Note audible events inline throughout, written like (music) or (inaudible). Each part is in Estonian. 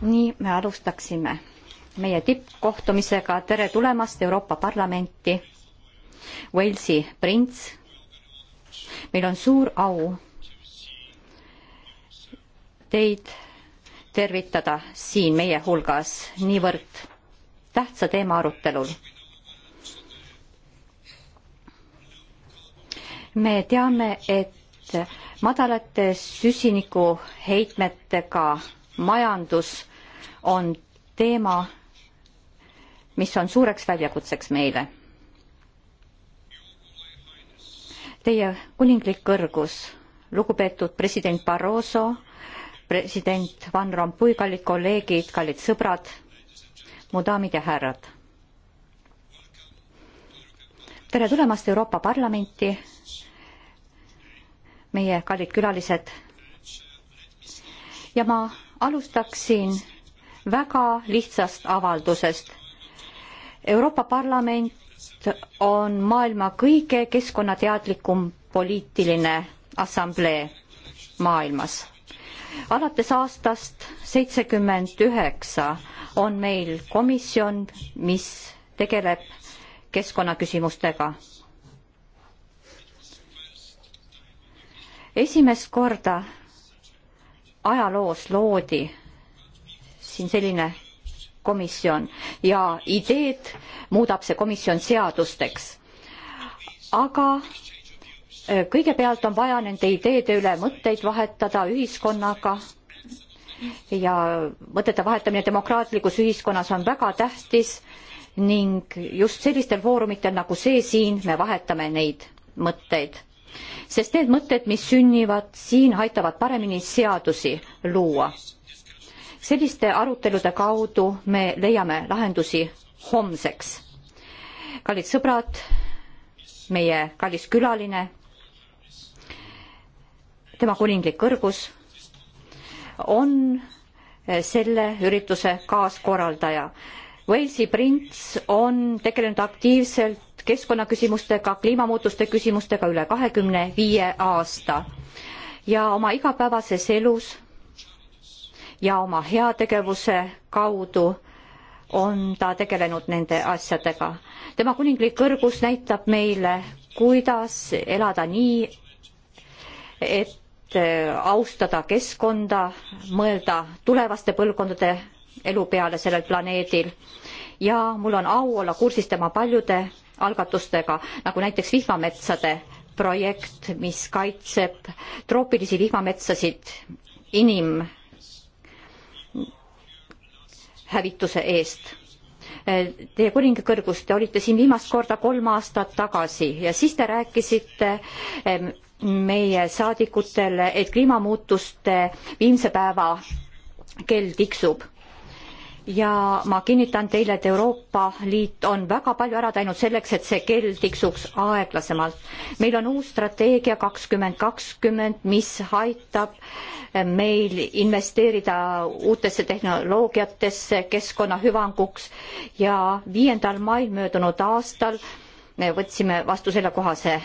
nii me alustaksime meie tippkohtumisega, tere tulemast Euroopa Parlamenti, Walesi prints. meil on suur au teid tervitada siin meie hulgas niivõrd tähtsa teema arutelul. me teame, et madalate süsinikuheitmetega majandus on teema, mis on suureks väljakutseks meile. Teie kuninglik kõrgus, lugupeetud president Barroso, president Van Rompuy, kallid kolleegid, kallid sõbrad, mu daamid ja härrad. tere tulemast Euroopa Parlamenti meie kallid külalised. ja ma alustaksin väga lihtsast avaldusest. Euroopa Parlament on maailma kõige keskkonnateadlikum poliitiline assamblee maailmas. alates aastast seitsekümmend üheksa on meil komisjon, mis tegeleb keskkonnaküsimustega esimest korda ajaloos loodi siin selline komisjon ja ideed muudab see komisjon seadusteks. aga äh, kõigepealt on vaja nende ideede üle mõtteid vahetada ühiskonnaga ja mõtete vahetamine demokraatlikus ühiskonnas on väga tähtis ning just sellistel foorumitel nagu see siin me vahetame neid mõtteid sest need mõtted, mis sünnivad siin, aitavad paremini seadusi luua. selliste arutelude kaudu me leiame lahendusi homseks. kallid sõbrad, meie kallis külaline, tema kuninglik kõrgus on selle ürituse kaaskorraldaja. Walesi prints on tegelenud aktiivselt keskkonnaküsimustega, kliimamuutuste küsimustega üle kahekümne viie aasta ja oma igapäevases elus ja oma heategevuse kaudu on ta tegelenud nende asjadega. tema kuninglik kõrgus näitab meile, kuidas elada nii, et äh, austada keskkonda, mõelda tulevaste põlvkondade elu peale sellel planeedil ja mul on au olla kursis tema paljude algatustega, nagu näiteks vihmametsade projekt, mis kaitseb troopilisi vihmametsasid inimhävituse eest. Teie kuningakõrgus, te olite siin viimast korda kolm aastat tagasi ja siis te rääkisite meie saadikutele, et kliimamuutuste viimse päeva kell tiksub ja ma kinnitan teile, et Euroopa Liit on väga palju ära teinud selleks, et see kell tiksuks aeglasemalt. meil on uus strateegia kakskümmend kakskümmend, mis aitab meil investeerida uutesse tehnoloogiatesse keskkonna hüvanguks ja viiendal mail möödunud aastal me võtsime vastu sellekohase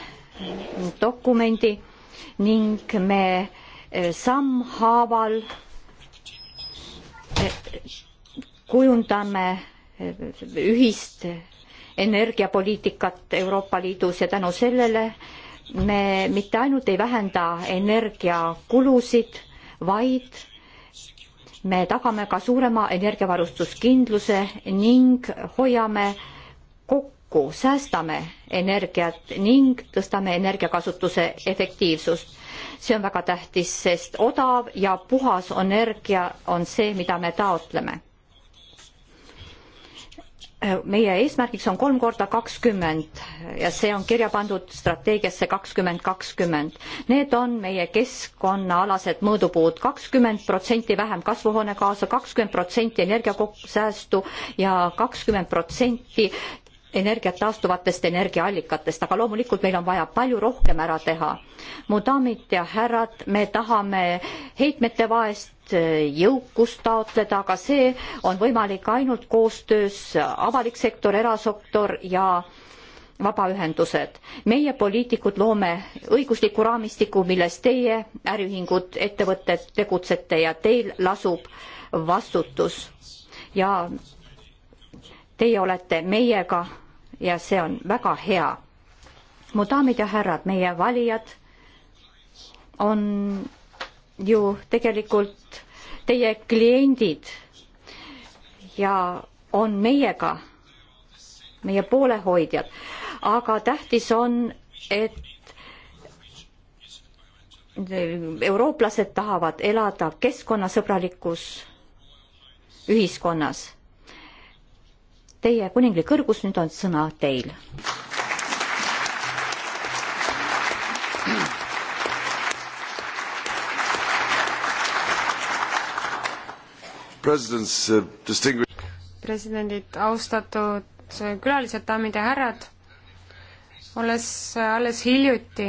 dokumendi ning me eh, sammhaaval eh, kujundame eh, ühist energiapoliitikat Euroopa Liidus ja tänu sellele me mitte ainult ei vähenda energiakulusid, vaid me tagame ka suurema energiavarustuskindluse ning hoiame kokku, säästame energiat ning tõstame energiakasutuse efektiivsust. see on väga tähtis, sest odav ja puhas energia on see, mida me taotleme meie eesmärgiks on kolm korda kakskümmend ja see on kirja pandud strateegiasse kakskümmend kakskümmend. Need on meie keskkonnaalased mõõdupuud, kakskümmend protsenti vähem kasvuhoonegaase, kakskümmend protsenti energiasäästu ja kakskümmend protsenti energiat taastuvatest energiaallikatest, aga loomulikult meil on vaja palju rohkem ära teha. mu daamid ja härrad, me tahame heitmete vaest jõukust taotleda, aga see on võimalik ainult koostöös avalik sektor, erasektor ja vabaühendused. meie poliitikud loome õigusliku raamistiku, milles teie, äriühingud, ettevõtted tegutsete ja teil lasub vastutus. ja teie olete meiega ja see on väga hea. mu daamid ja härrad, meie valijad on ju tegelikult teie kliendid ja on meiega, meie poolehoidjad, aga tähtis on, et eurooplased tahavad elada keskkonnasõbralikus ühiskonnas teie kuninglik kõrgus, nüüd on sõna teil. Uh, presidendid, austatud uh, külalised, daamid ja härrad, olles uh, alles hiljuti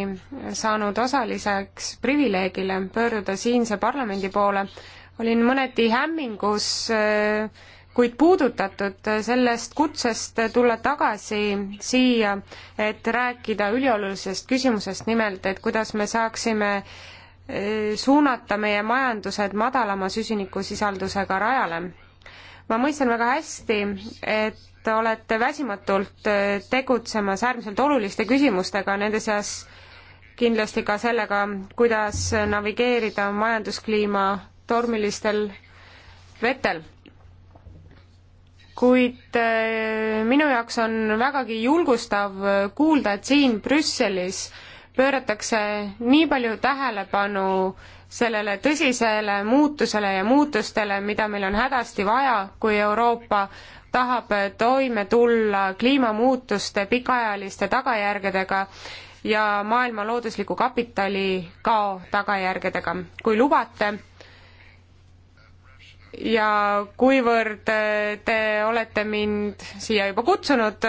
saanud osaliseks privileegile pöörduda siinse parlamendi poole, olin mõneti hämmingus äh, kuid puudutatud sellest kutsest tulla tagasi siia, et rääkida üliolulisest küsimusest, nimelt et kuidas me saaksime eh, suunata meie majandused madalama süsinikusisaldusega rajale. ma mõistan väga hästi, et olete väsimatult eh, tegutsemas äärmiselt oluliste küsimustega, nende seas kindlasti ka sellega, kuidas navigeerida majanduskliima tormilistel vetel kuid äh, minu jaoks on vägagi julgustav kuulda, et siin Brüsselis pööratakse nii palju tähelepanu sellele tõsisele muutusele ja muutustele, mida meil on hädasti vaja, kui Euroopa tahab toime tulla kliimamuutuste pikaajaliste tagajärgedega ja maailma loodusliku kapitali kao tagajärgedega. kui lubate, ja kuivõrd äh, te olete mind siia juba kutsunud,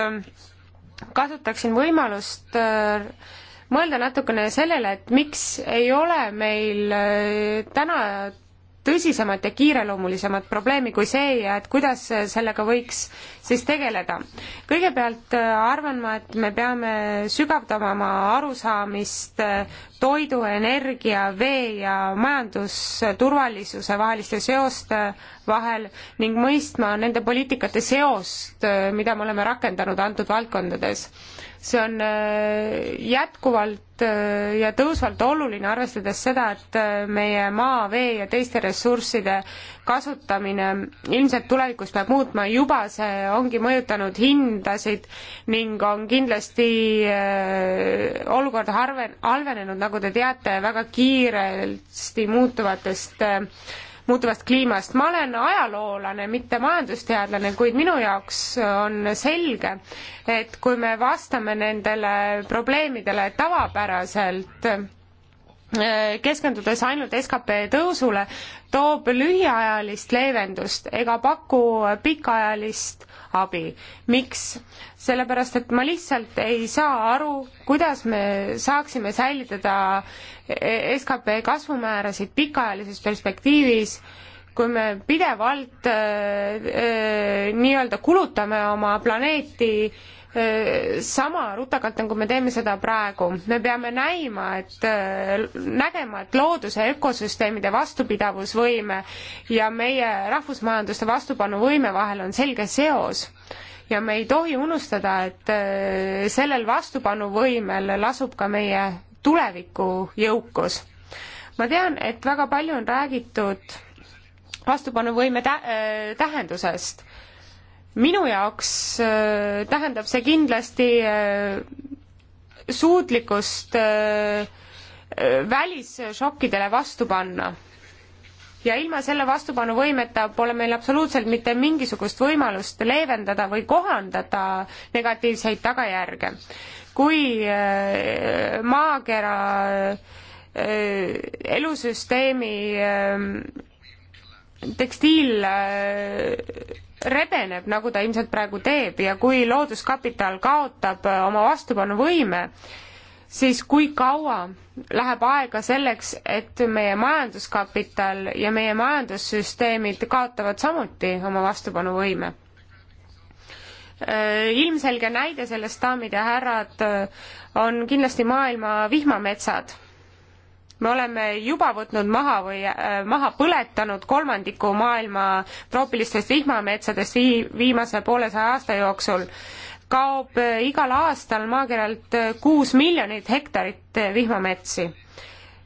kasutaksin võimalust äh, mõelda natukene sellele, et miks ei ole meil äh, täna tõsisemat ja kiireloomulisemat probleemi kui see ja et kuidas sellega võiks siis tegeleda. kõigepealt äh, arvan ma, et me peame sügavdama oma arusaamist äh, toidu, energia, vee ja majandusturvalisuse vaheliste seoste vahel ning mõistma nende poliitikate seost, äh, mida me oleme rakendanud antud valdkondades see on äh, jätkuvalt äh, ja tõusvalt oluline, arvestades seda, et äh, meie maa, vee ja teiste ressursside kasutamine ilmselt tulevikus peab muutma, juba see ongi mõjutanud hindasid ning on kindlasti olukord harven-, halvenenud, nagu te teate, väga kiiresti muutuvatest muutuvast kliimast. ma olen ajaloolane, mitte majandusteadlane, kuid minu jaoks on selge, et kui me vastame nendele probleemidele tavapäraselt, eh, keskendudes ainult skp tõusule, toob lühiajalist leevendust ega paku pikaajalist abi. miks? sellepärast, et ma lihtsalt ei saa aru, kuidas me saaksime säilitada e skp kasvumäärasid pikaajalises perspektiivis, kui me pidevalt äh, äh, nii-öelda kulutame oma planeeti äh, sama rutakalt, nagu me teeme seda praegu. me peame näima, et, nägema, et looduse ökosüsteemide vastupidavusvõime ja meie rahvusmajanduste vastupanuvõime vahel on selge seos ja me ei tohi unustada, et sellel vastupanuvõimel lasub ka meie tuleviku jõukus. ma tean, et väga palju on räägitud vastupanuvõime tä-, tähendusest minu jaoks äh, tähendab see kindlasti äh, suutlikkust äh, äh, välisšokkidele vastu panna. ja ilma selle vastupanuvõimeta pole meil absoluutselt mitte mingisugust võimalust leevendada või kohandada negatiivseid tagajärge. kui äh, maakera äh, elusüsteemi äh, tekstiil äh, rebeneb, nagu ta ilmselt praegu teeb ja kui looduskapital kaotab äh, oma vastupanuvõime, siis kui kaua läheb aega selleks, et meie majanduskapital ja meie majandussüsteemid kaotavad samuti oma vastupanuvõime? Äh, ilmselge näide sellest, daamid ja härrad, äh, on kindlasti maailma vihmametsad me oleme juba võtnud maha või äh, maha põletanud kolmandiku maailma troopilistest vihmametsadest vii-, viimase poolesaja aasta jooksul. kaob äh, igal aastal maakeralt äh, kuus miljonit hektarit vihmametsi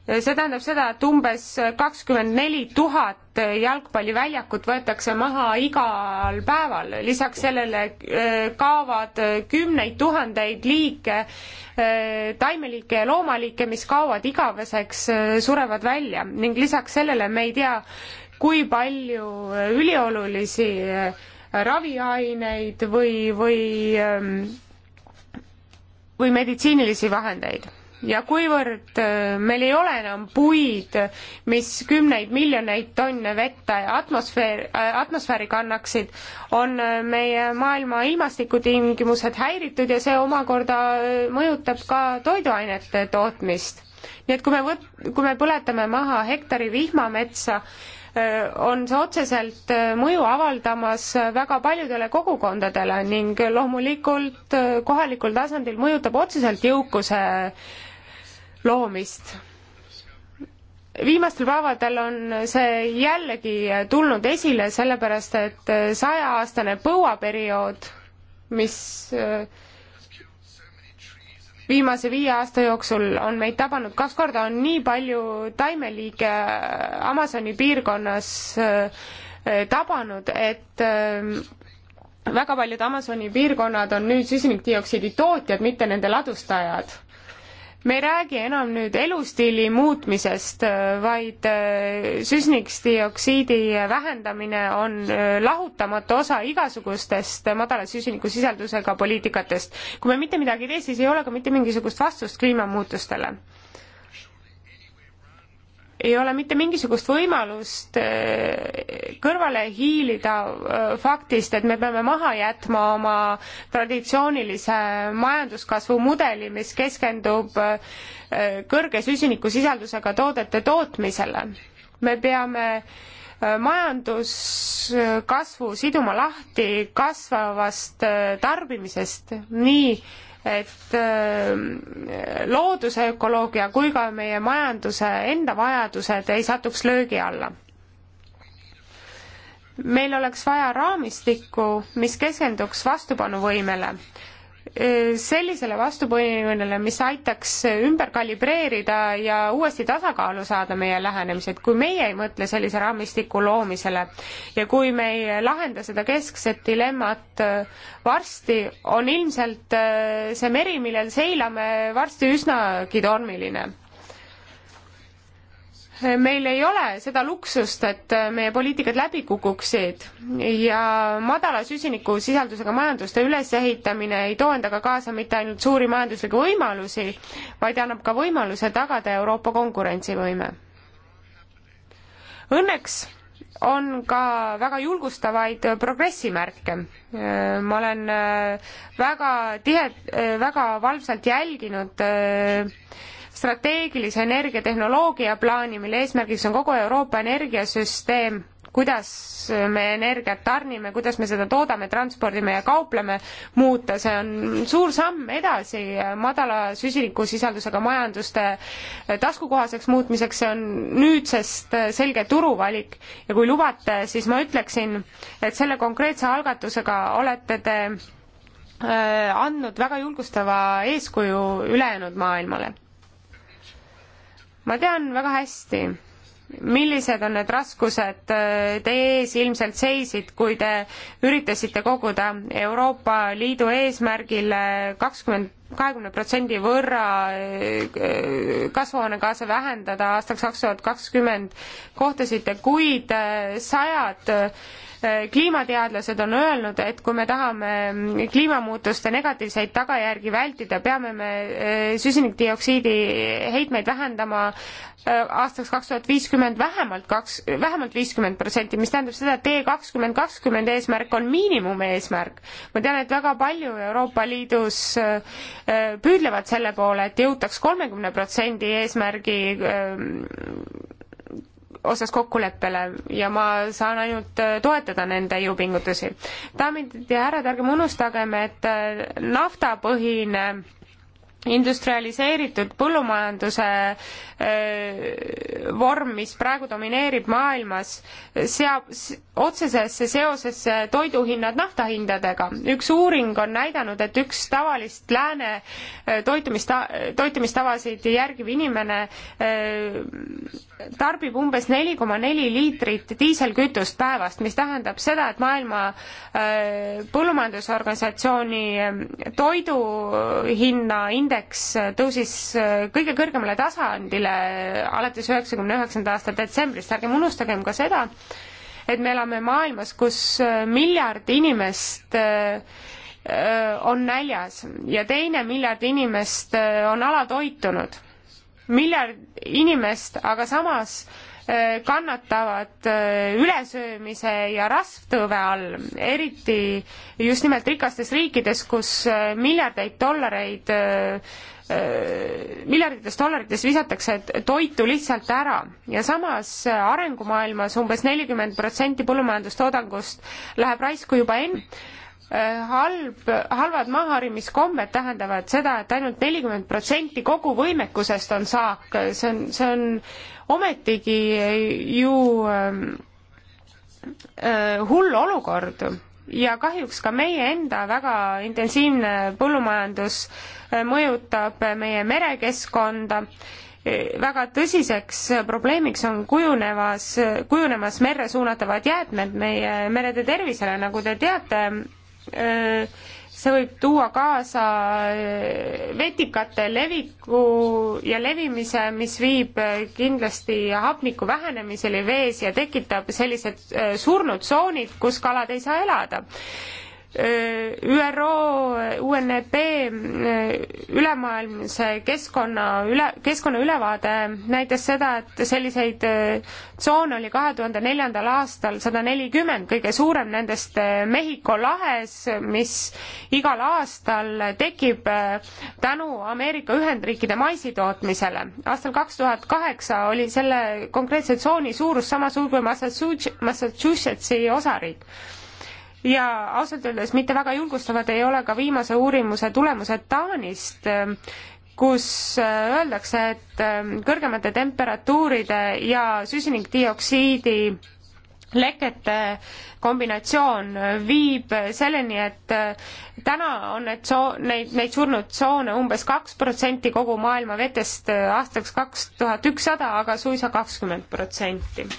see tähendab seda, et umbes kakskümmend neli tuhat jalgpalliväljakut võetakse maha igal päeval, lisaks sellele äh, kaovad kümneid tuhandeid liike, äh, taimeliike ja loomaliike, mis kaovad igaveseks, äh, surevad välja ning lisaks sellele me ei tea, kui palju üliolulisi raviaineid või, või ähm, või meditsiinilisi vahendeid ja kuivõrd äh, meil ei ole enam puid, mis kümneid miljoneid tonne vette atmosfäär, äh, atmosfääri kannaksid, on äh, meie maailma ilmastikutingimused häiritud ja see omakorda mõjutab ka toiduainete tootmist nii et kui me võt-, kui me põletame maha hektari vihmametsa, on see otseselt mõju avaldamas väga paljudele kogukondadele ning loomulikult kohalikul tasandil mõjutab otseselt jõukuse loomist. viimastel päevadel on see jällegi tulnud esile, sellepärast et sajaaastane põuaperiood, mis äh, viimase viie aasta jooksul on meid tabanud kaks korda, on nii palju taimeliike Amazoni piirkonnas äh, tabanud, et äh, väga paljud Amazoni piirkonnad on nüüd süsinikdioksiidi tootjad, mitte nende ladustajad me ei räägi enam nüüd elustiili muutmisest, äh, vaid äh, süsinikdioksiidi vähendamine on äh, lahutamatu osa igasugustest madala süsinikusisaldusega poliitikatest. kui me mitte midagi ei tee, siis ei ole ka mitte mingisugust vastust kliimamuutustele ei ole mitte mingisugust võimalust eh, kõrvale hiilida eh, faktist, et me peame maha jätma oma traditsioonilise majanduskasvu mudeli, mis keskendub eh, kõrge süsinikusisaldusega toodete tootmisele. me peame majanduskasvu siduma lahti kasvavast tarbimisest, nii et äh, looduse ökoloogia kui ka meie majanduse enda vajadused ei satuks löögi alla. meil oleks vaja raamistikku, mis keskenduks vastupanuvõimele Eh, sellisele vastupõimele, mis aitaks ümber kalibreerida ja uuesti tasakaalu saada meie lähenemised, kui meie ei mõtle sellise raamistiku loomisele ja kui me ei lahenda seda keskset dilemmat eh, varsti, on ilmselt eh, see meri, millel seilame, varsti üsnagi tormiline meil ei ole seda luksust, et meie poliitikad läbi kukuksid ja madala süsinikusisaldusega majanduste ülesehitamine ei too endaga kaasa mitte ainult suuri majanduslikke võimalusi, vaid annab ka võimaluse tagada Euroopa konkurentsivõime. Õnneks on ka väga julgustavaid progressimärke. ma olen äh, väga tihe-, äh, väga valvsalt jälginud äh, strateegilise energiatehnoloogia plaani, mille eesmärgiks on kogu Euroopa energiasüsteem, kuidas me energiat tarnime, kuidas me seda toodame, transpordime ja kaupleme, muuta, see on suur samm edasi madala süsinikusisaldusega majanduste taskukohaseks muutmiseks, see on nüüdsest selge turuvalik ja kui lubate, siis ma ütleksin, et selle konkreetse algatusega olete te äh, andnud väga julgustava eeskuju ülejäänud maailmale ma tean väga hästi, millised on need raskused äh, teie ees ilmselt seisid, kui te üritasite koguda Euroopa Liidu eesmärgile kakskümmend, kahekümne protsendi võrra äh, kasvuhoonegaase vähendada aastaks kaks tuhat kakskümmend, kohtasite kuid äh, sajad Eh, kliimateadlased on öelnud, et kui me tahame kliimamuutuste negatiivseid tagajärgi vältida, peame me eh, süsinikdioksiidi heitmeid vähendama eh, aastaks kaks tuhat vähemalt viiskümmend vähemalt kaks, vähemalt viiskümmend protsenti, mis tähendab seda, et tee kakskümmend kakskümmend eesmärk on miinimumeesmärk. ma tean, et väga palju Euroopa Liidus püüdlevad selle poole, et jõutaks kolmekümne protsendi eesmärgi osas kokkuleppele ja ma saan ainult äh, toetada nende jõupingutusi. daamid ja härrad, ärgem unustagem, et äh, naftapõhine industrialiseeritud põllumajanduse äh, vorm, mis praegu domineerib maailmas, seab otsesesse seosesse toiduhinnad naftahindadega. üks uuring on näidanud, et üks tavalist lääne äh, toitumista, toitumistavasid järgiv inimene äh, tarbib umbes neli koma neli liitrit diiselkütust päevast, mis tähendab seda, et maailma põllumajandusorganisatsiooni toiduhinna indeks indeks tõusis äh, kõige kõrgemale tasandile alates üheksakümne üheksanda aasta detsembrist, ärgem unustagem ka seda, et me elame maailmas, kus äh, miljard inimest äh, on näljas ja teine miljard inimest on alatoitunud. miljard inimest aga samas Eh, kannatavad eh, ülesöömise ja rasvtõve all, eriti just nimelt rikastes riikides, kus eh, miljardeid dollareid, miljardites dollarites visatakse toitu lihtsalt ära ja samas arengumaailmas umbes nelikümmend protsenti põllumajandustoodangust läheb raisku juba enne halb, halvad mahaharimiskombed tähendavad seda, et ainult nelikümmend protsenti kogu võimekusest on saak, see on, see on ometigi ju ähm, äh, hull olukord ja kahjuks ka meie enda väga intensiivne põllumajandus äh, mõjutab meie merekeskkonda. Äh, väga tõsiseks probleemiks on kujunevas, kujunemas merre suunatavad jäätmed meie merede tervisele, nagu te teate, see võib tuua kaasa eh, vetikate leviku ja levimise, mis viib eh, kindlasti hapniku vähenemiseni vees ja tekitab sellised eh, surnud tsoonid, kus kalad ei saa elada ÜRO, UNEP, ülemaailmse keskkonna üle, keskkonna ülevaade näitas seda, et selliseid äh, tsoone oli kahe tuhande neljandal aastal sada nelikümmend, kõige suurem nendest äh, Mehhiko lahes, mis igal aastal tekib äh, tänu Ameerika Ühendriikide maisitootmisele. aastal kaks tuhat kaheksa oli selle konkreetse tsooni suurus sama suur kui Massachusettsi osariik ja ausalt öeldes mitte väga julgustavad ei ole ka viimase uurimuse tulemused Taanist, ähm, kus äh, öeldakse, et ähm, kõrgemate temperatuuride ja süsinikdioksiidi lekete kombinatsioon äh, viib selleni, et äh, täna on need tso-, neid, neid surnud tsoone umbes kaks protsenti kogu maailma vetest aastaks kaks tuhat ükssada, aga suisa kakskümmend protsenti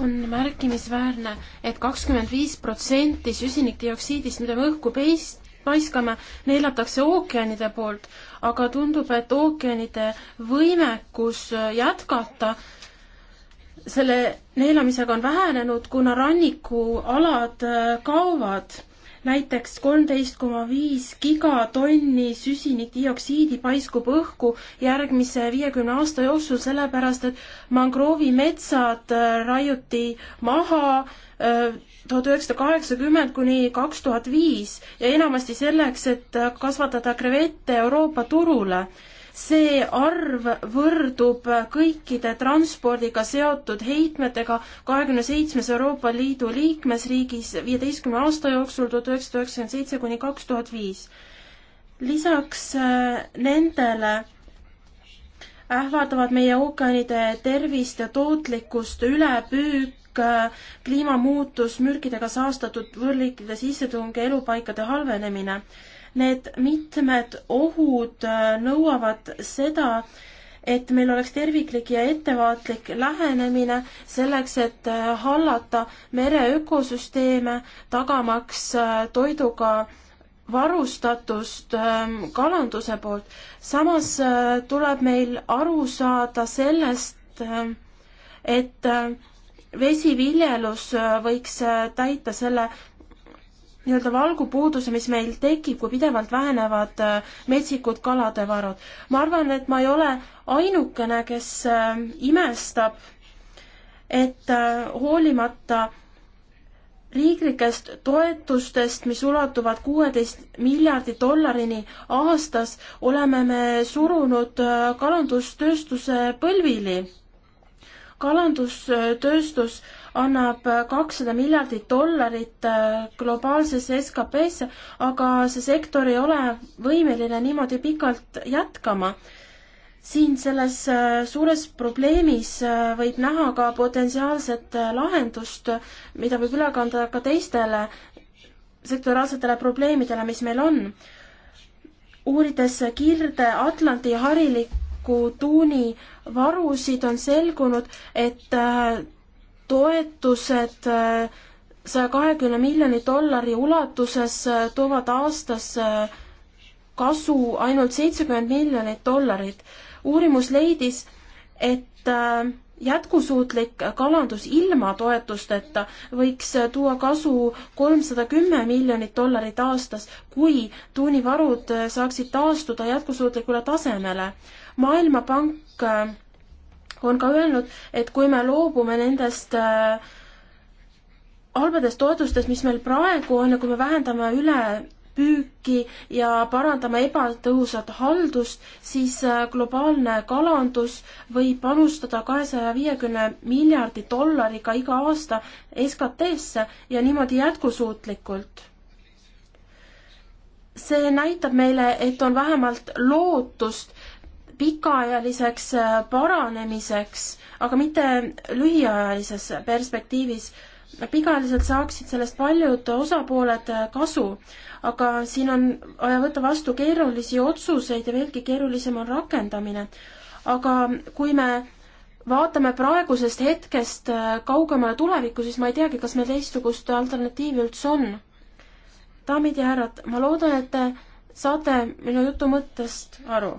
on märkimisväärne et, et kakskümmend viis protsenti süsinikdioksiidist, mida me õhku peist-, paiskame, neelatakse ookeanide poolt, aga tundub, et ookeanide võimekus jätkata selle neelamisega on vähenenud, kuna rannikualad äh, kaovad näiteks kolmteist koma viis gigatonni süsinikdioksiidi paiskub õhku järgmise viiekümne aasta jooksul, sellepärast et mangroovimetsad äh, raiuti maha äh, tuhat üheksasada kaheksakümmend kuni kaks tuhat viis ja enamasti selleks, et äh, kasvatada krevette Euroopa turule see arv võrdub kõikide transpordiga seotud heitmetega kahekümne seitsmes Euroopa Liidu liikmesriigis viieteistkümne aasta jooksul tuhat üheksasada üheksakümmend seitse kuni kaks tuhat viis. lisaks äh, nendele ähvardavad meie ookeanide tervist ja tootlikkust ülepüük, äh, kliimamuutus, mürkidega saastatud võõrliikide sissetung ja elupaikade halvenemine Need mitmed ohud äh, nõuavad seda, et meil oleks terviklik ja ettevaatlik lähenemine selleks, et äh, hallata mere ökosüsteeme, tagamaks äh, toiduga varustatust ähm, kalanduse poolt. samas tuleb meil aru saada sellest, ähm, et vesiviljelus võiks täita selle nii-öelda valgupuuduse, mis meil tekib, kui pidevalt vähenevad äh, metsikud kaladevarud. ma arvan, et ma ei ole ainukene, kes äh, imestab, et äh, hoolimata riiklikest toetustest, mis ulatuvad kuueteist miljardi dollarini aastas, oleme me surunud kalandustööstuse põlvili. kalandustööstus annab kakssada miljardit dollarit äh, globaalsesse SKP-sse, aga see sektor ei ole võimeline niimoodi pikalt jätkama. siin selles äh, suures probleemis äh, võib näha ka potentsiaalset lahendust, mida võib üle kanda ka teistele sektoraalsetele probleemidele, mis meil on. uurides Kirde-Atlandi harilikku tuuni varusid, on selgunud, et toetused äh, saja kahekümne miljoni dollari ulatuses äh, toovad aastas äh, kasu ainult seitsekümmend miljonit dollarit. uurimus leidis, et jätkusuutlik kalandus ilma toetusteta võiks tuua kasu kolmsada kümme miljonit dollarit aastas, kui tuunivarud saaksid taastuda jätkusuutlikule tasemele. maailmapank on ka öelnud, et kui me loobume nendest äh, halbadest toetustest, mis meil praegu on ja kui me vähendame üle püüki ja parandame ebatõhusat haldust, siis äh, globaalne kalandus võib panustada kahesaja viiekümne miljardi dollariga iga aasta SKT-sse ja niimoodi jätkusuutlikult. see näitab meile, et on vähemalt lootust, pikaajaliseks äh, paranemiseks, aga mitte lühiajalises perspektiivis. pikaajaliselt saaksid sellest paljud osapooled äh, kasu, aga siin on vaja võtta vastu keerulisi otsuseid ja veelgi keerulisem on rakendamine. aga kui me vaatame praegusest hetkest äh, kaugemale tulevikku, siis ma ei teagi, kas meil teistsugust alternatiivi üldse on. daamid ja härrad, ma loodan, et te saate minu jutu mõttest aru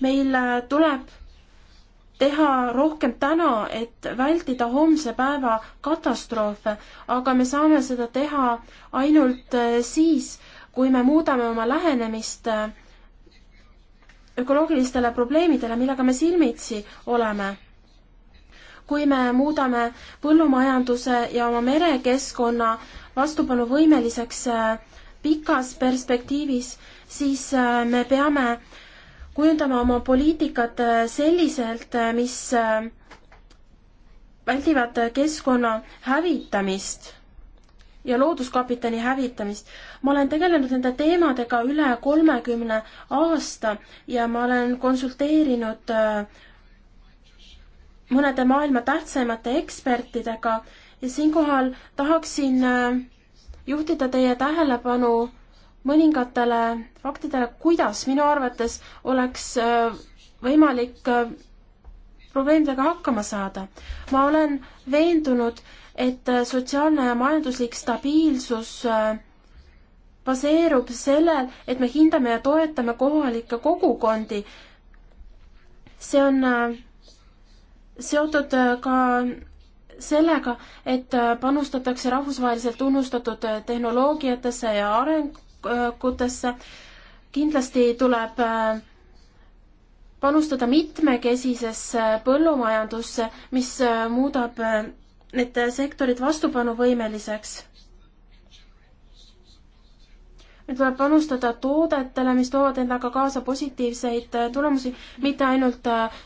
meil äh, tuleb teha rohkem täna, et vältida homse päeva katastroofe, aga me saame seda teha ainult äh, siis, kui me muudame oma lähenemist äh, ökoloogilistele probleemidele, millega me silmitsi oleme. kui me muudame põllumajanduse ja oma merekeskkonna vastupanuvõimeliseks pikas perspektiivis, siis me peame kujundama oma poliitikat äh, selliselt, äh, mis äh, väldivad keskkonna hävitamist ja looduskapitali hävitamist. ma olen tegelenud nende teemadega üle kolmekümne aasta ja ma olen konsulteerinud mõnede maailma tähtsaimate ekspertidega ja siinkohal tahaksin juhtida teie tähelepanu mõningatele faktidele, kuidas minu arvates oleks äh, võimalik äh, probleemidega hakkama saada. ma olen veendunud, et äh, sotsiaalne ja majanduslik stabiilsus baseerub sellel, et me hindame ja toetame kohalikke kogukondi. see on seotud ka sellega, et panustatakse rahvusvaheliselt tunnustatud tehnoloogiatesse ja areng, arengutesse. kindlasti tuleb äh, panustada mitmekesisesse põllumajandusse, mis äh, muudab äh, need sektorid vastupanuvõimeliseks. meil tuleb panustada toodetele, mis toovad endaga kaasa positiivseid tulemusi mitte ainult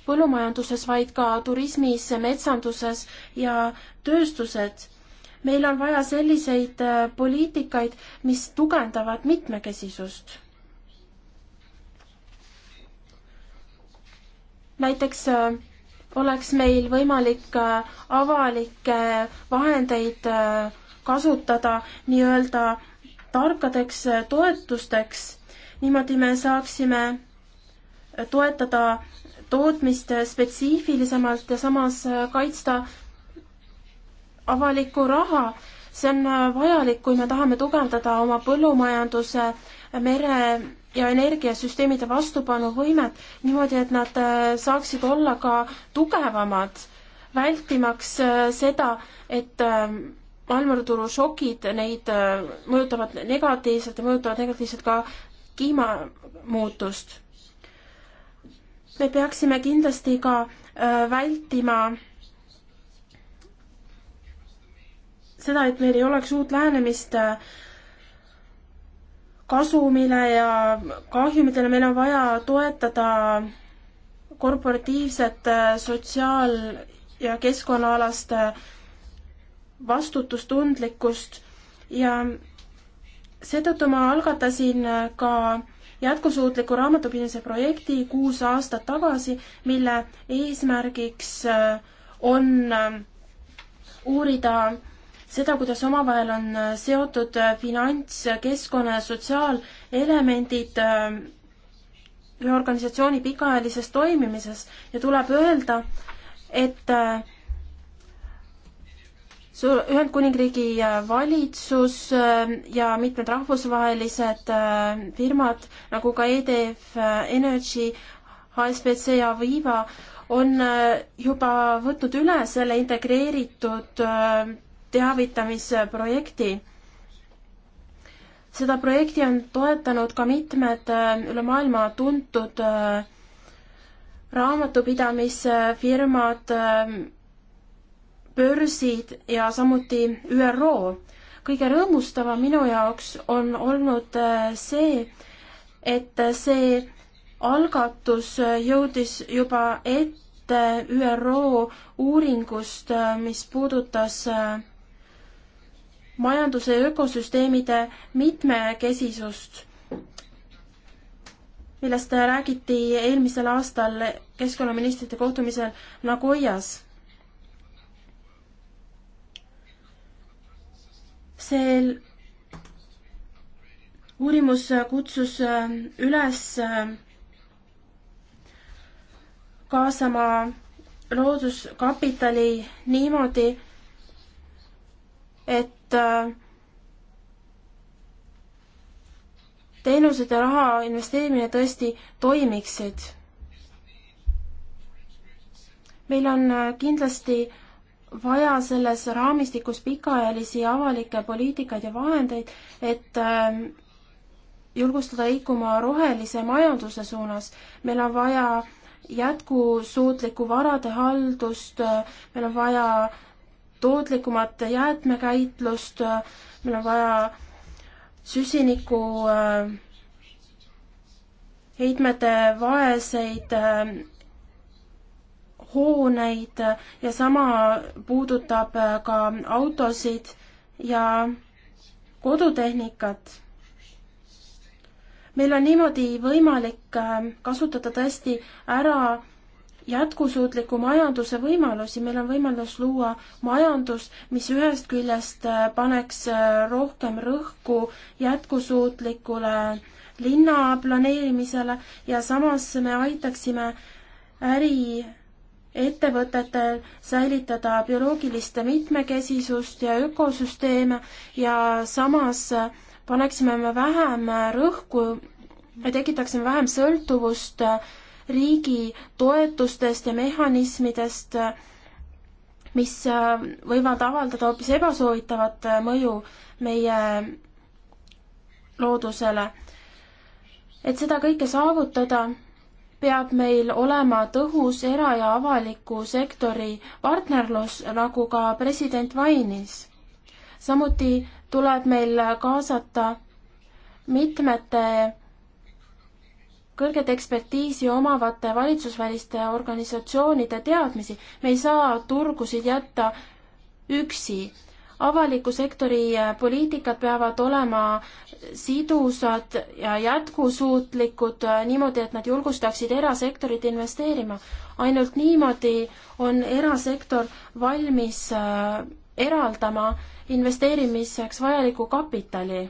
põllumajanduses, vaid ka turismis, metsanduses ja tööstused meil on vaja selliseid äh, poliitikaid, mis tugevdavad mitmekesisust. näiteks äh, oleks meil võimalik äh, avalikke vahendeid kasutada nii-öelda tarkadeks toetusteks, niimoodi me saaksime toetada tootmist spetsiifilisemalt ja samas kaitsta avalikku raha. see on äh, vajalik, kui me tahame tugevdada oma põllumajanduse, äh, mere ja energiasüsteemide vastupanuvõimet niimoodi, et nad äh, saaksid olla ka tugevamad, vältimaks seda, et ähm, maailmaturu šokid neid mõjutavad negatiivselt ja mõjutavad negatiivselt ka kliimamuutust. me peaksime kindlasti ka vältima seda, et meil ei oleks uut lähenemist äh, kasumile ja kahjumitele, meil on vaja toetada korporatiivset äh, sotsiaal- ja keskkonnaalast äh, vastutustundlikkust ja seetõttu ma algatasin ka jätkusuutliku raamatupidamise projekti kuus aastat tagasi, mille eesmärgiks on uurida seda, kuidas omavahel on äh, seotud äh, finants, keskkonna ja sotsiaalelemendid äh, ühe organisatsiooni pikaajalises toimimises ja tuleb öelda, et Ühendkuningriigi valitsus ja mitmed rahvusvahelised firmad nagu ka EDF Energy, HSBC ja Viva on juba võtnud üle selle integreeritud teavitamisprojekti. seda projekti on toetanud ka mitmed äh, üle maailma tuntud äh, raamatupidamisfirmad, äh, börsid ja samuti ÜRO. kõige rõõmustavam minu jaoks on olnud see, et see algatus jõudis juba ette ÜRO uuringust, mis puudutas äh, majanduse ökosüsteemide mitmekesisust, millest räägiti eelmisel aastal keskkonnaministrite kohtumisel Nagoyas see uurimus kutsus ähm, üles ähm, kaasama looduskapitali niimoodi, et Äh, teenused ja raha investeerimine tõesti toimiksid. meil on äh, kindlasti vaja selles raamistikus pikaajalisi avalikke poliitikaid ja vahendeid, et ähm, julgustada liikuma rohelise majanduse suunas. meil on vaja jätkusuutlikku varade haldust, äh, meil on vaja tootlikumat jäätmekäitlust, meil on vaja süsiniku äh, heitmete vaeseid äh, hooneid ja sama puudutab äh, ka autosid ja kodutehnikat. meil on niimoodi võimalik kasutada tõesti ära jätkusuutliku majanduse võimalusi, meil on võimalus luua majandus, mis ühest küljest äh, paneks äh, rohkem rõhku jätkusuutlikule linnaplaneerimisele ja samas me aitaksime äriettevõtetel säilitada bioloogilist mitmekesisust ja ökosüsteeme ja samas äh, paneksime me vähem rõhku, tekitaksime vähem sõltuvust äh, riigi toetustest ja mehhanismidest, mis äh, võivad avaldada hoopis ebasoovitavat äh, mõju meie loodusele. et seda kõike saavutada, peab meil olema tõhus era- ja avaliku sektori partnerlus, nagu ka president mainis. samuti tuleb meil kaasata mitmete kõrget ekspertiisi omavate valitsusväliste organisatsioonide teadmisi. me ei saa turgusid jätta üksi. avaliku sektori äh, poliitikad peavad olema sidusad ja jätkusuutlikud äh, niimoodi, et nad julgustaksid erasektorit investeerima. ainult niimoodi on erasektor valmis äh, eraldama investeerimiseks vajaliku kapitali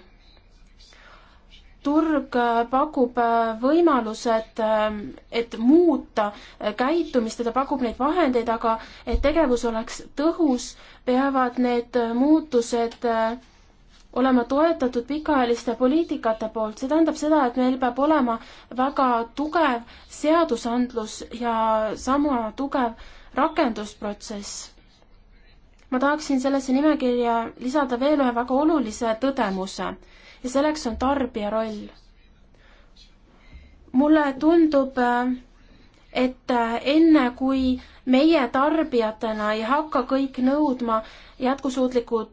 turg äh, pakub äh, võimalused, ähm, et muuta äh, käitumist ja ta pakub neid vahendeid, aga et tegevus oleks tõhus, peavad need muutused olema toetatud pikaajaliste poliitikate poolt, see tähendab seda, et meil peab olema väga tugev seadusandlus ja sama tugev rakendusprotsess. ma tahaksin sellesse nimekirja lisada veel ühe väga olulise tõdemuse ja selleks on tarbija roll. mulle tundub, äh, et äh, enne, kui meie tarbijatena ei hakka kõik nõudma jätkusuutlikud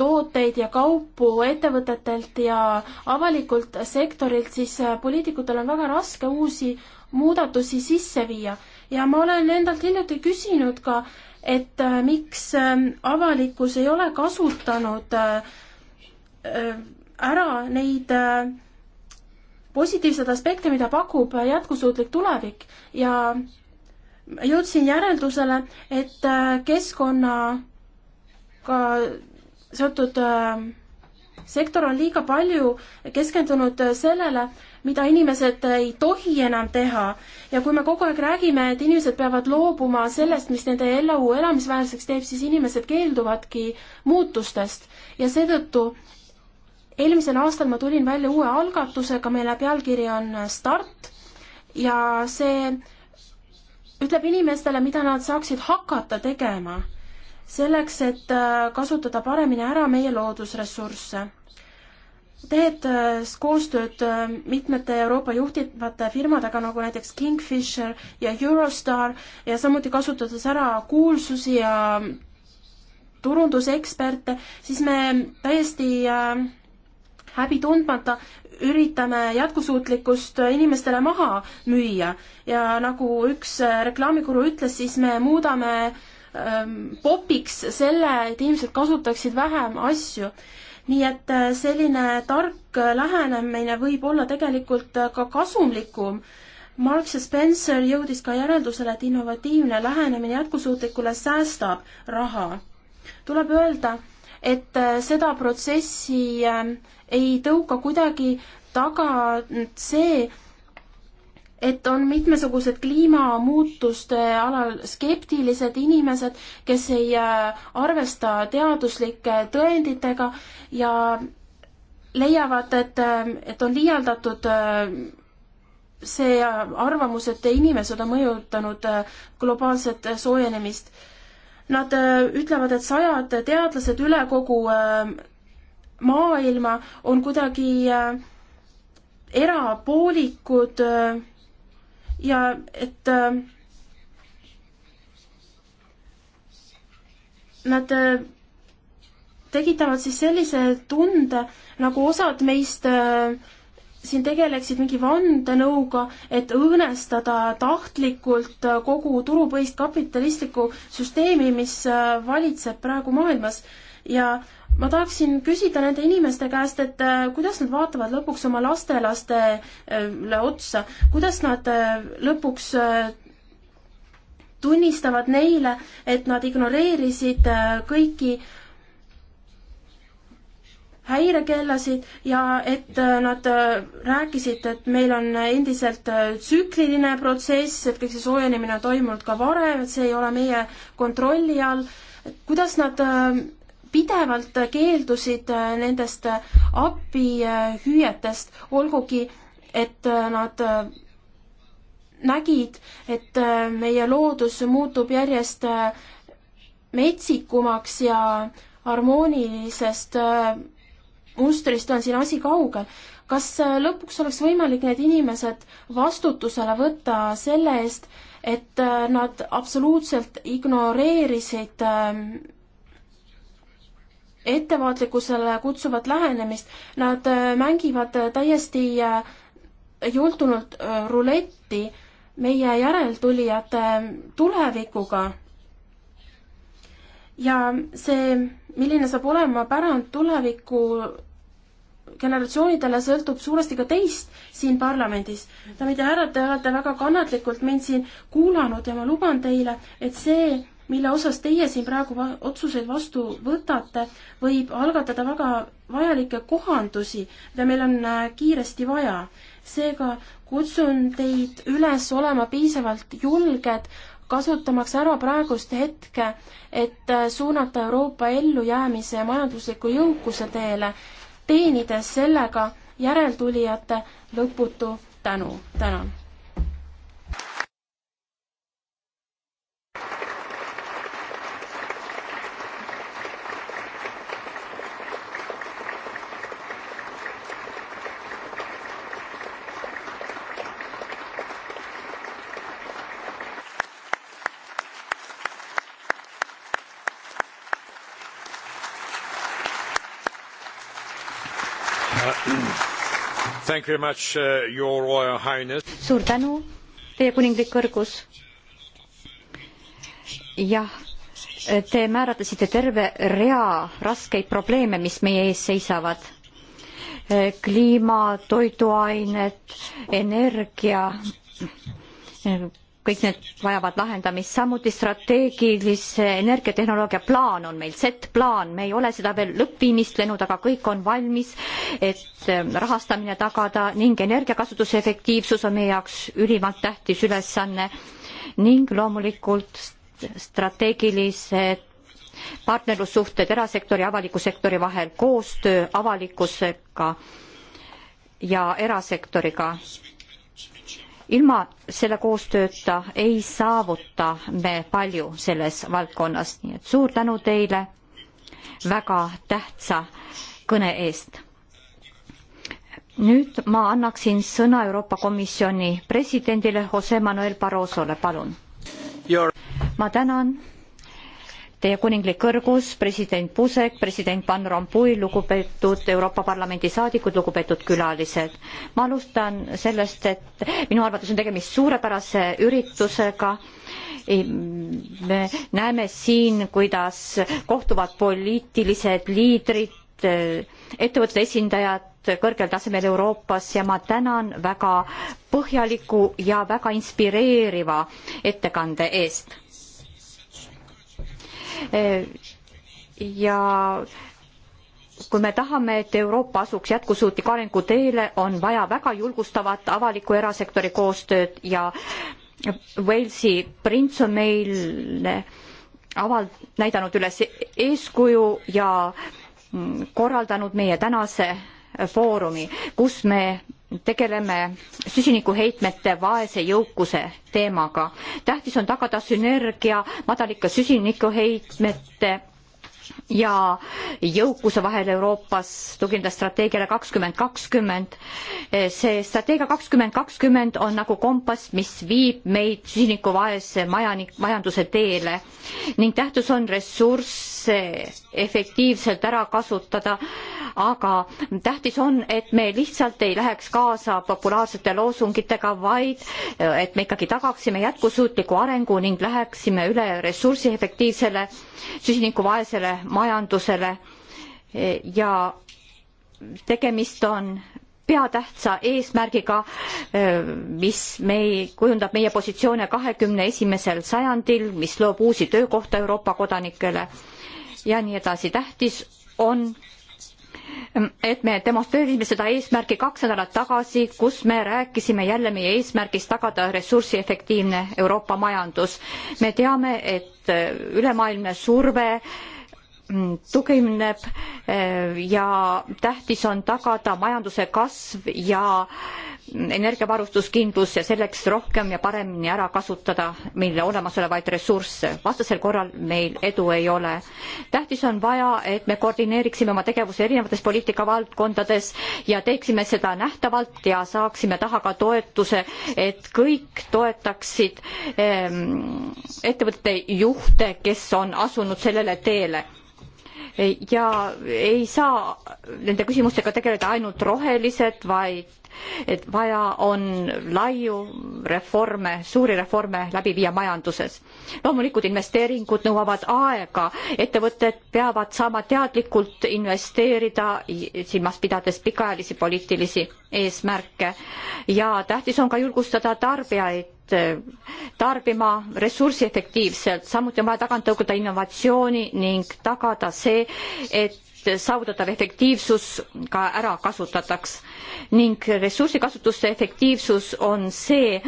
tooteid ja kaupu ettevõtetelt ja avalikult sektorilt, siis äh, poliitikutel on väga raske uusi muudatusi sisse viia ja ma olen endalt hiljuti küsinud ka, et miks avalikkus ei ole kasutanud ära neid äh, positiivseid aspekte, mida pakub jätkusuutlik tulevik ja jõudsin järeldusele, et äh, keskkonnaga seotud äh, sektor on liiga palju keskendunud sellele, mida inimesed ei tohi enam teha ja kui me kogu aeg räägime, et inimesed peavad loobuma sellest, mis nende elu elamisväärseks teeb, siis inimesed keelduvadki muutustest ja seetõttu eelmisel aastal ma tulin välja uue algatusega, mille pealkiri on äh, Start ja see ütleb inimestele, mida nad saaksid hakata tegema selleks, et äh, kasutada paremini ära meie loodusressursse. tehes äh, koostööd mitmete Euroopa juhtivate firmadega, nagu näiteks Kingfisher ja Eurostar ja samuti kasutades ära kuulsusi ja turunduseksperte, siis me täiesti äh, häbi tundmata üritame jätkusuutlikkust inimestele maha müüa ja nagu üks äh, reklaamikuru ütles, siis me muudame ähm, popiks selle, et inimesed kasutaksid vähem asju nii et äh, selline tark äh, lähenemine võib olla tegelikult ka kasumlikum. Marx ja Spencer jõudis ka järeldusele, et innovatiivne lähenemine jätkusuutlikule säästab raha. tuleb öelda, et seda protsessi ähm, ei tõuka kuidagi taga see, et on mitmesugused kliimamuutuste alal skeptilised inimesed, kes ei äh, arvesta teaduslike tõenditega ja leiavad, et, äh, et on liialdatud äh, see arvamus, et inimesed on mõjutanud globaalset soojenemist. Nad ütlevad, et sajad teadlased üle kogu maailma, on kuidagi äh, erapoolikud äh, ja et äh, nad tekitavad siis sellise tunde, nagu osad meist siin tegeleksid mingi vandenõuga, et õõnestada tahtlikult kogu turupõhist kapitalistlikku süsteemi, mis valitseb praegu maailmas. ja ma tahaksin küsida nende inimeste käest, et äh, kuidas nad vaatavad lõpuks oma lastelastele äh, otsa, kuidas nad äh, lõpuks tunnistavad neile, et nad ignoreerisid kõiki häirekellasid ja et nad rääkisid, et meil on endiselt tsükliline protsess, et kõik see soojenemine on toimunud ka varem, et see ei ole meie kontrolli all. kuidas nad pidevalt keeldusid äh, nendest äh, abihüüetest, äh, olgugi et nad nägid, et meie loodus muutub järjest metsikumaks ja harmoonilisest mustrist on siin asi kaugel. kas lõpuks oleks võimalik need inimesed vastutusele võtta selle eest, et nad absoluutselt ignoreerisid ettevaatlikkusele kutsuvat lähenemist. Nad äh, mängivad äh, täiesti äh, jultunult ruletti meie järeltulijate tulevikuga. ja see, milline saab olema pärand tuleviku generatsioonidele sõltub suuresti ka teist siin parlamendis. daamid ja härrad, te olete väga kannatlikult mind siin kuulanud ja ma luban teile, et see, mille osas teie siin praegu va otsuseid vastu võtate, võib algatada väga vajalikke kohandusi, mida meil on äh, kiiresti vaja. seega kutsun teid üles olema piisavalt julged, kasutamaks ära praegust hetke, et äh, suunata Euroopa ellujäämise ja majandusliku jõukuse teele, teenides sellega järeltulijate lõputu tänu. tänan Much, uh, suur tänu, teie kuninglik kõrgus. jah, te määratlesite terve rea raskeid probleeme, mis meie ees seisavad. kliima, toiduained, energia kõik need vajavad lahendamist, samuti strateegilise energiatehnoloogia plaan on meil, Z-plaan, me ei ole seda veel lõppviimistlenud, aga kõik on valmis, et ähm, rahastamine tagada ning energiakasutuse efektiivsus on meie jaoks ülimalt tähtis ülesanne ning loomulikult strateegilised partnerlussuhted erasektori ja avaliku sektori vahel, koostöö avalikkusega ja erasektoriga ilma selle koostööta ei saavuta me palju selles valdkonnas, nii et suur tänu teile väga tähtsa kõne eest. nüüd ma annaksin sõna Euroopa Komisjoni presidendile Jose Manuel Barrosole, palun. ma tänan teie kuninglik kõrgus, president Buzek, president Van Rompuy, lugupeetud Euroopa Parlamendi saadikud, lugupeetud külalised. ma alustan sellest, et minu arvates on tegemist suurepärase üritusega me näeme siin, kuidas kohtuvad poliitilised liidrid, ettevõtete esindajad kõrgel tasemel Euroopas ja ma tänan väga põhjaliku ja väga inspireeriva ettekande eest ja kui me tahame, et Euroopa asuks jätkusuutliku arengu teele, on vaja väga julgustavat avaliku erasektori koostööd ja Walesi prints on meile aval-, näidanud üles eeskuju ja korraldanud meie tänase foorumi, kus me tegeleme süsinikuheitmete vaese jõukuse teemaga. tähtis on tagada sünergia madalike süsinikuheitmete ja jõukuse vahel Euroopas tuginedes strateegiale kakskümmend kakskümmend. see strateegia kakskümmend kakskümmend on nagu kompass, mis viib meid süsinikuvaese majanik, majanduse teele ning tähtis on ressursse efektiivselt ära kasutada, aga tähtis on, et me lihtsalt ei läheks kaasa populaarsete loosungitega, vaid et me ikkagi tagaksime jätkusuutliku arengu ning läheksime üle ressursi efektiivsele süsinikuvaesele suurele majandusele ja tegemist on peatähtsa eesmärgiga, mis mei-, kujundab meie positsioone kahekümne esimesel sajandil, mis loob uusi töökohta Euroopa kodanikele ja nii edasi. tähtis on, et me demonstreerisime seda eesmärki kaks nädalat tagasi, kus me rääkisime jälle meie eesmärgist tagada ressursi efektiivne Euroopa majandus. me teame, et ülemaailmne surve äh, tugevneb eh, ja tähtis on tagada majanduse kasv ja energiavarustuskindlus ja selleks rohkem ja paremini ära kasutada meile olemasolevaid ressursse. vastasel korral meil edu ei ole. tähtis on vaja, et me koordineeriksime oma tegevuse erinevates poliitikavaldkondades ja teeksime seda nähtavalt ja saaksime taha ka toetuse, et kõik toetaksid ehm, ettevõtete juhte, kes on asunud sellele teele ja ei saa nende küsimustega tegeleda ainult rohelised, vaid et vaja on laiu reforme, suuri reforme läbi viia majanduses. loomulikult investeeringud nõuavad aega, ettevõtted peavad saama teadlikult investeerida, silmas pidades pikaajalisi poliitilisi eesmärke ja tähtis on ka julgustada tarbijaid eh, tarbima ressursi efektiivselt, samuti on vaja tagant tõugata innovatsiooni ning tagada see, et saavutatav efektiivsus ka ära kasutataks ning ressursikasutuse efektiivsus on see,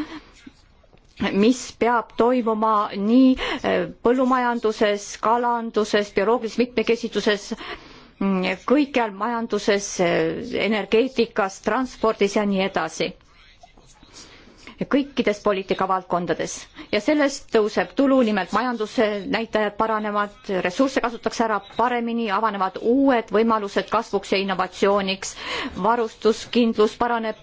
mis peab toimuma nii äh, põllumajanduses, kalanduses, bioloogilises mitmekesisuses, mm, kõikjal majanduses, äh, energeetikas, transpordis ja nii edasi kõikides poliitikavaldkondades ja sellest tõuseb tulu, nimelt majanduse näitajad paranevad, ressursse kasutatakse ära paremini, avanevad uued võimalused kasvuks ja innovatsiooniks, varustuskindlus paraneb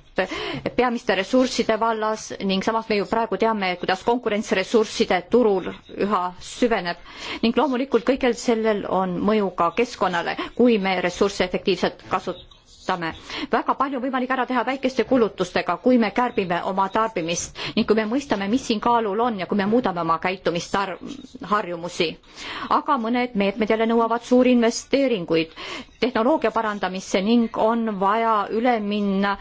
peamiste ressursside vallas ning samas me ju praegu teame, kuidas konkurents ressursside turul üha süveneb ning loomulikult kõigel sellel on mõju ka keskkonnale, kui me ressursse efektiivselt kasutame kasutame. väga palju on võimalik ära teha väikeste kulutustega, kui me kärbime oma tarbimist ning kui me mõistame, mis siin kaalul on ja kui me muudame oma käitumisharjumusi. aga mõned meetmed jälle nõuavad suuri investeeringuid tehnoloogia parandamisse ning on vaja üle minna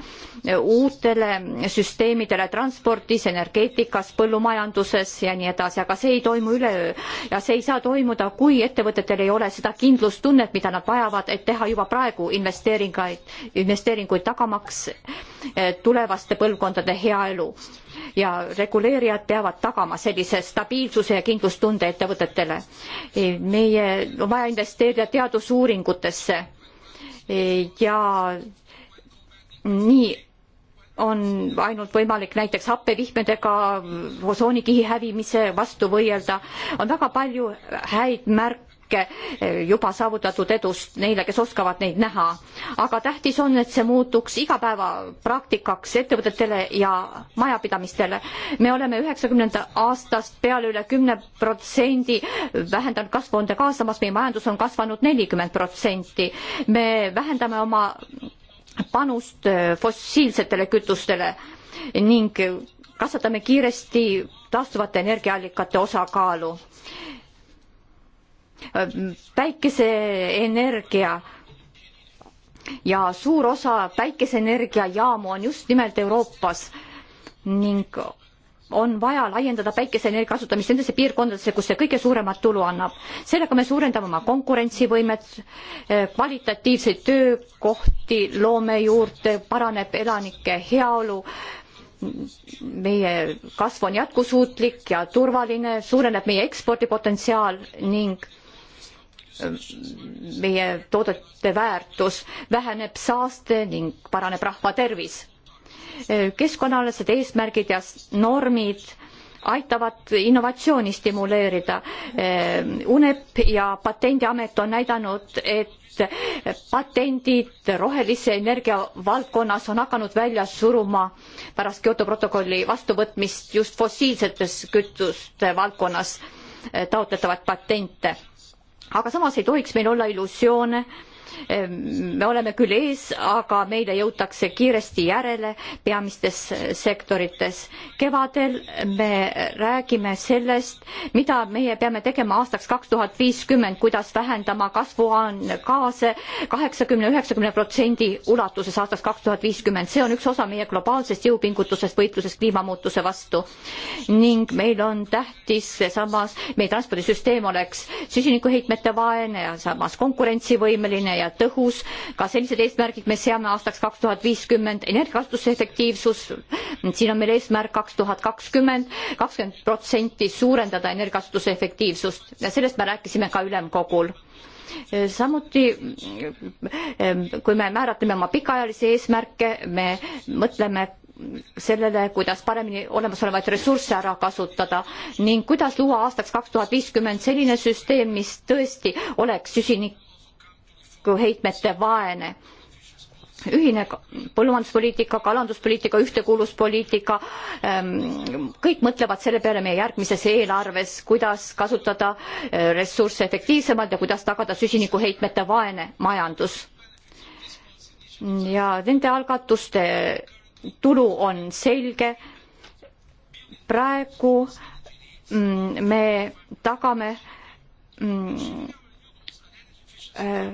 uutele süsteemidele transpordis, energeetikas, põllumajanduses ja nii edasi, aga see ei toimu üleöö ja see ei saa toimuda, kui ettevõtetel ei ole seda kindlustunnet, mida nad vajavad, et teha juba praegu investeeringuid, investeeringuid tagamaks eh, tulevaste põlvkondade hea elu ja reguleerijad peavad tagama sellise stabiilsuse ja kindlustunde ettevõtetele. meie on vaja investeerida teadusuuringutesse ja nii on ainult võimalik näiteks happevihmedega osoonikihi hävimise vastu võidelda, on väga palju häid märke märke eh, juba saavutatud edust neile, kes oskavad neid näha. aga tähtis on, et see muutuks igapäevapraktikaks ettevõtetele ja majapidamistele. me oleme üheksakümnenda aastast peale üle kümne protsendi vähendanud kasvuhoonegaase, samas meie majandus on kasvanud nelikümmend protsenti. me vähendame oma panust eh, fossiilsetele kütustele ning kasvatame kiiresti taastuvate energiaallikate osakaalu päikeseenergia ja suur osa päikeseenergiajaamu on just nimelt Euroopas ning on vaja laiendada päikeseenergia kasutamist nendesse piirkondadesse, kus see kõige suuremat tulu annab. sellega me suurendame oma konkurentsivõimet, kvalitatiivseid töökohti loome juurde, paraneb elanike heaolu, meie kasv on jätkusuutlik ja turvaline, suureneb meie ekspordipotentsiaal ning meie toodete väärtus, väheneb saaste ning paraneb rahva tervis. keskkonnaalased eesmärgid ja normid aitavad innovatsiooni stimuleerida. UNEP ja Patendiamet on näidanud, et patendid rohelise energia valdkonnas on hakanud välja suruma pärast Kyoto protokolli vastuvõtmist just fossiilsetes kütuste valdkonnas taotletavaid patente aga samas ei tohiks meil olla illusioone me oleme küll ees, aga meile jõutakse kiiresti järele peamistes sektorites. kevadel me räägime sellest, mida meie peame tegema aastaks kaks tuhat viiskümmend, kuidas vähendama kasvuhoonegaase kaheksakümne, üheksakümne protsendi ulatuses aastaks kaks tuhat viiskümmend. see on üks osa meie globaalsest jõupingutusest võitluses kliimamuutuse vastu. ning meil on tähtis samas, meie transpordisüsteem oleks süsinikuheitmete vaene ja samas konkurentsivõimeline efektiivne ja tõhus, ka sellised eesmärgid me seame aastaks kaks tuhat viiskümmend, energiakasutuse efektiivsus, siin on meil eesmärk kaks tuhat kakskümmend, kakskümmend protsenti suurendada energiakasutuse efektiivsust ja sellest me rääkisime ka ülemkogul samuti ehm, kui me määratleme oma pikaajalisi eesmärke, me mõtleme sellele, kuidas paremini olemasolevaid ressursse ära kasutada ning kuidas luua aastaks kaks tuhat viiskümmend selline süsteem, mis tõesti oleks süsinik süsinikuheitmete vaene ühine põllumajanduspoliitika, kalanduspoliitika, ühtekuuluvuspoliitika, ähm, kõik mõtlevad selle peale meie järgmises eelarves, kuidas kasutada äh, ressursse efektiivsemalt ja kuidas tagada süsinikuheitmete vaene majandus. ja nende algatuste tulu on selge. praegu mm, me tagame mm, äh,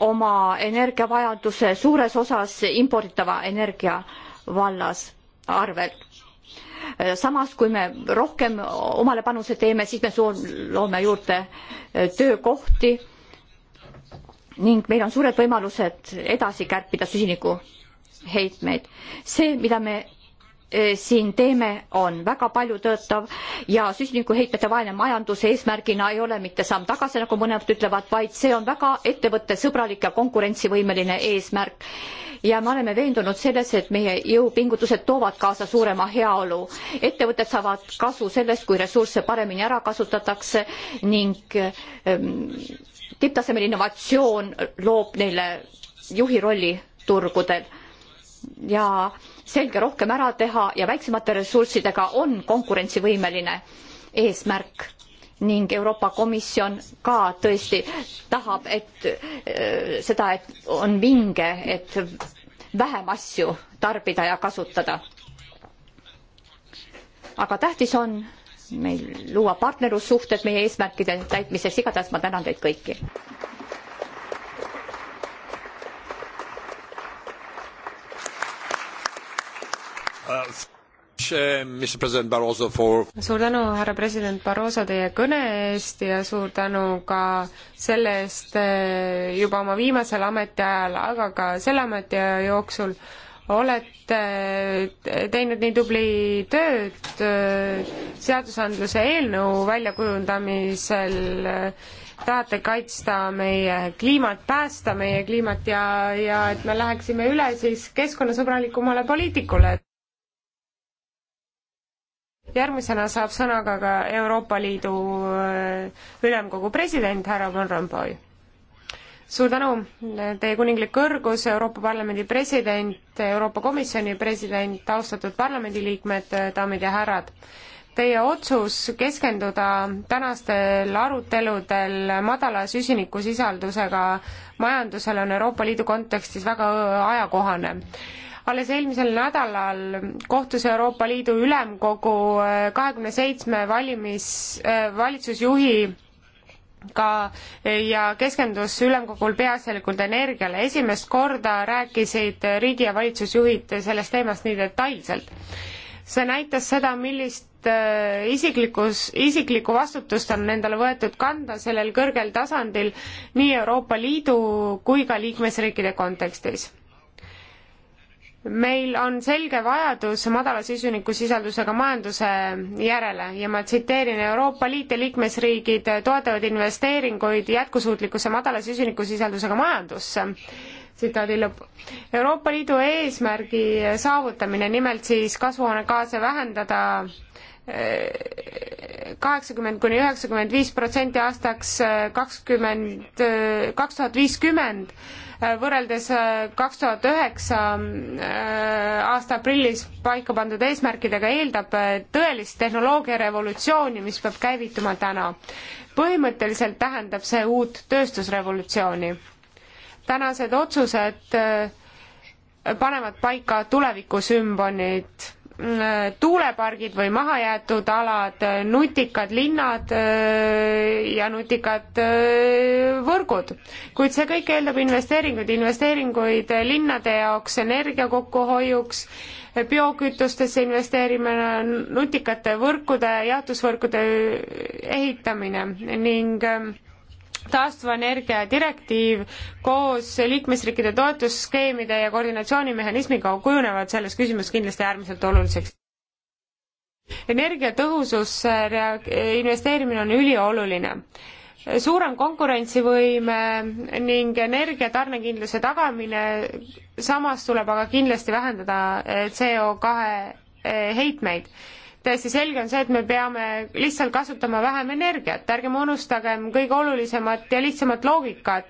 oma energiavajaduse suures osas imporditava energia vallas arvelt samas kui me rohkem omale panuse teeme, siis me loome juurde töökohti ning meil on suured võimalused edasi kärpida süsinikuheitmeid. see, mida me Äh, siin teeme, on väga palju töötav ja süsinikuheitmete vaene majanduse eesmärgina ei ole mitte samm tagasi, nagu mõned ütlevad, vaid see on väga ettevõttesõbralik ja konkurentsivõimeline eesmärk. ja me oleme veendunud selles, et meie jõupingutused toovad kaasa suurema heaolu. ettevõtted saavad kasu sellest, kui ressursse paremini ära kasutatakse ning ähm, tipptasemel innovatsioon loob neile juhi rolli turgudel ja äh, selge rohkem ära teha ja väiksemate ressurssidega on konkurentsivõimeline eesmärk ning Euroopa Komisjon ka tõesti tahab, et äh, seda, et on vinge, et vähem asju tarbida ja kasutada. aga tähtis on meil luua partnerlussuhted meie eesmärkide täitmiseks, igatahes ma tänan teid kõiki. For... suur tänu, härra president Barroso, teie kõne eest ja suur tänu ka selle eest eh, juba oma viimasel ametiajal, aga ka selle ametiaja jooksul olete eh, teinud nii tubli tööd eh, seadusandluse eelnõu väljakujundamisel, tahate kaitsta meie kliimat, päästa meie kliimat ja, ja et me läheksime üle siis keskkonnasõbralikumale poliitikule järgmisena saab sõnaga ka Euroopa Liidu äh, ülemkogu president härra Van Rompuy. suur tänu, Teie kuninglik kõrgus, Euroopa Parlamendi president, Euroopa Komisjoni president, austatud parlamendiliikmed, daamid ja härrad. Teie otsus keskenduda tänastel aruteludel madala süsinikusisaldusega majandusele on Euroopa Liidu kontekstis väga ajakohane alles eelmisel nädalal kohtus Euroopa Liidu Ülemkogu äh, kahekümne seitsme valimis, äh, valitsusjuhi ka äh, ja keskendus ülemkogul peaasjalikult energiale. esimest korda rääkisid riigi- ja valitsusjuhid sellest teemast nii detailselt. see näitas seda, millist isiklikus, isiklikku vastutust on endale võetud kanda sellel kõrgel tasandil nii Euroopa Liidu kui ka liikmesriikide kontekstis meil on selge vajadus madala süsinikusisaldusega majanduse järele ja ma tsiteerin, Euroopa Liit ja liikmesriigid toetavad investeeringuid jätkusuutlikkuse madala süsinikusisaldusega majandusse. tsitaadi lõpp. Euroopa Liidu eesmärgi saavutamine, nimelt siis kasvuhoonegaase vähendada eh, kaheksakümmend kuni üheksakümmend viis protsenti aastaks kakskümmend, kaks tuhat viiskümmend, võrreldes äh, kaks tuhat üheksa äh, aasta aprillis paika pandud eesmärkidega eeldab äh, tõelist tehnoloogiarevolutsiooni, mis peab käivituma täna. põhimõtteliselt tähendab see uut tööstusrevolutsiooni. tänased otsused panevad paika tulevikusümbolid Äh, tuulepargid või mahajäetud alad, nutikad linnad äh, ja nutikad äh, võrgud. kuid see kõik eeldab investeeringuid, investeeringuid linnade jaoks, energia kokkuhoiuks, biokütustesse investeerimine, nutikate võrkude, jaotusvõrkude ehitamine ning ähm, taastuvenergia direktiiv koos liikmesriikide toetusskeemide ja koordinatsioonimehhanismiga kujunevad selles küsimuses kindlasti äärmiselt oluliseks. energiatõhususse investeerimine on ülioluline suurem konkurentsivõime ning energia tarnekindluse tagamine, samas tuleb aga kindlasti vähendada CO kahe heitmeid täiesti selge on see, et me peame lihtsalt kasutama vähem energiat, ärgem unustagem kõige olulisemat ja lihtsamat loogikat.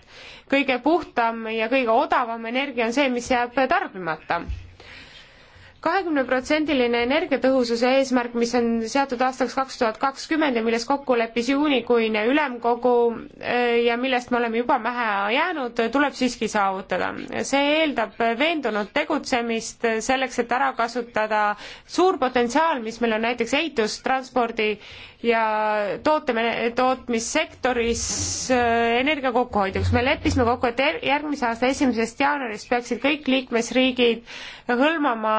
kõige puhtam ja kõige odavam energia on see, mis jääb tarbimata kahekümneprotsendiline energiatõhususe eesmärk, mis on seatud aastaks kaks tuhat kakskümmend ja milles kokku leppis juunikuine ülemkogu äh, ja millest me oleme juba maha jäänud, tuleb siiski saavutada. see eeldab veendunud tegutsemist selleks, et ära kasutada suur potentsiaal, mis meil on näiteks ehitustranspordi ja toote, tootmissektoris äh, energia kokkuhoidjaks. me leppisime kokku, et er-, järgmise aasta esimesest jaanuarist peaksid kõik liikmesriigid hõlmama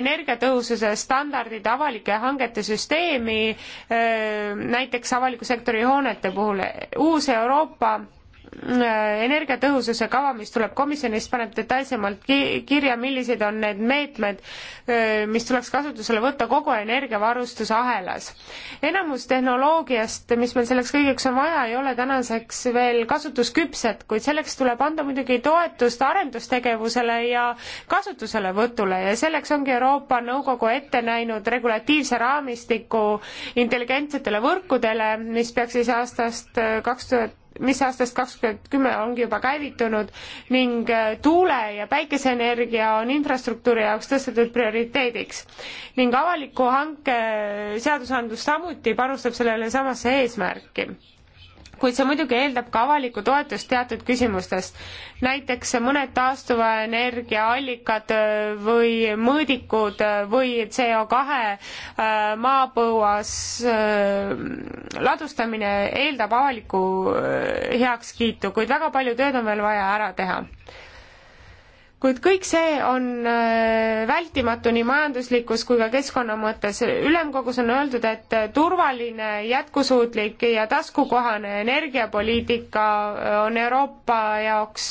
energiatõhususe standardid avalike hangete süsteemi, äh, näiteks avaliku sektori hoonete puhul. uus Euroopa energiatõhususe kava, mis tuleb komisjonist, paneb detailsemalt kirja, millised on need meetmed, mis tuleks kasutusele võtta kogu energiavarustusahelas. enamus tehnoloogiast, mis meil selleks kõigeks on vaja, ei ole tänaseks veel kasutusküpsed, kuid selleks tuleb anda muidugi toetust arendustegevusele ja kasutuselevõtule ja selleks ongi Euroopa Nõukogu ette näinud regulatiivse raamistiku intelligentsetele võrkudele, mis peaks siis aastast kaks tuhat mis aastast kaks tuhat kümme ongi juba käivitunud ning äh, tuule- ja päikeseenergia on infrastruktuuri jaoks tõstetud prioriteediks. ning avaliku hanke äh, seadusandlus samuti panustab sellele samasse eesmärki kuid see muidugi eeldab ka avalikku toetust teatud küsimustes. näiteks mõned taastuva energia allikad äh, või mõõdikud äh, või CO2 äh, maapõuas ladustamine eeldab avalikku heakskiitu, kuid väga palju tööd on veel vaja ära teha kuid kõik see on äh, vältimatu nii majanduslikus kui ka keskkonna mõttes. ülemkogus on öeldud, et äh, turvaline, jätkusuutlik ja taskukohane energiapoliitika äh, on Euroopa jaoks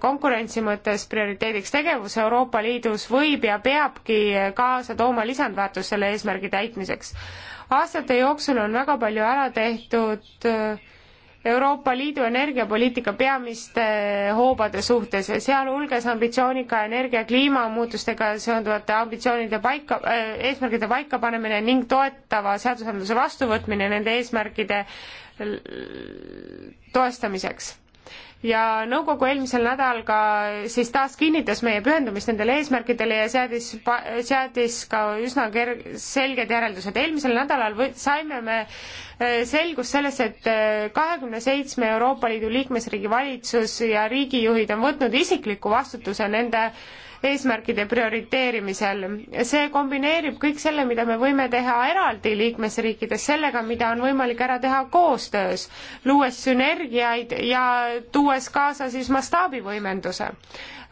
konkurentsi mõttes prioriteediks tegevus Euroopa Liidus võib ja peabki kaasa tooma lisandväärtust selle eesmärgi täitmiseks. aastate jooksul on väga palju ära tehtud äh, Euroopa Liidu energiapoliitika peamiste hoobade suhtes, sealhulgas ambitsioonika energia kliimamuutustega seonduvate ambitsioonide paika äh,, eesmärgide paikapanemine ning toetava seadusandluse vastuvõtmine nende eesmärkide toestamiseks ja nõukogu eelmisel nädalal ka siis taas kinnitas meie pühendumist nendele eesmärkidele ja seadis, seadis ka üsna ker-, selged järeldused. eelmisel nädalal või-, saime me äh, selgust selles, et äh, kahekümne seitsme Euroopa Liidu liikmesriigi valitsus ja riigijuhid on võtnud isikliku vastutuse nende eesmärkide prioriteerimisel. see kombineerib kõik selle, mida me võime teha eraldi liikmesriikides, sellega, mida on võimalik ära teha koostöös, luues sünergiaid ja tuues kaasa siis mastaabivõimenduse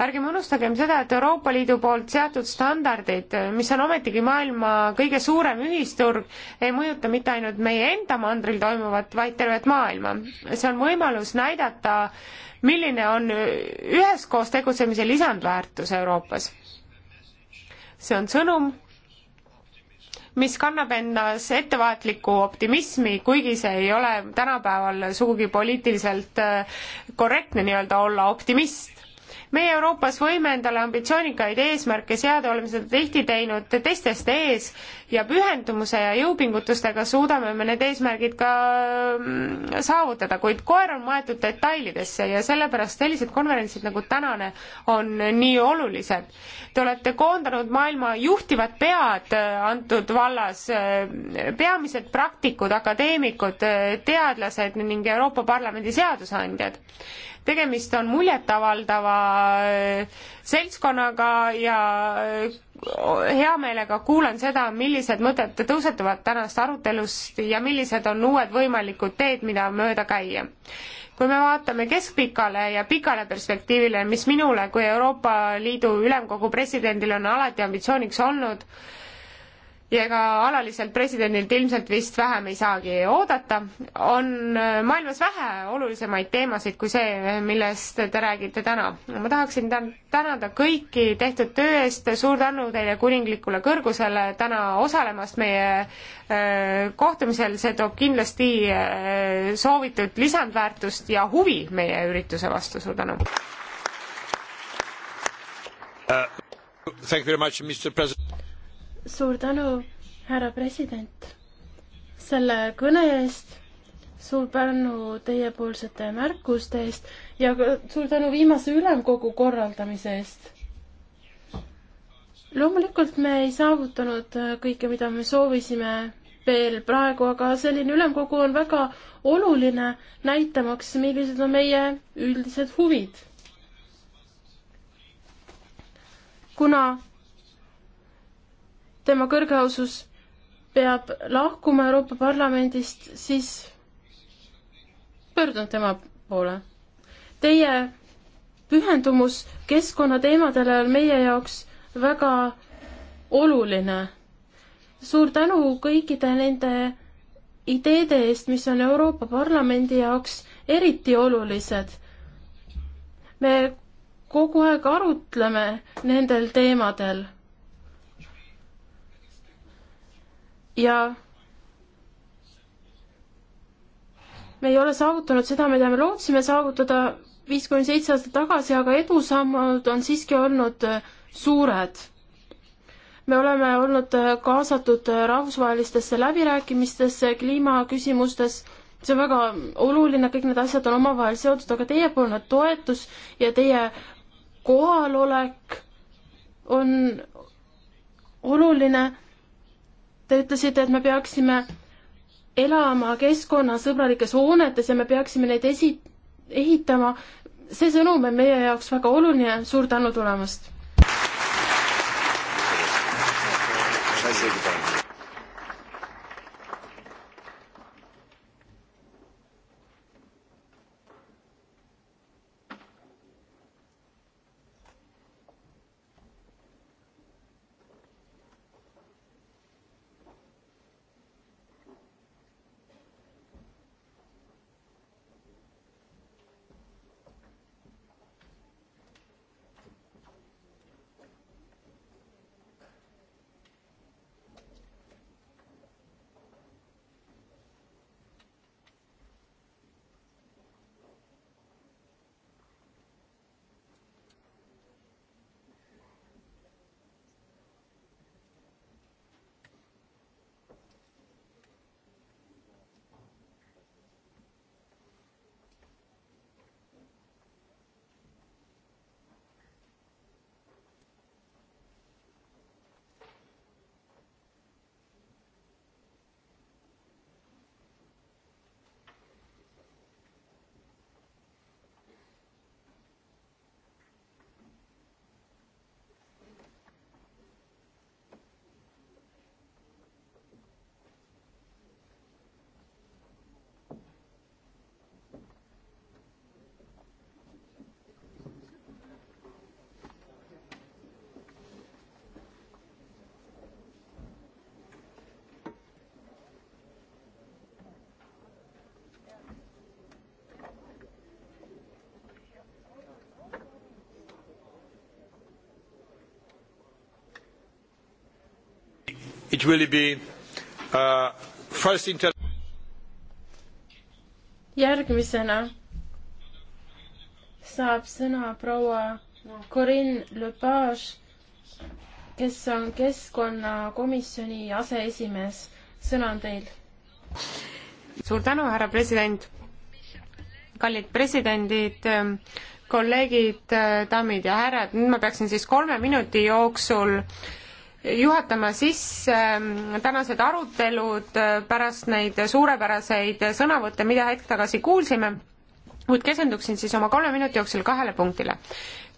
ärgem unustagem seda, et Euroopa Liidu poolt seatud standardid, mis on ometigi maailma kõige suurem ühisturg, ei mõjuta mitte ainult meie enda mandril toimuvat, vaid tervet maailma. see on võimalus näidata milline on üheskoos tegutsemise lisandväärtus Euroopas. see on sõnum, mis kannab endas ettevaatlikku optimismi, kuigi see ei ole tänapäeval sugugi poliitiliselt äh, korrektne nii-öelda olla optimist meie Euroopas võime endale ambitsioonikaid eesmärke seada, oleme seda tihti teinud teistest ees ja pühendumuse ja jõupingutustega suudame me need eesmärgid ka mm, saavutada, kuid koer on maetud detailidesse ja sellepärast sellised konverentsid nagu tänane on nii olulised. Te olete koondanud maailma juhtivad pead äh, antud vallas, äh, peamised praktikud, akadeemikud, äh, teadlased ning Euroopa Parlamendi seadusandjad tegemist on muljetavaldava seltskonnaga ja hea meelega kuulan seda, millised mõtted tõusetuvad tänast arutelust ja millised on uued võimalikud teed, mida mööda käia. kui me vaatame keskpikale ja pikale perspektiivile, mis minule kui Euroopa Liidu Ülemkogu presidendile on alati ambitsiooniks olnud, ja ka alaliselt presidendilt ilmselt vist vähem ei saagi oodata, on äh, maailmas vähe olulisemaid teemasid kui see, millest te räägite täna. ma tahaksin tänada kõiki tehtud töö eest, suur tänu teile kuninglikule kõrgusele täna osalemast meie äh, kohtumisel, see toob kindlasti äh, soovitud lisandväärtust ja huvi meie ürituse vastu, suur tänu uh,! Thank you very much, Mr President suur tänu, härra president, selle kõne eest suur tänu teiepoolsete märkuste eest ja ka suur tänu viimase ülemkogu korraldamise eest. loomulikult me ei saavutanud äh, kõike, mida me soovisime veel praegu, aga selline ülemkogu on väga oluline, näitamaks, millised on meie üldised huvid. kuna tema kõrgeausus peab lahkuma Euroopa Parlamendist, siis pöördun tema poole. Teie pühendumus keskkonnateemadele on meie jaoks väga oluline. suur tänu kõikide nende ideede eest, mis on Euroopa Parlamendi jaoks eriti olulised. me kogu aeg arutleme nendel teemadel ja me ei ole saavutanud seda, mida me lootsime saavutada viis kuni seitse aastat tagasi, aga edusammud on siiski olnud äh, suured. me oleme olnud äh, kaasatud äh, rahvusvahelistesse läbirääkimistesse kliimaküsimustes, see on väga oluline, kõik need asjad on omavahel seotud, aga teiepoolne toetus ja teie kohalolek on oluline Te ütlesite, et me peaksime elama keskkonnasõbralikes hoonetes ja me peaksime neid esi-, ehitama. see sõnum on meie jaoks väga oluline, suur tänu tulemast! It will be uh, first inter- järgmisena saab sõna proua Corinne Lepage, kes on keskkonnakomisjoni aseesimees. sõna on teil. suur tänu, härra president. kallid presidendid, ähm, kolleegid, äh, daamid ja härrad, nüüd ma peaksin siis kolme minuti jooksul äh, juhatama sisse ähm, tänased arutelud äh, pärast neid suurepäraseid sõnavõtte, mida hetk tagasi kuulsime, kuid keskenduksin siis oma kolme minuti jooksul kahele punktile.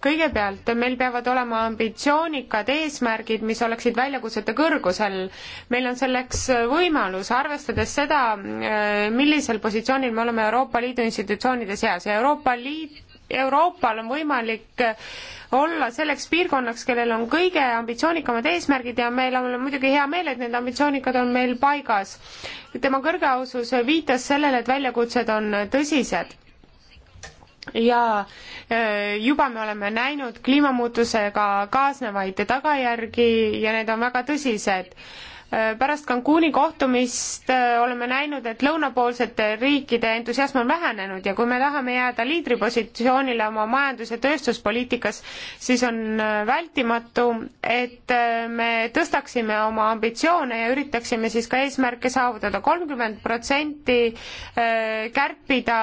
kõigepealt meil peavad olema ambitsioonikad eesmärgid, mis oleksid väljakutsete kõrgusel. meil on selleks võimalus, arvestades seda, äh, millisel positsioonil me oleme Euroopa Liidu institutsioonide seas ja Euroopa Liit Euroopal on võimalik äh, olla selleks piirkonnaks, kellel on kõige ambitsioonikamad eesmärgid ja meil on muidugi hea meel, et need ambitsioonikad on meil paigas. tema kõrgeausus viitas sellele, et väljakutsed on tõsised ja äh, juba me oleme näinud kliimamuutusega kaasnevaid tagajärgi ja need on väga tõsised pärast Cancuni kohtumist äh, oleme näinud, et lõunapoolsete riikide entusiasm on vähenenud ja kui me tahame jääda liidripositsioonile oma majandus- ja tööstuspoliitikas, siis on äh, vältimatu, et äh, me tõstaksime oma ambitsioone ja üritaksime siis ka eesmärke saavutada. kolmkümmend protsenti kärpida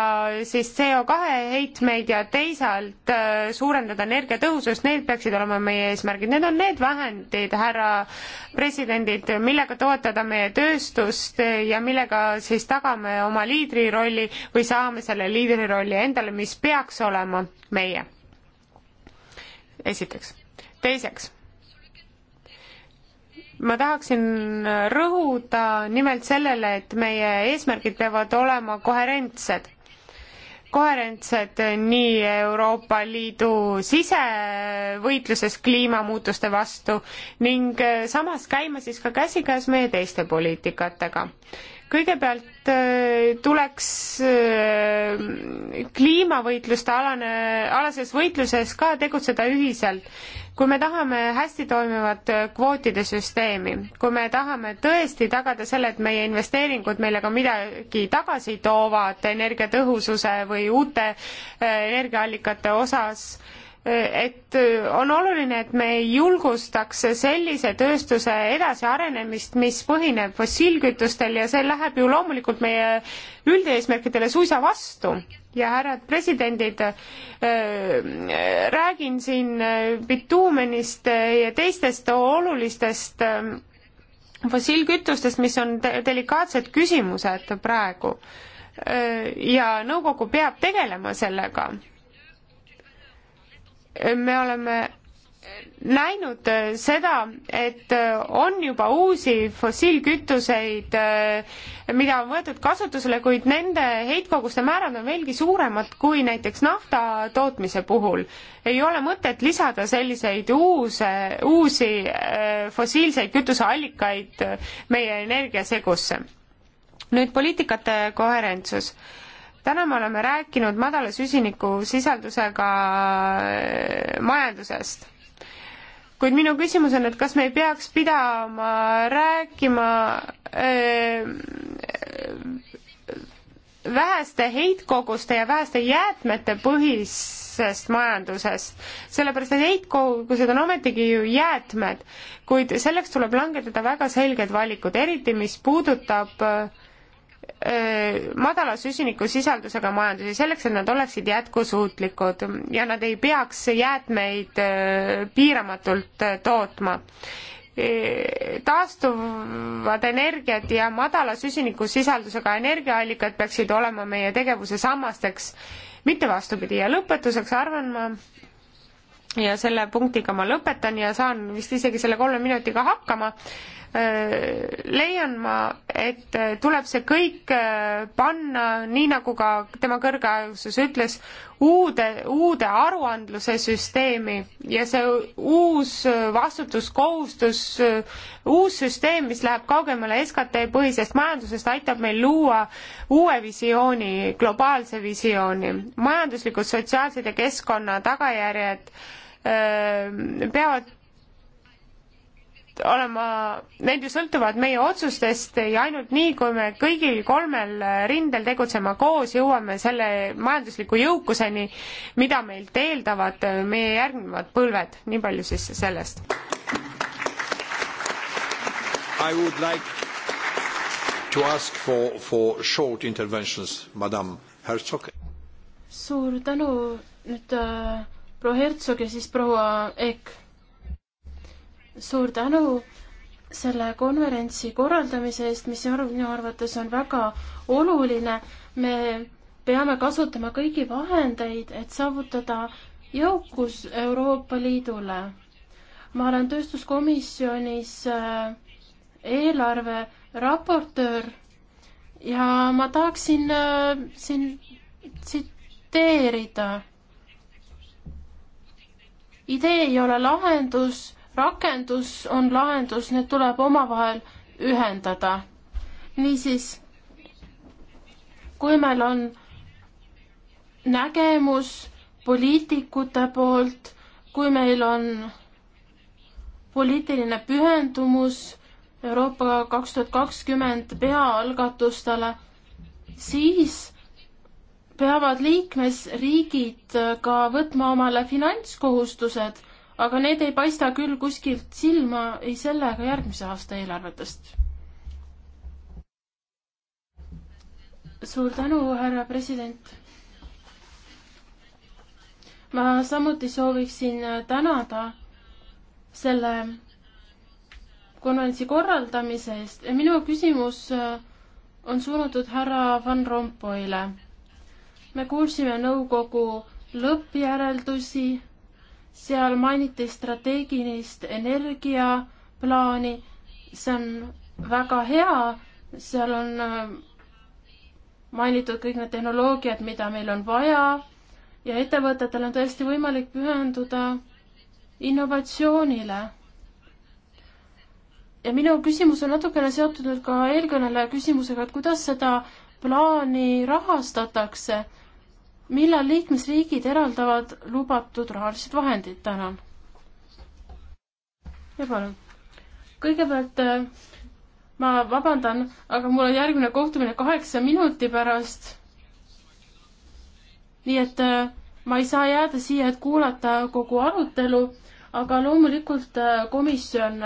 siis CO kahe heitmeid ja teisalt suurendada energiatõhusust, need peaksid olema meie eesmärgid. Need on need vahendid, härra presidendid, mille millega toetada meie tööstust ja millega siis tagame oma liidrirolli või saame selle liidrirolli endale, mis peaks olema meie. esiteks. teiseks ma tahaksin rõhuda nimelt sellele, et meie eesmärgid peavad olema koherentsed koherentsed nii Euroopa Liidu sisevõitluses kliimamuutuste vastu ning äh, samas käima siis ka käsikäes meie teiste poliitikatega. kõigepealt äh, tuleks äh, kliimavõitluste alane, alases võitluses ka tegutseda ühiselt kui me tahame hästi toimivat äh, kvootide süsteemi, kui me tahame tõesti tagada selle, et meie investeeringud meile ka midagi tagasi toovad energiatõhususe või uute äh, energiaallikate osas, et on oluline, et me julgustaks sellise tööstuse edasiarenemist, mis põhineb fossiilkütustel ja see läheb ju loomulikult meie üldeesmärkidele suisa vastu. ja härrad presidendid äh,, räägin siin bituumenist ja teistest olulistest fossiilkütustest, mis on te delikaatsed küsimused praegu. ja nõukogu peab tegelema sellega me oleme näinud seda, et on juba uusi fossiilkütuseid, mida on võetud kasutusele, kuid nende heitkoguste määrad on veelgi suuremad kui näiteks nafta tootmise puhul. ei ole mõtet lisada selliseid uuse, uusi äh, fossiilseid kütuseallikaid meie energiasegusse. nüüd poliitikate koherentsus täna me oleme rääkinud madala süsinikusisaldusega äh, majandusest. kuid minu küsimus on, et kas me ei peaks pidama rääkima öö, äh, väheste heitkoguste ja väheste jäätmete põhisest majandusest, sellepärast et heitkogused on ometigi ju jäätmed, kuid selleks tuleb langetada väga selged valikud, eriti mis puudutab äh, madala süsinikusisaldusega majandusi, selleks et nad oleksid jätkusuutlikud ja nad ei peaks jäätmeid piiramatult tootma. taastuvad energiat ja madala süsinikusisaldusega energiaallikad peaksid olema meie tegevuse sammasteks, mitte vastupidi ja lõpetuseks arvan ma, ja selle punktiga ma lõpetan ja saan vist isegi selle kolme minutiga hakkama Äh, leian ma, et äh, tuleb see kõik äh, panna, nii nagu ka tema kõrgeaegsus ütles, uude, uude aruandluse süsteemi ja see uus vastutuskohustus, uus süsteem, mis läheb kaugemale SKT põhisest majandusest, aitab meil luua uue visiooni, globaalse visiooni. majanduslikud, sotsiaalsed ja keskkonna tagajärjed öö, peavad olema, need ju sõltuvad meie otsustest ja ainult nii, kui me kõigil kolmel rindel tegutsema koos, jõuame selle majandusliku jõukuseni, mida meilt eeldavad meie järgnevad põlved. nii palju siis sellest. I would like to ask for, for short interventions, madam Herzog. suur tänu nüüd äh, proua Herzog ja siis proua Eek suur tänu selle konverentsi korraldamise eest, mis minu arvates on väga oluline. me peame kasutama kõiki vahendeid, et saavutada jõukus Euroopa Liidule. ma olen tööstuskomisjonis äh, eelarve raportöör ja ma tahaksin äh, siin tsiteerida. idee ei ole lahendus rakendus on lahendus, need tuleb omavahel ühendada. niisiis, kui meil on nägemus poliitikute poolt, kui meil on poliitiline pühendumus Euroopa kaks tuhat kakskümmend peaalgatustele, siis peavad liikmesriigid ka võtma omale finantskohustused aga need ei paista küll kuskilt silma ei selle ega järgmise aasta eelarvetest. suur tänu, härra president. ma samuti sooviksin tänada selle konverentsi korraldamise eest ja minu küsimus on suunatud härra Van Rompuyle. me kuulsime nõukogu lõppjäreldusi seal mainiti strateegilist energiaplaani, see on väga hea, seal on äh, mainitud kõik need tehnoloogiad, mida meil on vaja ja ettevõtetel on tõesti võimalik pühenduda innovatsioonile. ja minu küsimus on natukene seotud nüüd ka eelkõneleja küsimusega, et kuidas seda plaani rahastatakse millal liikmesriigid eraldavad lubatud rahalised vahendid, tänan. ja palun. kõigepealt äh, ma vabandan, aga mul on järgmine kohtumine kaheksa minuti pärast. nii et äh, ma ei saa jääda siia, et kuulata kogu arutelu, aga loomulikult äh, komisjon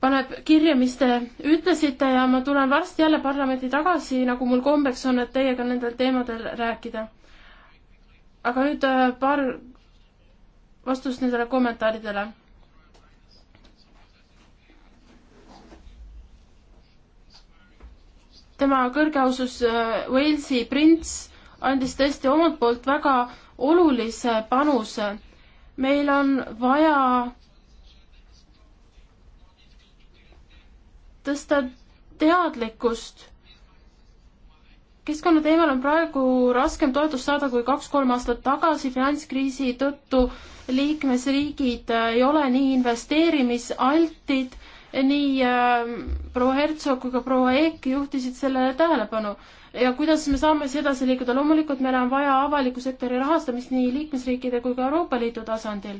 paneb kirja, mis te ütlesite ja ma tulen varsti jälle parlamenti tagasi, nagu mul kombeks on, et teiega nendel teemadel rääkida. aga nüüd äh, paar vastust nendele kommentaaridele. tema kõrgeausus äh, Walesi prints andis tõesti omalt poolt väga olulise panuse. meil on vaja tõsta teadlikkust. keskkonna teemal on praegu raskem toetust saada kui kaks-kolm aastat tagasi finantskriisi tõttu. liikmesriigid ei ole nii investeerimisaltid, nii äh, proua Hertsog kui ka proua Eek juhtisid sellele tähelepanu. ja kuidas me saame siis edasi liikuda, loomulikult meil on vaja avaliku sektori rahastamist nii liikmesriikide kui ka Euroopa Liidu tasandil.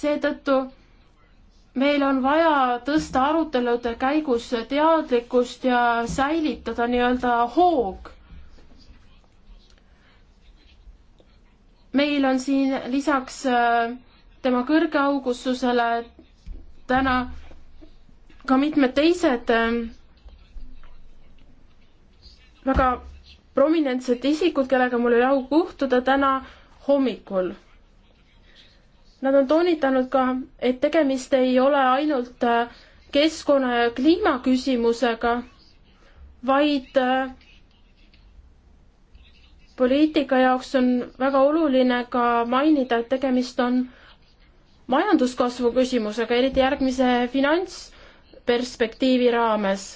seetõttu meil on vaja tõsta arutelude käigus teadlikkust ja säilitada nii-öelda hoog. meil on siin lisaks äh, tema kõrgeaugustusele täna ka mitmed teised äh, väga prominentsed isikud, kellega mul oli au kohtuda täna hommikul Nad on toonitanud ka, et tegemist ei ole ainult äh, keskkonna ja kliimaküsimusega, vaid äh, poliitika jaoks on väga oluline ka mainida, et tegemist on majanduskasvu küsimusega, eriti järgmise finantsperspektiivi raames.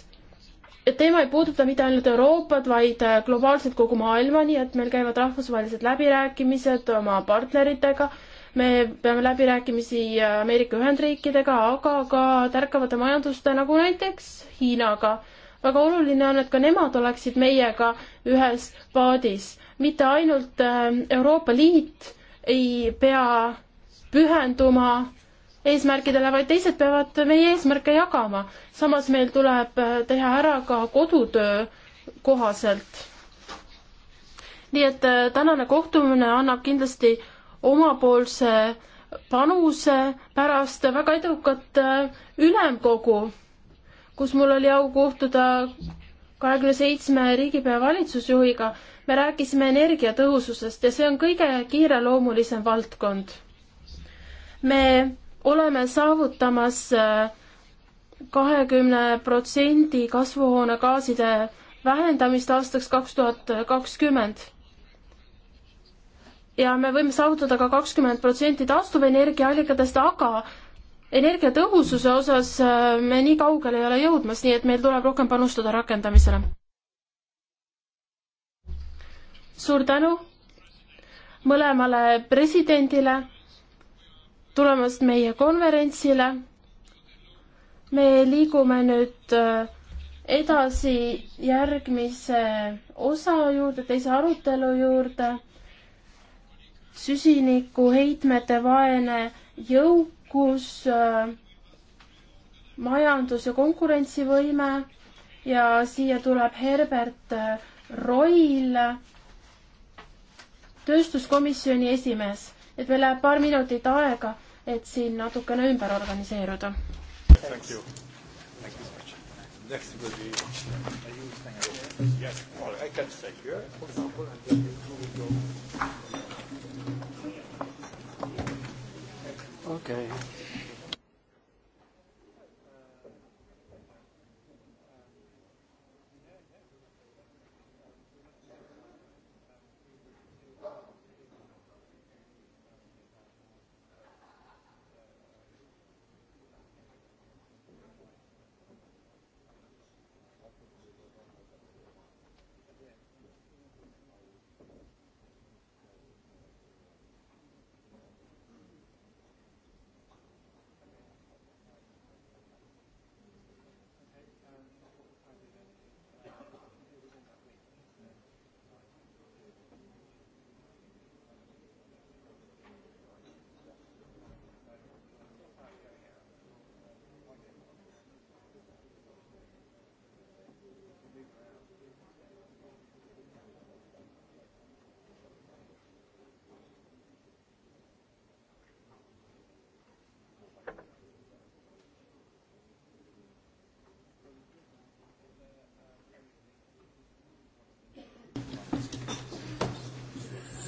teema ei puuduta mitte ainult Euroopat, vaid äh, globaalselt kogu maailma, nii et meil käivad rahvusvahelised läbirääkimised oma partneritega me peame läbirääkimisi Ameerika Ühendriikidega, aga ka tärkavate majanduste nagu näiteks Hiinaga. väga oluline on, et ka nemad oleksid meiega ühes paadis, mitte ainult äh, Euroopa Liit ei pea pühenduma eesmärkidele, vaid teised peavad meie eesmärke jagama. samas meil tuleb äh, teha ära ka kodutöö kohaselt. nii et äh, tänane kohtumine annab kindlasti omapoolse panuse pärast väga edukat äh, ülemkogu, kus mul oli au kohtuda kahekümne seitsme riigipea valitsusjuhiga. me rääkisime energiatõhususest ja see on kõige kiireloomulisem valdkond. me oleme saavutamas äh, kahekümne protsendi kasvuhoonegaaside vähendamist aastaks kaks tuhat kakskümmend ja me võime saavutada ka kakskümmend protsenti taastuvenergiaallikatest, aga energiatõhususe osas äh, me nii kaugele ei ole jõudmas, nii et meil tuleb rohkem panustada rakendamisele. suur tänu mõlemale presidendile tulemast meie konverentsile. me liigume nüüd äh, edasi järgmise osa juurde, teise arutelu juurde süsinikuheitmete vaene jõukus, äh, majandus ja konkurentsivõime ja siia tuleb Herbert äh, Roil, tööstuskomisjoni esimees, et meil läheb paar minutit aega, et siin natukene ümber organiseeruda. Thank you. Thank you so much. Next will be, are you staying at home? Yes, well, I can stay here, for example, and then you Okay.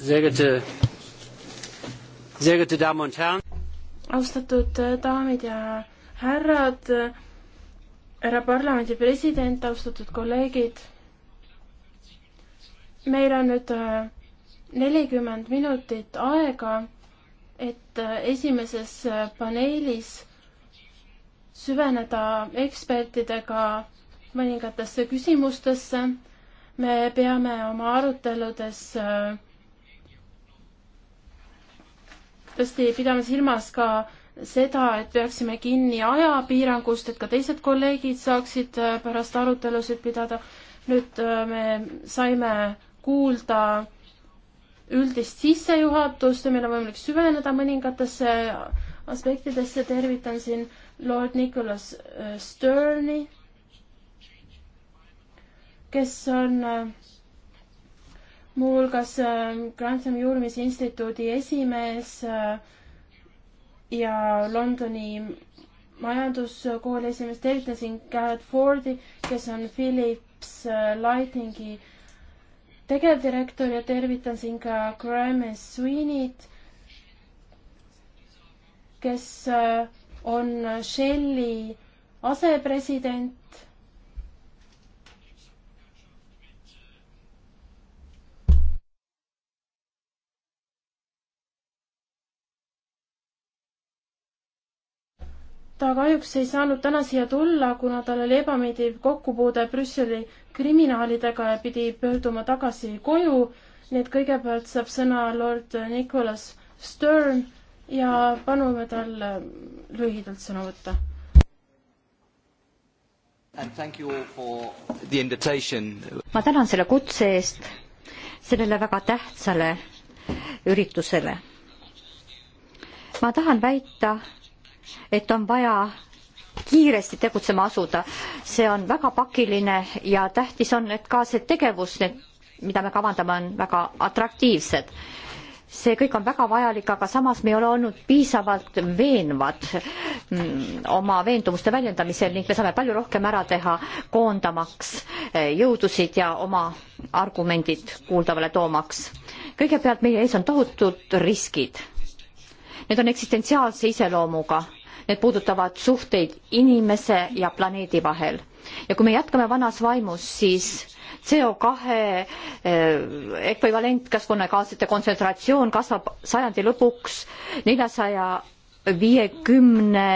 sehr geehrte, sehr geehrte Damen und Herren. austatud äh, daamid ja härrad, härra parlamendi president, austatud kolleegid. meil on nüüd äh, nelikümmend minutit aega, et äh, esimeses paneelis süveneda ekspertidega mõningatesse küsimustesse. me peame oma aruteludes äh, tõesti pidame silmas ka seda, et peaksime kinni ajapiirangust, et ka teised kolleegid saaksid äh, pärast arutelusid pidada. nüüd äh, me saime kuulda üldist sissejuhatust ja meil on võimalik süveneda mõningatesse aspektidesse. tervitan siin Lord Nicholas äh, Sterni, kes on muuhulgas äh, Grantham Uurimise instituudi esimees äh, ja Londoni majanduskooli esimees, tervitasin Garrett Fordi, kes on Philips äh, Lightingi tegevdirektor ja tervitan siin ka Graham Sweeney't, kes on Shelli asepresident ta kahjuks ei saanud täna siia tulla, kuna tal oli ebameeldiv kokkupuude Brüsseli kriminaalidega ja pidi pöörduma tagasi koju. nii et kõigepealt saab sõna lord Nicholas Stern ja palume tal äh, lühidalt sõna võtta. ma tänan selle kutse eest sellele väga tähtsale üritusele. ma tahan väita, et on vaja kiiresti tegutsema asuda. see on väga pakiline ja tähtis on, et ka see tegevus, need, mida me kavandame, on väga atraktiivsed. see kõik on väga vajalik, aga samas me ei ole olnud piisavalt veenvad mm, oma veendumuste väljendamisel ning me saame palju rohkem ära teha, koondamaks eh, jõudusid ja oma argumendid kuuldavale toomaks. kõigepealt meie ees on tohutud riskid Need on eksistentsiaalse iseloomuga, need puudutavad suhteid inimese ja planeedi vahel. ja kui me jätkame vanas vaimus, siis CO kahe eh, ekvivalent kasvuhoonegaaside kontsentratsioon kasvab sajandi lõpuks neljasaja viiekümne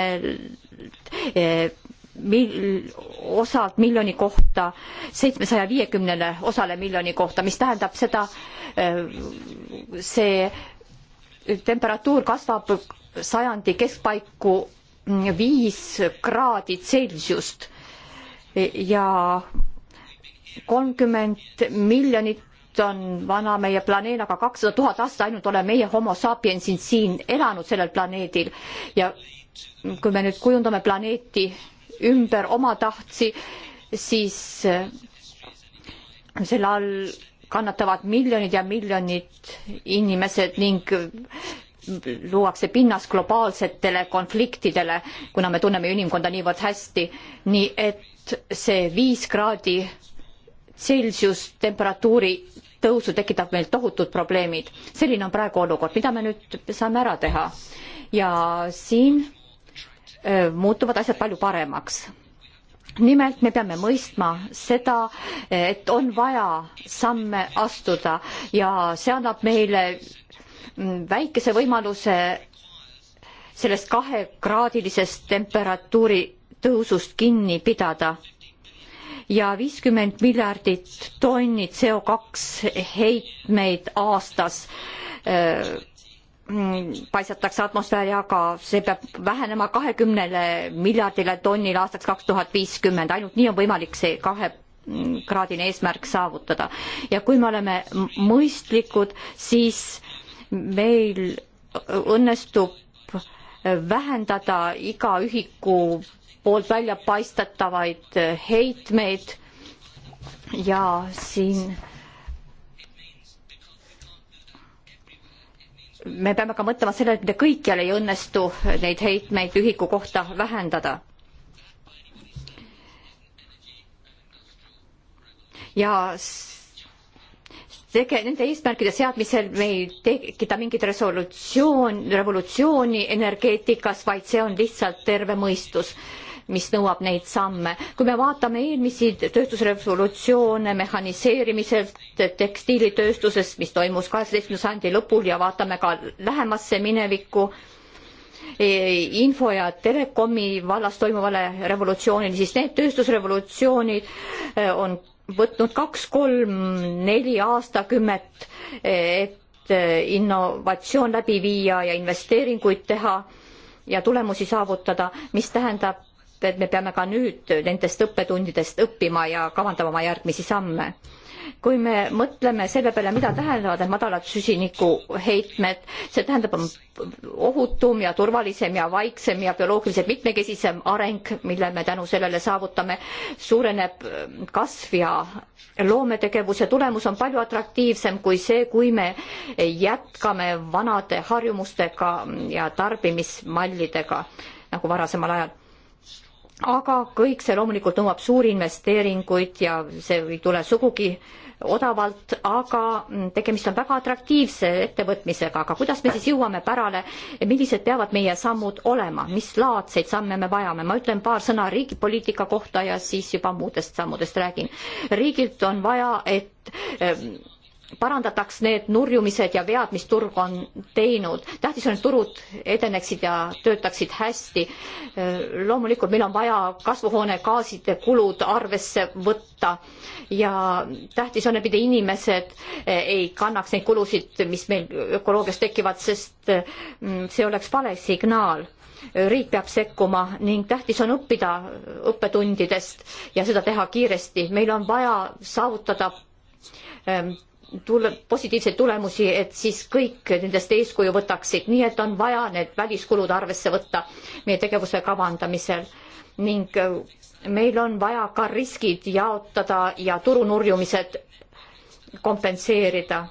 eh, mil-, osalt miljoni kohta seitsmesaja viiekümnele osale miljoni kohta, mis tähendab seda, eh, see temperatuur kasvab sajandi keskpaiku viis kraadi Celsiust ja kolmkümmend miljonit on vana meie planeet, aga kakssada tuhat aastat ainult oleme meie homo sapiensid siin elanud sellel planeedil ja kui me nüüd kujundame planeeti ümber omatahtsi, siis selle all kannatavad miljonid ja miljonid inimesed ning luuakse pinnas globaalsetele konfliktidele, kuna me tunneme inimkonda niivõrd hästi, nii et see viis kraadi Celsius temperatuuri tõusu tekitab meil tohutud probleemid. selline on praegu olukord, mida me nüüd saame ära teha. ja siin äh, muutuvad asjad palju paremaks nimelt me peame mõistma seda, et on vaja samme astuda ja see annab meile väikese võimaluse sellest kahekraadilisest temperatuuri tõusust kinni pidada. ja viiskümmend miljardit tonni CO2 heitmeid aastas öö, äh, paisatakse atmosfääri, aga see peab vähenema kahekümnele miljardile tonnile aastaks kaks tuhat viiskümmend, ainult nii on võimalik see kahe kraadine eesmärk saavutada. ja kui me oleme mõistlikud, siis meil õnnestub vähendada iga ühiku poolt välja paistetavaid heitmeid ja siin äh, me peame ka mõtlema sellele, et mitte kõikjal ei õnnestu neid heitmeid ühiku kohta vähendada. ja tege-, nende eesmärkide seadmisel me ei tekita mingit resolutsioon, revolutsiooni energeetikas, vaid see on lihtsalt terve mõistus mis nõuab neid samme. kui me vaatame eelmisi tööstusrevolutsioone mehhaniseerimiselt tekstiilitööstuses, mis toimus kaheksateistkümnenda sajandi lõpul ja vaatame ka lähemasse minevikku, e, info ja telekomi vallas toimuvale revolutsioonile, siis need tööstusrevolutsioonid e, on võtnud kaks-kolm-neli aastakümmet, e, et innovatsioon läbi viia ja investeeringuid teha ja tulemusi saavutada, mis tähendab, et, et me peame ka nüüd nendest õppetundidest õppima ja kavandama oma järgmisi samme. kui me mõtleme selle peale, mida tähendavad need madalad süsinikuheitmed, see tähendab ohutum ja turvalisem ja vaiksem ja bioloogiliselt mitmekesisem areng, mille me tänu sellele saavutame, suureneb äh, kasv ja loometegevuse tulemus on palju atraktiivsem kui see, kui me jätkame vanade harjumustega ja tarbimismallidega nagu varasemal ajal aga kõik see loomulikult nõuab suuri investeeringuid ja see ei tule sugugi odavalt, aga tegemist on väga atraktiivse ettevõtmisega, aga kuidas me siis jõuame pärale, millised peavad meie sammud olema, mis laadseid samme me vajame, ma ütlen paar sõna riigipoliitika kohta ja siis juba muudest sammudest räägin. riigilt on vaja, et ehm, parandataks need nurjumised ja vead, mis turg on teinud. tähtis on, et turud edeneksid ja töötaksid hästi. loomulikult meil on vaja kasvuhoonegaaside kulud arvesse võtta ja tähtis on, et mitte inimesed eh, ei kannaks neid kulusid, mis meil ökoloogias tekivad, sest mm, see oleks vale signaal riik peab sekkuma ning tähtis on õppida õppetundidest ja seda teha kiiresti. meil on vaja saavutada eh, tule-, positiivseid tulemusi, et siis kõik nendest eeskuju võtaksid, nii et on vaja need väliskulud arvesse võtta meie tegevuse kavandamisel ning äh, meil on vaja ka riskid jaotada ja turunurjumised kompenseerida.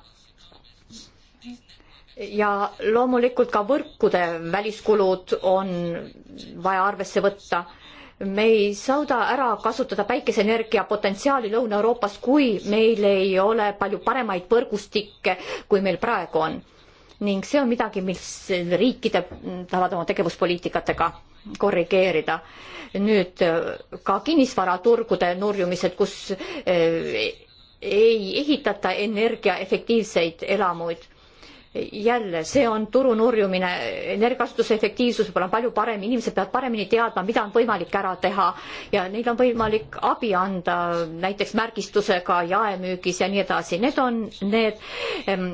ja loomulikult ka võrkude väliskulud on vaja arvesse võtta me ei suuda ära kasutada päikeseenergia potentsiaali Lõuna-Euroopas, kui meil ei ole palju paremaid võrgustikke, kui meil praegu on. ning see on midagi, mis riikide tahavad oma tegevuspoliitikatega korrigeerida. nüüd ka kinnisvaraturgude nurjumised, kus eh, ei ehitata energiaefektiivseid elamuid jälle, see on turu nurjumine, energiakasutuse efektiivsus võib-olla on palju parem, inimesed peavad paremini teadma, mida on võimalik ära teha ja neil on võimalik abi anda näiteks märgistusega jaemüügis ja nii edasi. Need on need ähm,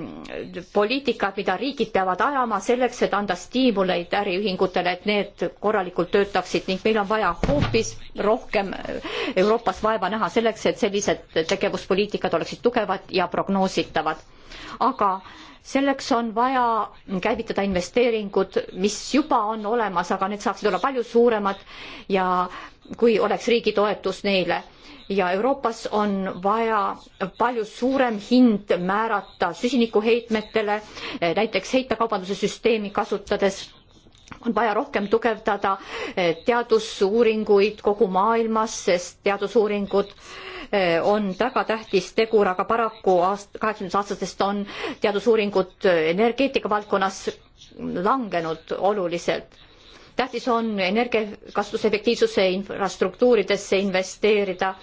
poliitikad, mida riigid peavad ajama selleks, et anda stiimuleid äriühingutele, et need korralikult töötaksid ning meil on vaja hoopis rohkem eh, Euroopas vaeva näha selleks, et sellised tegevuspoliitikad oleksid tugevad ja prognoositavad. aga selleks on vaja käivitada investeeringud, mis juba on olemas, aga need saaksid olla palju suuremad ja kui oleks riigi toetus neile. ja Euroopas on vaja palju suurem hind määrata süsinikuheitmetele, näiteks heitekaubanduse süsteemi kasutades on vaja rohkem tugevdada eh, teadusuuringuid kogu maailmas, sest teadusuuringud eh, on väga tähtis tegur, aga paraku aast-, kaheksakümnendatest aastatest on teadusuuringud eh, energeetika valdkonnas langenud oluliselt tähtis on energiakasutusefektiivsuse infrastruktuuridesse investeerida,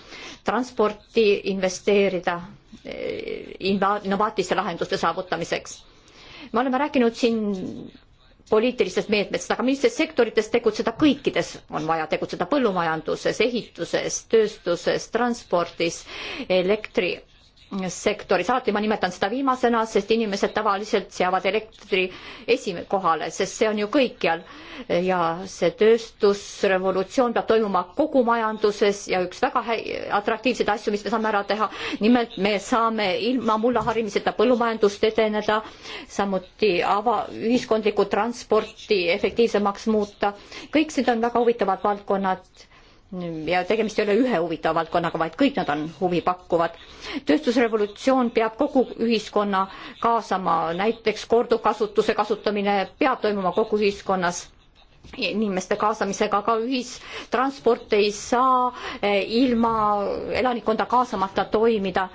transporti investeerida innovaatiliste lahenduste saavutamiseks. me oleme rääkinud siin poliitilistest meetmetest, aga millistes sektorites tegutseda, kõikides on vaja tegutseda, põllumajanduses, ehituses, tööstuses, transpordis, elektri sektoris, alati ma nimetan seda viimasena, sest inimesed tavaliselt seavad elektri esikohale, sest see on ju kõikjal ja see tööstusrevolutsioon peab toimuma kogu majanduses ja üks väga atraktiivseid asju, mis me saame ära teha, nimelt me saame ilma mulla harimiseta põllumajandust edeneda, samuti ava, ühiskondlikku transporti efektiivsemaks muuta, kõik need on väga huvitavad valdkonnad ja tegemist ei ole ühe huvitava valdkonnaga, vaid kõik nad on huvipakkuvad. tööstusrevolutsioon peab kogu ühiskonna kaasama, näiteks korduvkasutuse kasutamine peab toimuma kogu ühiskonnas inimeste kaasamisega, aga ühistransport ei saa eh, ilma elanikkonda kaasamata toimida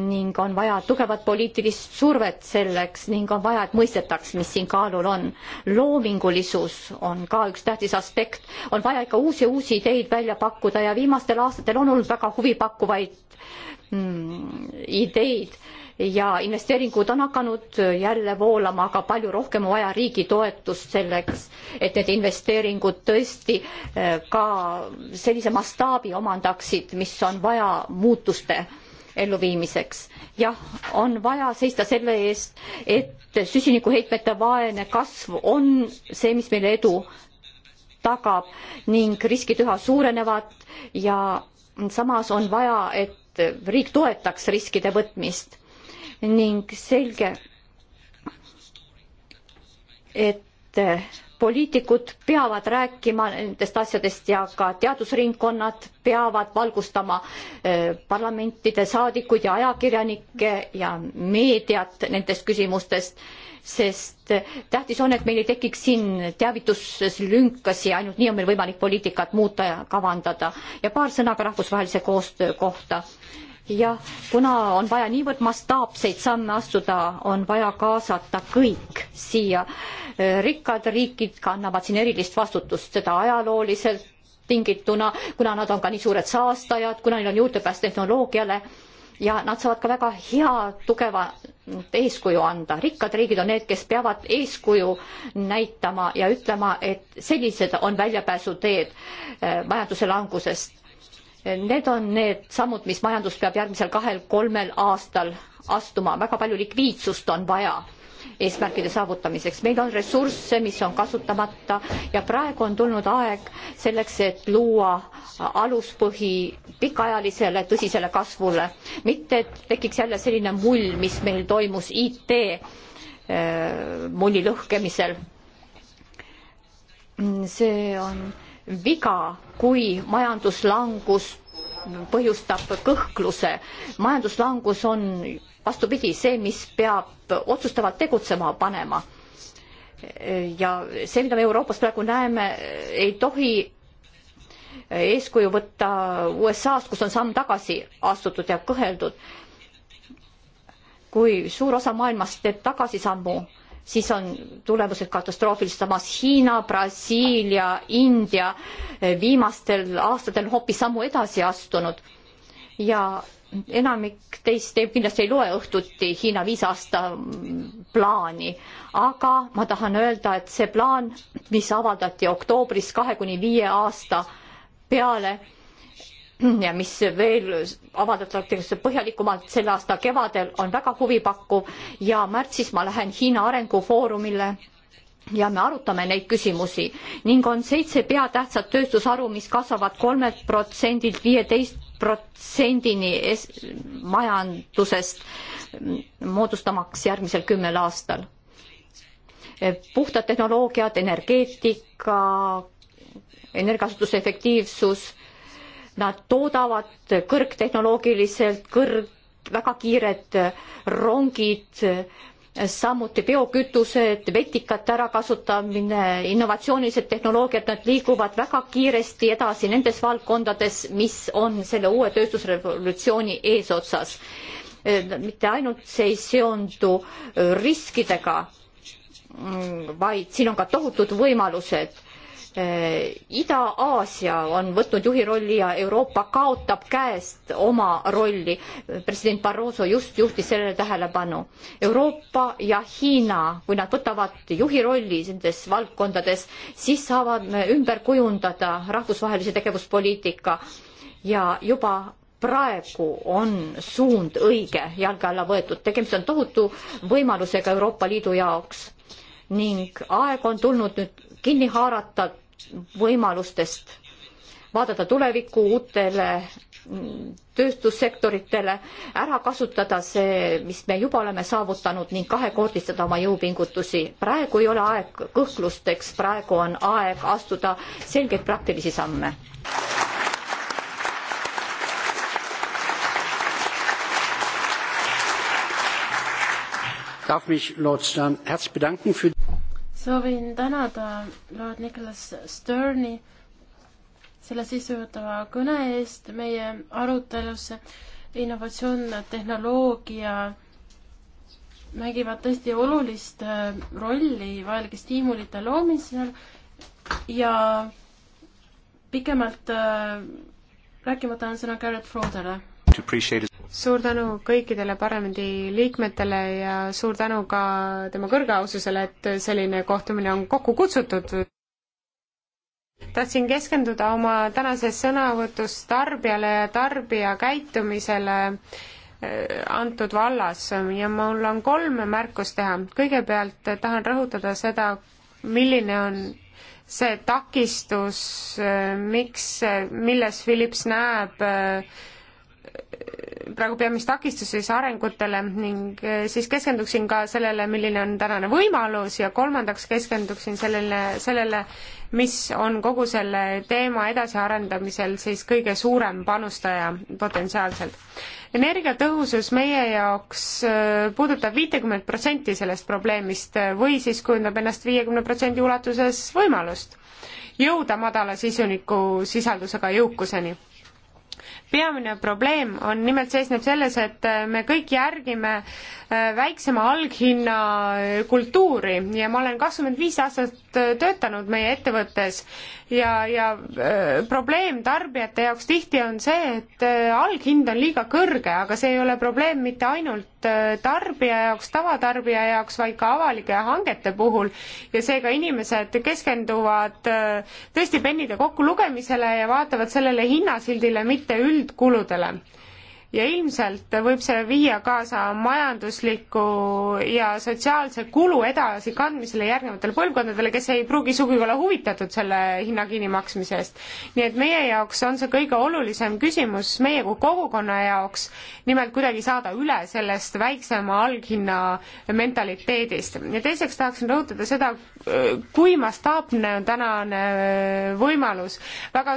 ning on vaja tugevat poliitilist survet selleks ning on vaja, et mõistetaks, mis siin kaalul on. loomingulisus on ka üks tähtis aspekt, on vaja ikka uusi ja uusi ideid välja pakkuda ja viimastel aastatel on olnud väga huvipakkuvaid mm, ideid ja investeeringud on hakanud jälle voolama, aga palju rohkem on vaja riigi toetust selleks, et need investeeringud tõesti eh, ka sellise mastaabi omandaksid, mis on vaja muutuste elluviimiseks. jah, on vaja seista selle eest, et süsinikuheitmete vaene kasv on see, mis meile edu tagab ning riskid üha suurenevad ja samas on vaja, et riik toetaks riskide võtmist ning selge, et poliitikud peavad rääkima nendest asjadest ja ka teadusringkonnad peavad valgustama äh, parlamentide saadikuid ja ajakirjanikke ja meediat nendest küsimustest, sest tähtis on, et meil ei tekiks siin teavituses lünkasi, ainult nii on meil võimalik poliitikat muuta ja kavandada. ja paar sõna ka rahvusvahelise koostöö kohta jah, kuna on vaja niivõrd mastaapseid samme astuda, on vaja kaasata kõik siia. rikkad riigid kannavad siin erilist vastutust, seda ajalooliselt tingituna, kuna nad on ka nii suured saastajad, kuna neil on juurdepääs tehnoloogiale ja nad saavad ka väga hea tugeva eeskuju anda. rikkad riigid on need, kes peavad eeskuju näitama ja ütlema, et sellised on väljapääsuteed eh, majanduse langusest Need on need sammud, mis majandus peab järgmisel kahel-kolmel aastal astuma, väga palju likviidsust on vaja eesmärkide saavutamiseks. meil on ressursse, mis on kasutamata ja praegu on tulnud aeg selleks, et luua aluspõhi pikaajalisele tõsisele kasvule, mitte et tekiks jälle selline mull, mis meil toimus IT äh, mulli lõhkemisel. see on viga, kui majanduslangus põhjustab kõhkluse. majanduslangus on vastupidi see, mis peab otsustavalt tegutsema panema. ja see, mida me Euroopas praegu näeme, ei tohi eeskuju võtta USA-st, kus on samm tagasi astutud ja kõheldud. kui suur osa maailmast teeb tagasisammu siis on tulemused katastroofilised, samas Hiina, Brasiilia, India eh, viimastel aastatel hoopis sammu edasi astunud ja enamik teist teeb, kindlasti ei loe õhtuti Hiina viisaasta plaani, aga ma tahan öelda, et see plaan, mis avaldati oktoobris kahe kuni viie aasta peale (clears throat) ja mis veel avaldatakse põhjalikumalt selle aasta kevadel, on väga huvipakkuv ja märtsis ma lähen Hiina arengufoorumile ja me arutame neid küsimusi ning on seitse peatähtsat tööstusharu, mis kasvavad kolmelt protsendilt viieteist protsendini majandusest, mm, moodustamaks järgmisel kümnel aastal. puhtad tehnoloogiad, energeetika, energiasutuse efektiivsus Nad toodavad kõrgtehnoloogiliselt kõrg, väga kiired rongid, samuti biokütused, vetikate ärakasutamine, innovatsioonilised tehnoloogiad, nad liiguvad väga kiiresti edasi nendes valdkondades, mis on selle uue tööstusrevolutsiooni eesotsas. mitte ainult see ei seondu riskidega, vaid siin on ka tohutud võimalused Äh, Ida-Aasia on võtnud juhi rolli ja Euroopa kaotab käest oma rolli. president Barroso just juhtis sellele tähelepanu. Euroopa ja Hiina, kui nad võtavad juhi rolli nendes valdkondades, siis saavad me ümber kujundada rahvusvahelise tegevuspoliitika ja juba praegu on suund õige jalge alla võetud. tegemist on tohutu võimalusega Euroopa Liidu jaoks ning aeg on tulnud nüüd kinni haarata võimalustest vaadata tulevikku uutele tööstussektoritele, ära kasutada see, mis me juba oleme saavutanud ning kahekordistada oma jõupingutusi. praegu ei ole aeg kõhklusteks, praegu on aeg astuda selgeid praktilisi samme. darf mich Lord Stern herzlich bedanken für soovin tänada Lord Nicholas Sterni selle sissejuhatava kõne eest meie arutelusse. innovatsioon, tehnoloogia mängivad tõesti olulist äh, rolli vajalike stiimulite loomisel ja pikemalt äh, rääkimata on sõna Garrett Frodele suur tänu kõikidele parlamendi liikmetele ja suur tänu ka tema kõrgeaususele, et selline kohtumine on kokku kutsutud. tahtsin keskenduda oma tänases sõnavõtus tarbijale ja tarbija käitumisele äh, antud vallas ja mul on kolm märkust teha. kõigepealt tahan rõhutada seda, milline on see takistus, äh, miks, äh, milles Philips näeb äh, praegu peamist takistust siis arengutele ning eh, siis keskenduksin ka sellele, milline on tänane võimalus ja kolmandaks keskenduksin sellele, sellele, mis on kogu selle teema edasiarendamisel siis kõige suurem panustaja potentsiaalselt. energiatõhusus meie jaoks eh, puudutab viitekümmet protsenti sellest probleemist või siis kujundab ennast viiekümne protsendi ulatuses võimalust jõuda madala sisuniku sisaldusega jõukuseni peamine probleem on nimelt seisneb selles, et äh, me kõik järgime äh, väiksema alghinna äh, kultuuri ja ma olen kakskümmend viis aastat töötanud meie ettevõttes ja, ja öö, äh, probleem tarbijate jaoks tihti on see, et äh, alghind on liiga kõrge, aga see ei ole probleem mitte ainult äh, tarbija jaoks, tavatarbija jaoks, vaid ka avalike hangete puhul ja seega inimesed keskenduvad öö, tõesti pennide kokkulugemisele ja vaatavad sellele hinnasildile, mitte üldkuludele ja ilmselt võib see viia kaasa majandusliku ja sotsiaalse kulu edasikandmisele järgnevatele põlvkondadele, kes ei pruugi sugugi olla huvitatud selle hinna kinnimaksmisest. nii et meie jaoks on see kõige olulisem küsimus meie kui kogukonna jaoks, nimelt kuidagi saada üle sellest väiksema alghinna mentaliteedist. ja teiseks tahaksin rõhutada seda, kui mastaapne on tänane võimalus. väga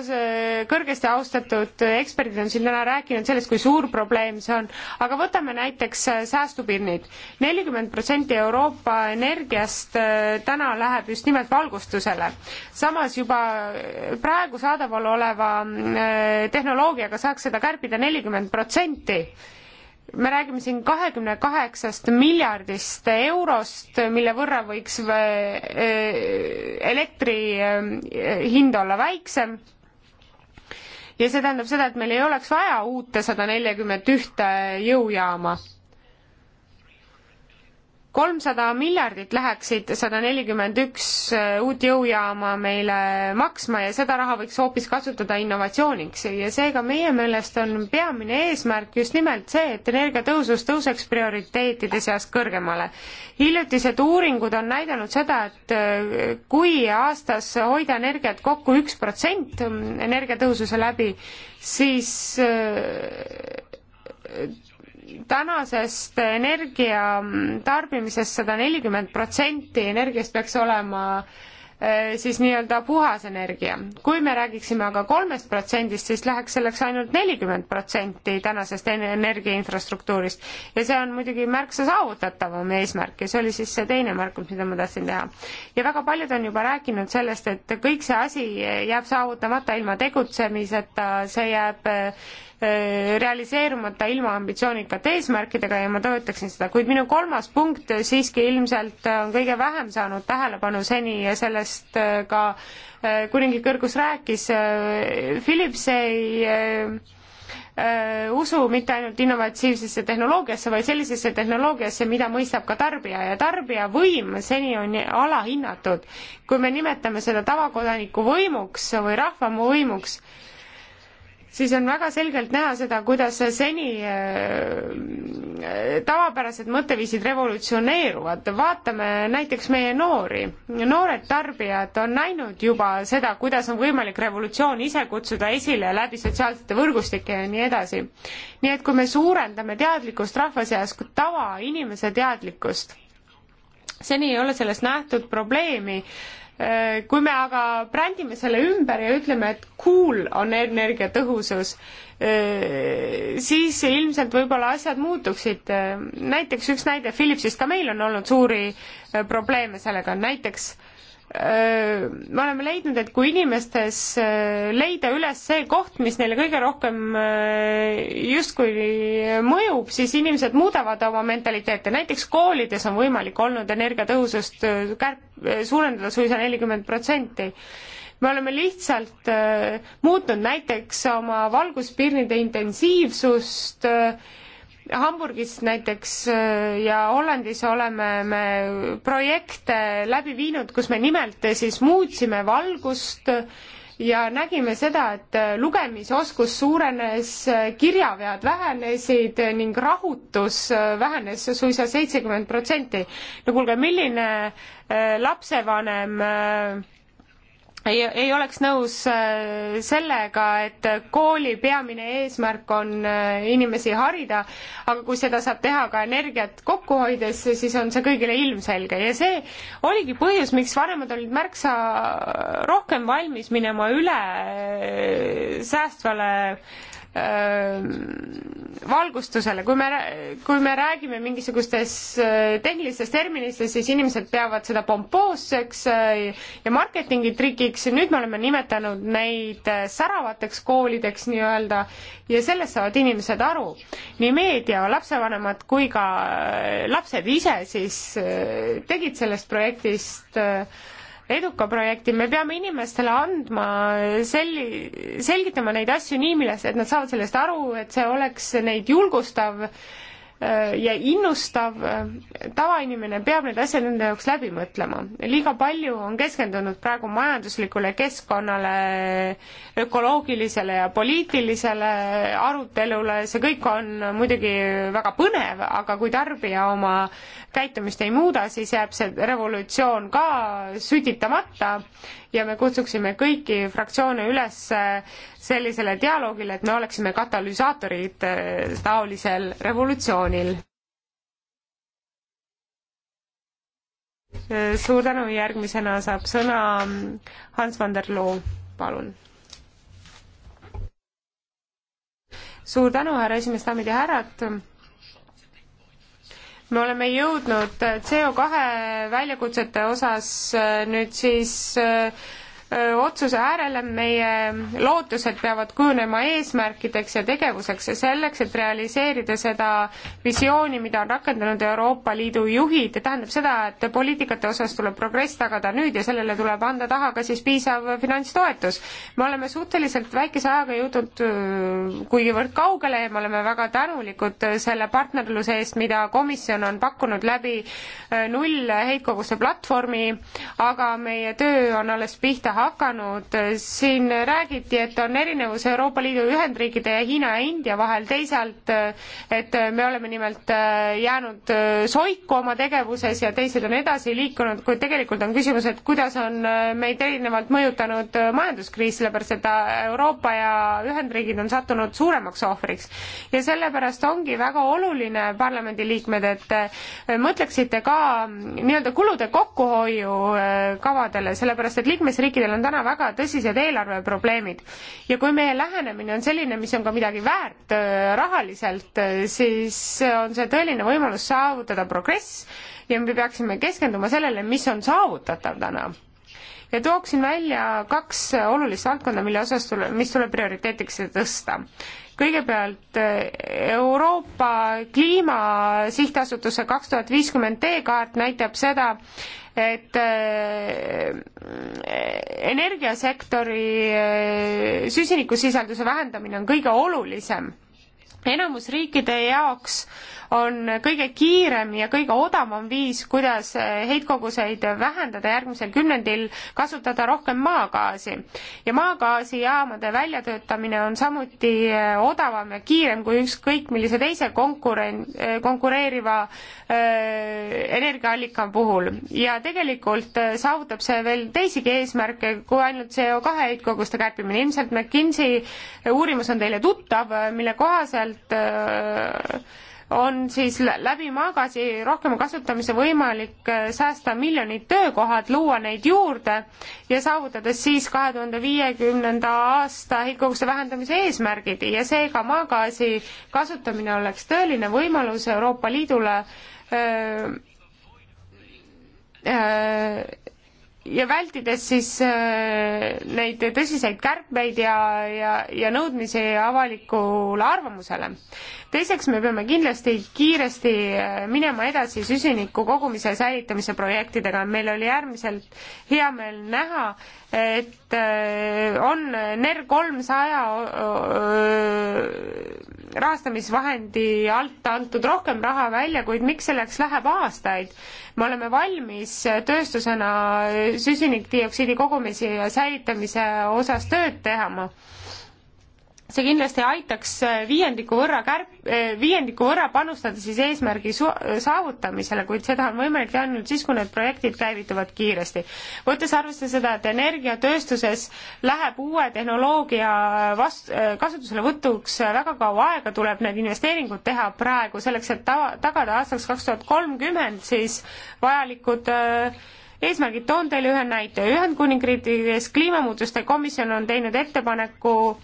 kõrgesti austatud eksperdid on siin täna rääkinud sellest, kui suur suur probleem see on, aga võtame näiteks äh, säästupirnid. nelikümmend protsenti Euroopa energiast äh, täna läheb just nimelt valgustusele. samas juba äh, praegu saadaval oleva tehnoloogiaga saaks seda kärpida nelikümmend protsenti me räägime siin kahekümne kaheksast miljardist eurost, mille võrra võiks elektri hind olla väiksem ja see tähendab seda, et meil ei oleks vaja uute sada nelikümmend ühte jõujaama kolmsada miljardit läheksid sada nelikümmend üks äh, uut jõujaama meile maksma ja seda raha võiks hoopis kasutada innovatsiooniks ja seega meie meelest on peamine eesmärk just nimelt see, et energiatõusus tõuseks prioriteetide seas kõrgemale. hiljutised uuringud on näidanud seda, et äh, kui aastas hoida energiat kokku üks protsent energiatõususe läbi, siis äh, tänasest energia tarbimisest sada nelikümmend protsenti energiast peaks olema eh, siis nii-öelda puhas energia. kui me räägiksime aga kolmest protsendist, siis läheks selleks ainult nelikümmend protsenti tänasest energiainfrastruktuurist ja see on muidugi märksa saavutatavam eesmärk ja see oli siis see teine märkus, mida ma tahtsin teha. ja väga paljud on juba rääkinud sellest, et kõik see asi jääb saavutamata ilma tegutsemiseta, see jääb äh, Äh, realiseerumata ilma ambitsioonikate eesmärkidega ja ma toetaksin seda, kuid minu kolmas punkt siiski ilmselt äh, on kõige vähem saanud tähelepanu seni ja sellest äh, ka kuninglik kõrgus rääkis. Philips ei usu mitte ainult innovatiivsesse tehnoloogiasse, vaid sellisesse tehnoloogiasse, mida mõistab ka tarbija ja tarbija võim seni on alahinnatud. kui me nimetame seda tavakodaniku võimuks või rahva võimuks, siis on väga selgelt näha seda, kuidas seni äh, tavapärased mõtteviisid revolutsioneeruvad. vaatame näiteks meie noori. noored tarbijad on näinud juba seda, kuidas on võimalik revolutsioon ise kutsuda esile läbi sotsiaalsete võrgustike ja nii edasi. nii et kui me suurendame teadlikkust rahva seas, tavainimese teadlikkust, seni ei ole sellest nähtud probleemi Äh, kui me aga brändime selle ümber ja ütleme, et cool on energiatõhusus, äh, siis ilmselt võib-olla asjad muutuksid. Äh, näiteks üks näide Philipsist, ka meil on olnud suuri probleeme sellega, näiteks me oleme leidnud, et kui inimestes leida üles see koht, mis neile kõige rohkem justkui mõjub, siis inimesed muudavad oma mentaliteete, näiteks koolides on võimalik olnud energiatõhusust kärp-, suurendada suisa nelikümmend protsenti me oleme lihtsalt muutnud näiteks oma valguspirnide intensiivsust äh, Hamburgis näiteks äh, ja Hollandis oleme me projekte läbi viinud, kus me nimelt siis muutsime valgust ja nägime seda, et äh, lugemisoskus suurenes, äh, kirjavead vähenesid ning rahutus vähenes suisa seitsekümmend protsenti. no kuulge, milline lapsevanem ei, ei oleks nõus äh, sellega, et kooli peamine eesmärk on äh, inimesi harida, aga kui seda saab teha ka energiat kokku hoides, siis on see kõigile ilmselge ja see oligi põhjus, miks vanemad olid märksa rohkem valmis minema üle äh, säästvale Ähm, valgustusele, kui me, kui me räägime mingisugustes äh, tehnilistes terminites, siis inimesed peavad seda pompoosseks äh, ja marketingi trikiks, nüüd me oleme nimetanud neid äh, säravateks koolideks nii-öelda ja sellest saavad inimesed aru. nii meedia, lapsevanemad kui ka lapsed ise siis tegid sellest projektist äh, eduka projekti, me peame inimestele andma selli-, selgitama neid asju nii, millest, et nad saavad sellest aru, et see oleks neid julgustav Äh, ja innustav, äh, tavainimene peab need asjad enda jaoks läbi mõtlema. liiga palju on keskendunud praegu majanduslikule keskkonnale, ökoloogilisele ja poliitilisele arutelule, see kõik on muidugi väga põnev, aga kui tarbija oma käitumist ei muuda, siis jääb see revolutsioon ka sütitamata ja me kutsuksime kõiki fraktsioone üles äh, sellisele dialoogile, et me oleksime katalüsaatorid äh, taolisel revolutsioonil. Äh, suur tänu, järgmisena saab sõna mm, Hans van der Loo, palun. suur tänu, härra esimees, daamid ja härrad me oleme jõudnud CO2 väljakutsete osas eh, nüüd siis äh, otsuse äärele, meie lootused peavad kujunema eesmärkideks ja tegevuseks ja selleks, et realiseerida seda visiooni, mida on rakendanud Euroopa Liidu juhid, tähendab seda, et poliitikate osas tuleb progress tagada nüüd ja sellele tuleb anda taha ka siis piisav finantstoetus. me oleme suhteliselt väikese ajaga jõudnud äh, kuigivõrd kaugele ja me oleme väga tänulikud selle partnerluse eest, mida komisjon on pakkunud läbi äh, null heitkoguse platvormi, aga meie töö on alles pihta hakanud, siin räägiti, et on erinevus Euroopa Liidu Ühendriikide ja Hiina ja India vahel, teisalt et me oleme nimelt äh, jäänud äh, soiku oma tegevuses ja teised on edasi liikunud, kuid tegelikult on küsimus, et kuidas on äh, meid erinevalt mõjutanud majanduskriis, sellepärast et Euroopa ja Ühendriigid on sattunud suuremaks ohvriks. ja sellepärast ongi väga oluline, parlamendiliikmed, et mõtleksite ka mm, nii-öelda kulude kokkuhoiu kavadele, sellepärast et liikmesriikidel liikmesriikidel on täna väga tõsised eelarveprobleemid ja kui meie lähenemine on selline, mis on ka midagi väärt äh, rahaliselt, äh, siis on see tõeline võimalus saavutada progress ja me peaksime keskenduma sellele, mis on saavutatav täna ja tooksin välja kaks olulist valdkonda, mille osas tule, mis tuleb prioriteetiks tõsta. kõigepealt äh, Euroopa Kliima Sihtasutuse kaks tuhat viiskümmend teekaart näitab seda, et äh, energiasektori äh, süsinikusisalduse vähendamine on kõige olulisem enamus riikide jaoks on kõige kiirem ja kõige odavam viis, kuidas heitkoguseid vähendada järgmisel kümnendil, kasutada rohkem maagaasi. ja maagaasijaamade väljatöötamine on samuti eh, odavam ja kiirem kui ükskõik millise teise konkurent, eh, konkureeriva äh, energiaallika puhul. ja tegelikult saavutab see veel teisigi eesmärke kui ainult CO2 heitkoguste kärpimine. ilmselt McKinsey uurimus on teile tuttav, mille kohaselt äh, on siis läbi maagaasi rohkema kasutamise võimalik äh, säästa miljonid töökohad, luua neid juurde ja saavutades siis kahe tuhande viiekümnenda aasta heitkoguste vähendamise eesmärgid ja seega maagaasi kasutamine oleks tõeline võimalus Euroopa Liidule öö, äh, öö, äh, ja vältides siis äh, neid tõsiseid kärpeid ja, ja, ja nõudmisi avalikule arvamusele. teiseks, me peame kindlasti kiiresti äh, minema edasi süsiniku kogumise ja säilitamise projektidega, meil oli äärmiselt hea meel näha, et äh, on NER kolmsaja rahastamisvahendi alt antud rohkem raha välja, kuid miks selleks läheb aastaid? me oleme valmis tööstusena süsinikdioksiidi kogumise ja säilitamise osas tööd tehama see kindlasti aitaks äh, viiendiku võrra kärp-, äh, viiendiku võrra panustada siis eesmärgi su-, saavutamisele, kuid seda on võimalik teha ainult siis, kui need projektid käivituvad kiiresti. võttes arvesse seda, et energiatööstuses läheb uue tehnoloogia vast-, äh, kasutuselevõtuks väga kaua aega, tuleb need investeeringud teha praegu selleks, et tava, tagada aastaks kaks tuhat kolmkümmend siis vajalikud öö, eesmärgid, toon teile ühe näite. Ühendkuningriigis kliimamuutuste komisjon on teinud ettepaneku äh,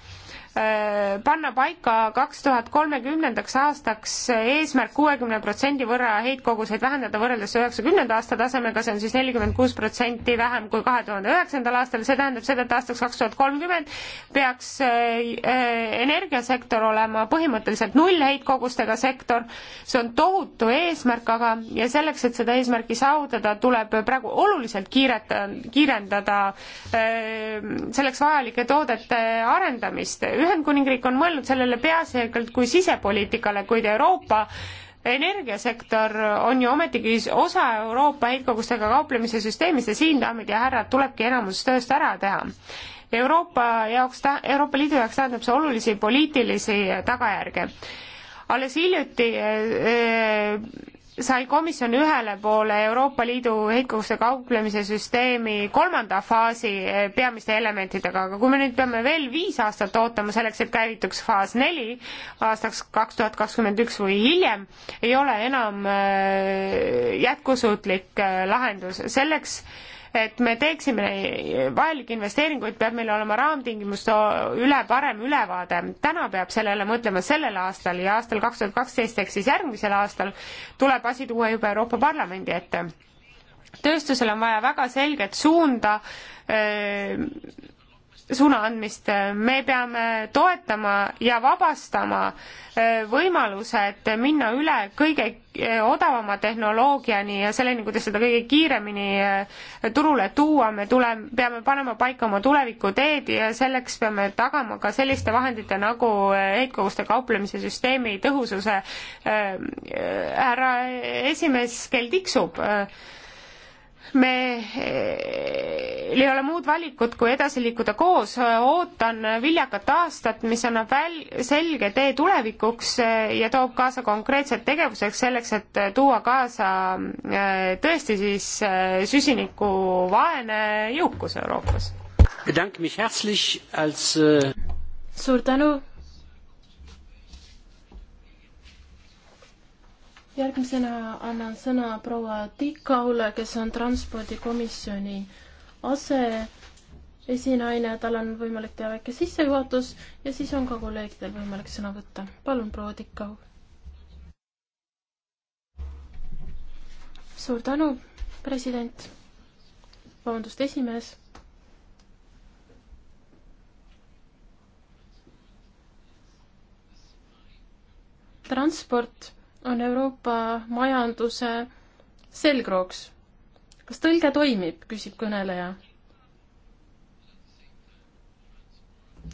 Äh, panna paika kaks tuhat kolmekümnendaks aastaks eesmärk kuuekümne protsendi võrra heitkoguseid vähendada võrreldes üheksakümnenda aasta tasemega, see on siis nelikümmend kuus protsenti vähem kui kahe tuhande üheksandal aastal, see tähendab seda, et aastaks kaks tuhat kolmkümmend peaks äh, äh, energiasektor olema põhimõtteliselt nullheitkogustega sektor, see on tohutu eesmärk, aga ja selleks, et seda eesmärki saavutada, tuleb praegu oluliselt kiiret-, kiirendada selleks vajalike toodete arendamist Ühendkuningriik on mõelnud sellele peaasjalikult kui sisepoliitikale, kuid Euroopa energiasektor on ju ometigi osa Euroopa heitkogustega kauplemise süsteemist ja siin, daamid ja härrad, tulebki enamus tööst ära teha. Euroopa jaoks, Euroopa Liidu jaoks tähendab see olulisi poliitilisi tagajärge. alles hiljuti äh, sai komisjon ühele poole Euroopa Liidu heitkoguse kauplemise süsteemi kolmanda faasi eh, peamiste elementidega, aga kui me nüüd peame veel viis aastat ootama selleks, et käivituks faas neli aastaks kaks tuhat kakskümmend üks või hiljem, ei ole enam eh, jätkusuutlik eh, lahendus. selleks et me teeksime vajalikke investeeringuid, peab meil olema raamtingimuste üle parem ülevaade. täna peab sellele mõtlema sellel aastal ja aastal kaks tuhat kaksteist ehk siis järgmisel aastal tuleb asi tuua juba Euroopa Parlamendi ette. tööstusel on vaja väga selget suunda öö, suuna andmist, me peame toetama ja vabastama e, võimalused minna üle kõige e, odavama tehnoloogiani ja selleni, kuidas seda kõige kiiremini e, turule tuua, me tule, peame panema paika oma tulevikuteed ja selleks peame tagama ka selliste vahendite nagu heitkoguste kauplemise süsteemi tõhususe. härra esimees, kell tiksub meil eh, ei ole muud valikut, kui edasi liikuda koos, ootan viljakat aastat, mis annab väl-, selge tee tulevikuks eh, ja toob kaasa konkreetsed tegevused selleks, et tuua kaasa eh, tõesti siis süsinikuvaene jõukus Euroopas. Äh, suur tänu järgmisena annan sõna proua Tikaule, kes on transpordikomisjoni aseesinaine, tal on võimalik teha väike sissejuhatus ja siis on ka kolleegidel võimalik sõna võtta. palun, proua Tikau. suur tänu, president, vabandust, esimees transport on Euroopa majanduse selgrooks. kas tõlge toimib, küsib kõneleja.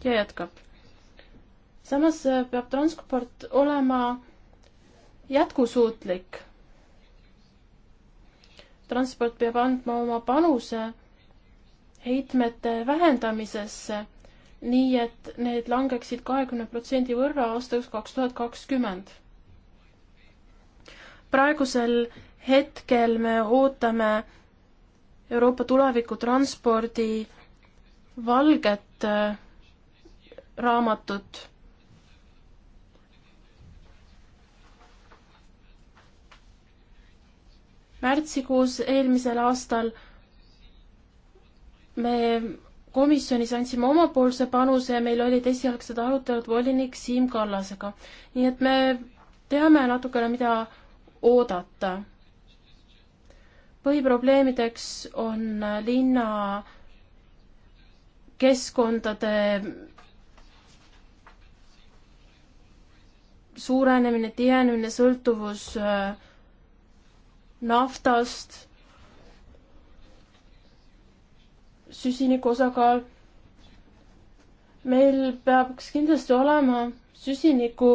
ja jätkab. samas peab transport olema jätkusuutlik. transport peab andma oma panuse heitmete vähendamisesse, nii et need langeksid kahekümne protsendi võrra aastaks kaks tuhat kakskümmend praegusel hetkel me ootame Euroopa tuleviku transpordi valget äh, raamatut. märtsikuus eelmisel aastal me komisjonis andsime omapoolse panuse ja meil olid esialgsed arutelud volinik Siim Kallasega. nii et me teame natukene, mida oodata. põhiprobleemideks on linna keskkondade suurenemine, tihenemine, sõltuvus naftast, süsiniku osakaal. meil peaks kindlasti olema süsiniku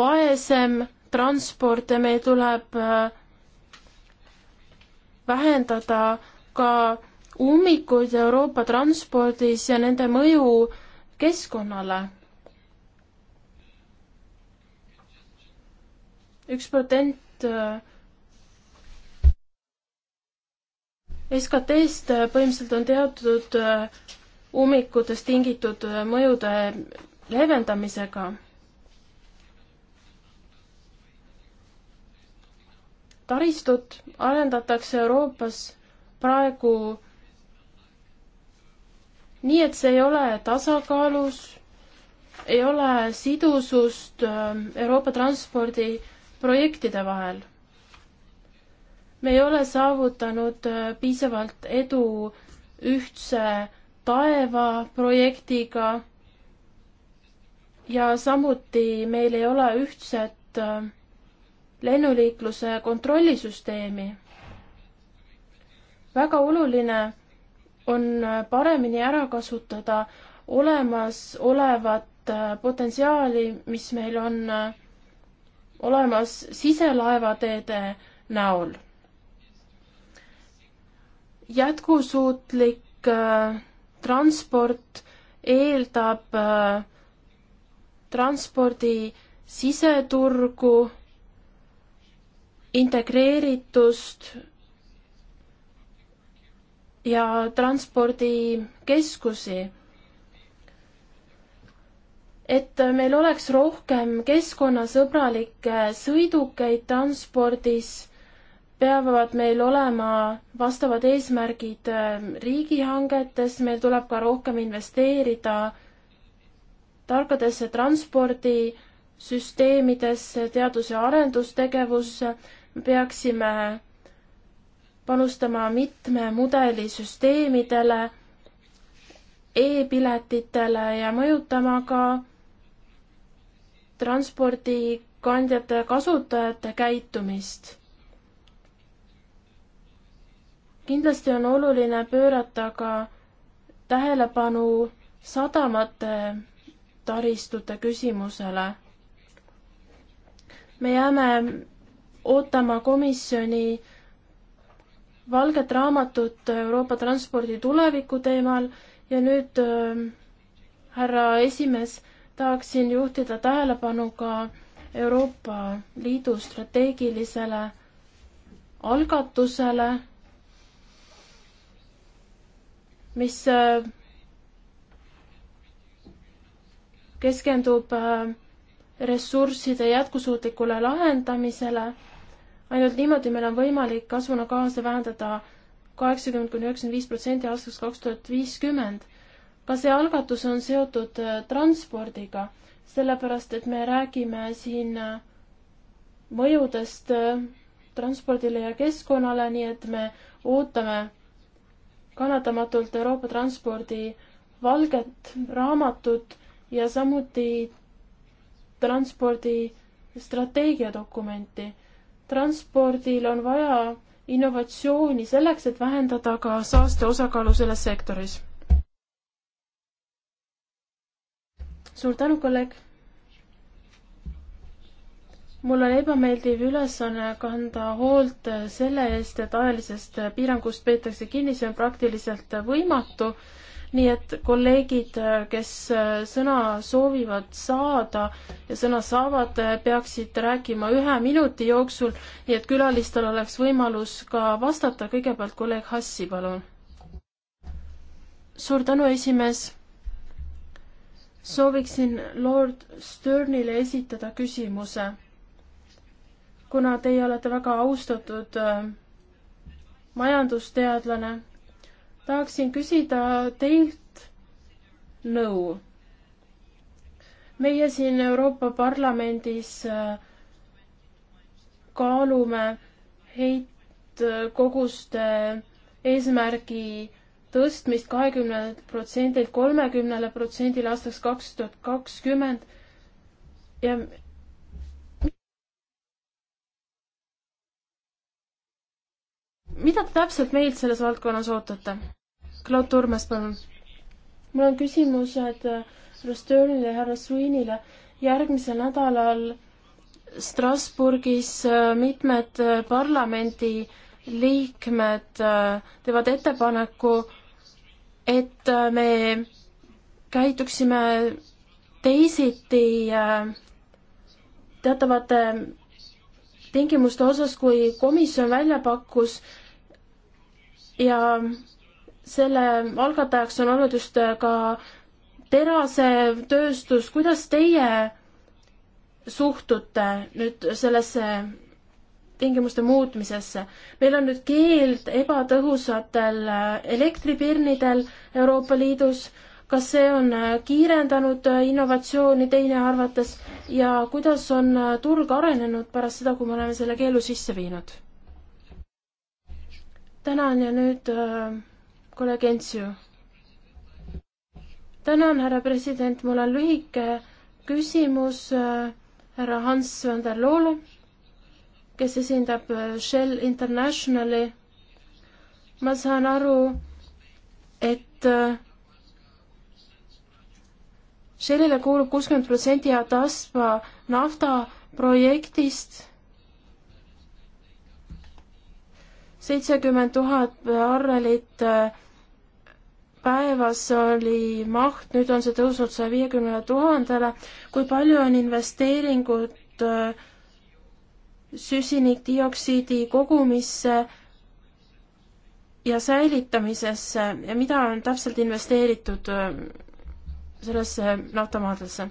vaesem transporte meil tuleb äh, vähendada ka ummikuid Euroopa transpordis ja nende mõju keskkonnale. üks protsent äh, SKT-st äh, põhimõtteliselt on teatud ummikutest tingitud mõjude leevendamisega taristut arendatakse Euroopas praegu nii, et see ei ole tasakaalus, ei ole sidusust ähm, Euroopa transpordiprojektide vahel. me ei ole saavutanud äh, piisavalt edu ühtse taeva projektiga ja samuti meil ei ole ühtset äh, lennuliikluse kontrollisüsteemi. väga oluline on paremini ära kasutada olemasolevat äh, potentsiaali, mis meil on äh, olemas siselaevateede näol. jätkusuutlik äh, transport eeldab äh, transpordi siseturgu integreeritust ja transpordikeskusi. et meil oleks rohkem keskkonnasõbralikke sõidukeid transpordis, peavad meil olema vastavad eesmärgid ähm, riigihangetes, meil tuleb ka rohkem investeerida tarkadesse transpordisüsteemidesse, teadus- ja arendustegevusse me peaksime panustama mitme mudeli süsteemidele e, e-piletitele ja mõjutama ka transpordikandjate kasutajate käitumist. kindlasti on oluline pöörata ka tähelepanu sadamate taristute küsimusele. me jääme ootama komisjoni valget raamatut Euroopa transpordi tuleviku teemal ja nüüd äh, härra esimees, tahaksin juhtida tähelepanu ka Euroopa Liidu strateegilisele algatusele, mis äh, keskendub äh, ressursside jätkusuutlikule lahendamisele ainult niimoodi meil on võimalik kasvuhoonegaase vähendada kaheksakümmend kuni üheksakümmend viis protsenti aastaks kaks tuhat viiskümmend. ka see algatus on seotud äh, transpordiga, sellepärast et me räägime siin äh, mõjudest äh, transpordile ja keskkonnale, nii et me ootame kannatamatult Euroopa transpordi valget raamatut ja samuti transpordi strateegiadokumenti transpordil on vaja innovatsiooni selleks, et vähendada ka saaste osakaalu selles sektoris. suur tänu, kolleeg. mul on ebameeldiv ülesanne kanda hoolt selle eest, et ajalisest piirangust peetakse kinni, see on praktiliselt võimatu nii et kolleegid, kes äh, sõna soovivad saada ja sõna saavad, äh, peaksid rääkima ühe minuti jooksul, nii et külalistel oleks võimalus ka vastata. kõigepealt kolleeg Hassi, palun. suur tänu, esimees. sooviksin Lord Sternile esitada küsimuse. kuna teie olete väga austatud äh, majandusteadlane tahaksin küsida teilt nõu. meie siin Euroopa Parlamendis äh, kaalume heitkoguste eesmärgi tõstmist kahekümnelt protsendilt kolmekümnele protsendile aastaks kaks tuhat kakskümmend ja mida te täpselt meilt selles valdkonnas ootate? Claude Turmes, palun. mul on küsimused äh, härra Sternile ja härra Sweenile. järgmisel nädalal Strasburgis äh, mitmed äh, parlamendi liikmed teevad ettepaneku, et me käituksime teisiti teatavate tingimuste osas, kui komisjon välja pakkus ja selle algatajaks on olnud just äh, ka terasetööstus, kuidas teie suhtute nüüd sellesse tingimuste muutmisesse. meil on nüüd keeld ebatõhusatel äh, elektripirnidel Euroopa Liidus. kas see on äh, kiirendanud innovatsiooni teine arvates ja kuidas on turg arenenud pärast seda, kui me oleme selle keelu sisse viinud? tänan ja nüüd äh, kolleeg Entsju. tänan, härra president, mul on lühike küsimus äh, härra Hans van der Loole, kes esindab äh, Shell Internationali. ma saan aru, et äh, Shellile kuulub kuuskümmend protsenti Ataspa naftaprojektist. seitsekümmend tuhat barrelit päevas oli maht, nüüd on see tõusnud saja viiekümnele tuhandele. kui palju on investeeringud äh, süsinikdioksiidi kogumisse ja säilitamisesse ja mida on täpselt investeeritud äh, sellesse naftamaadlasse?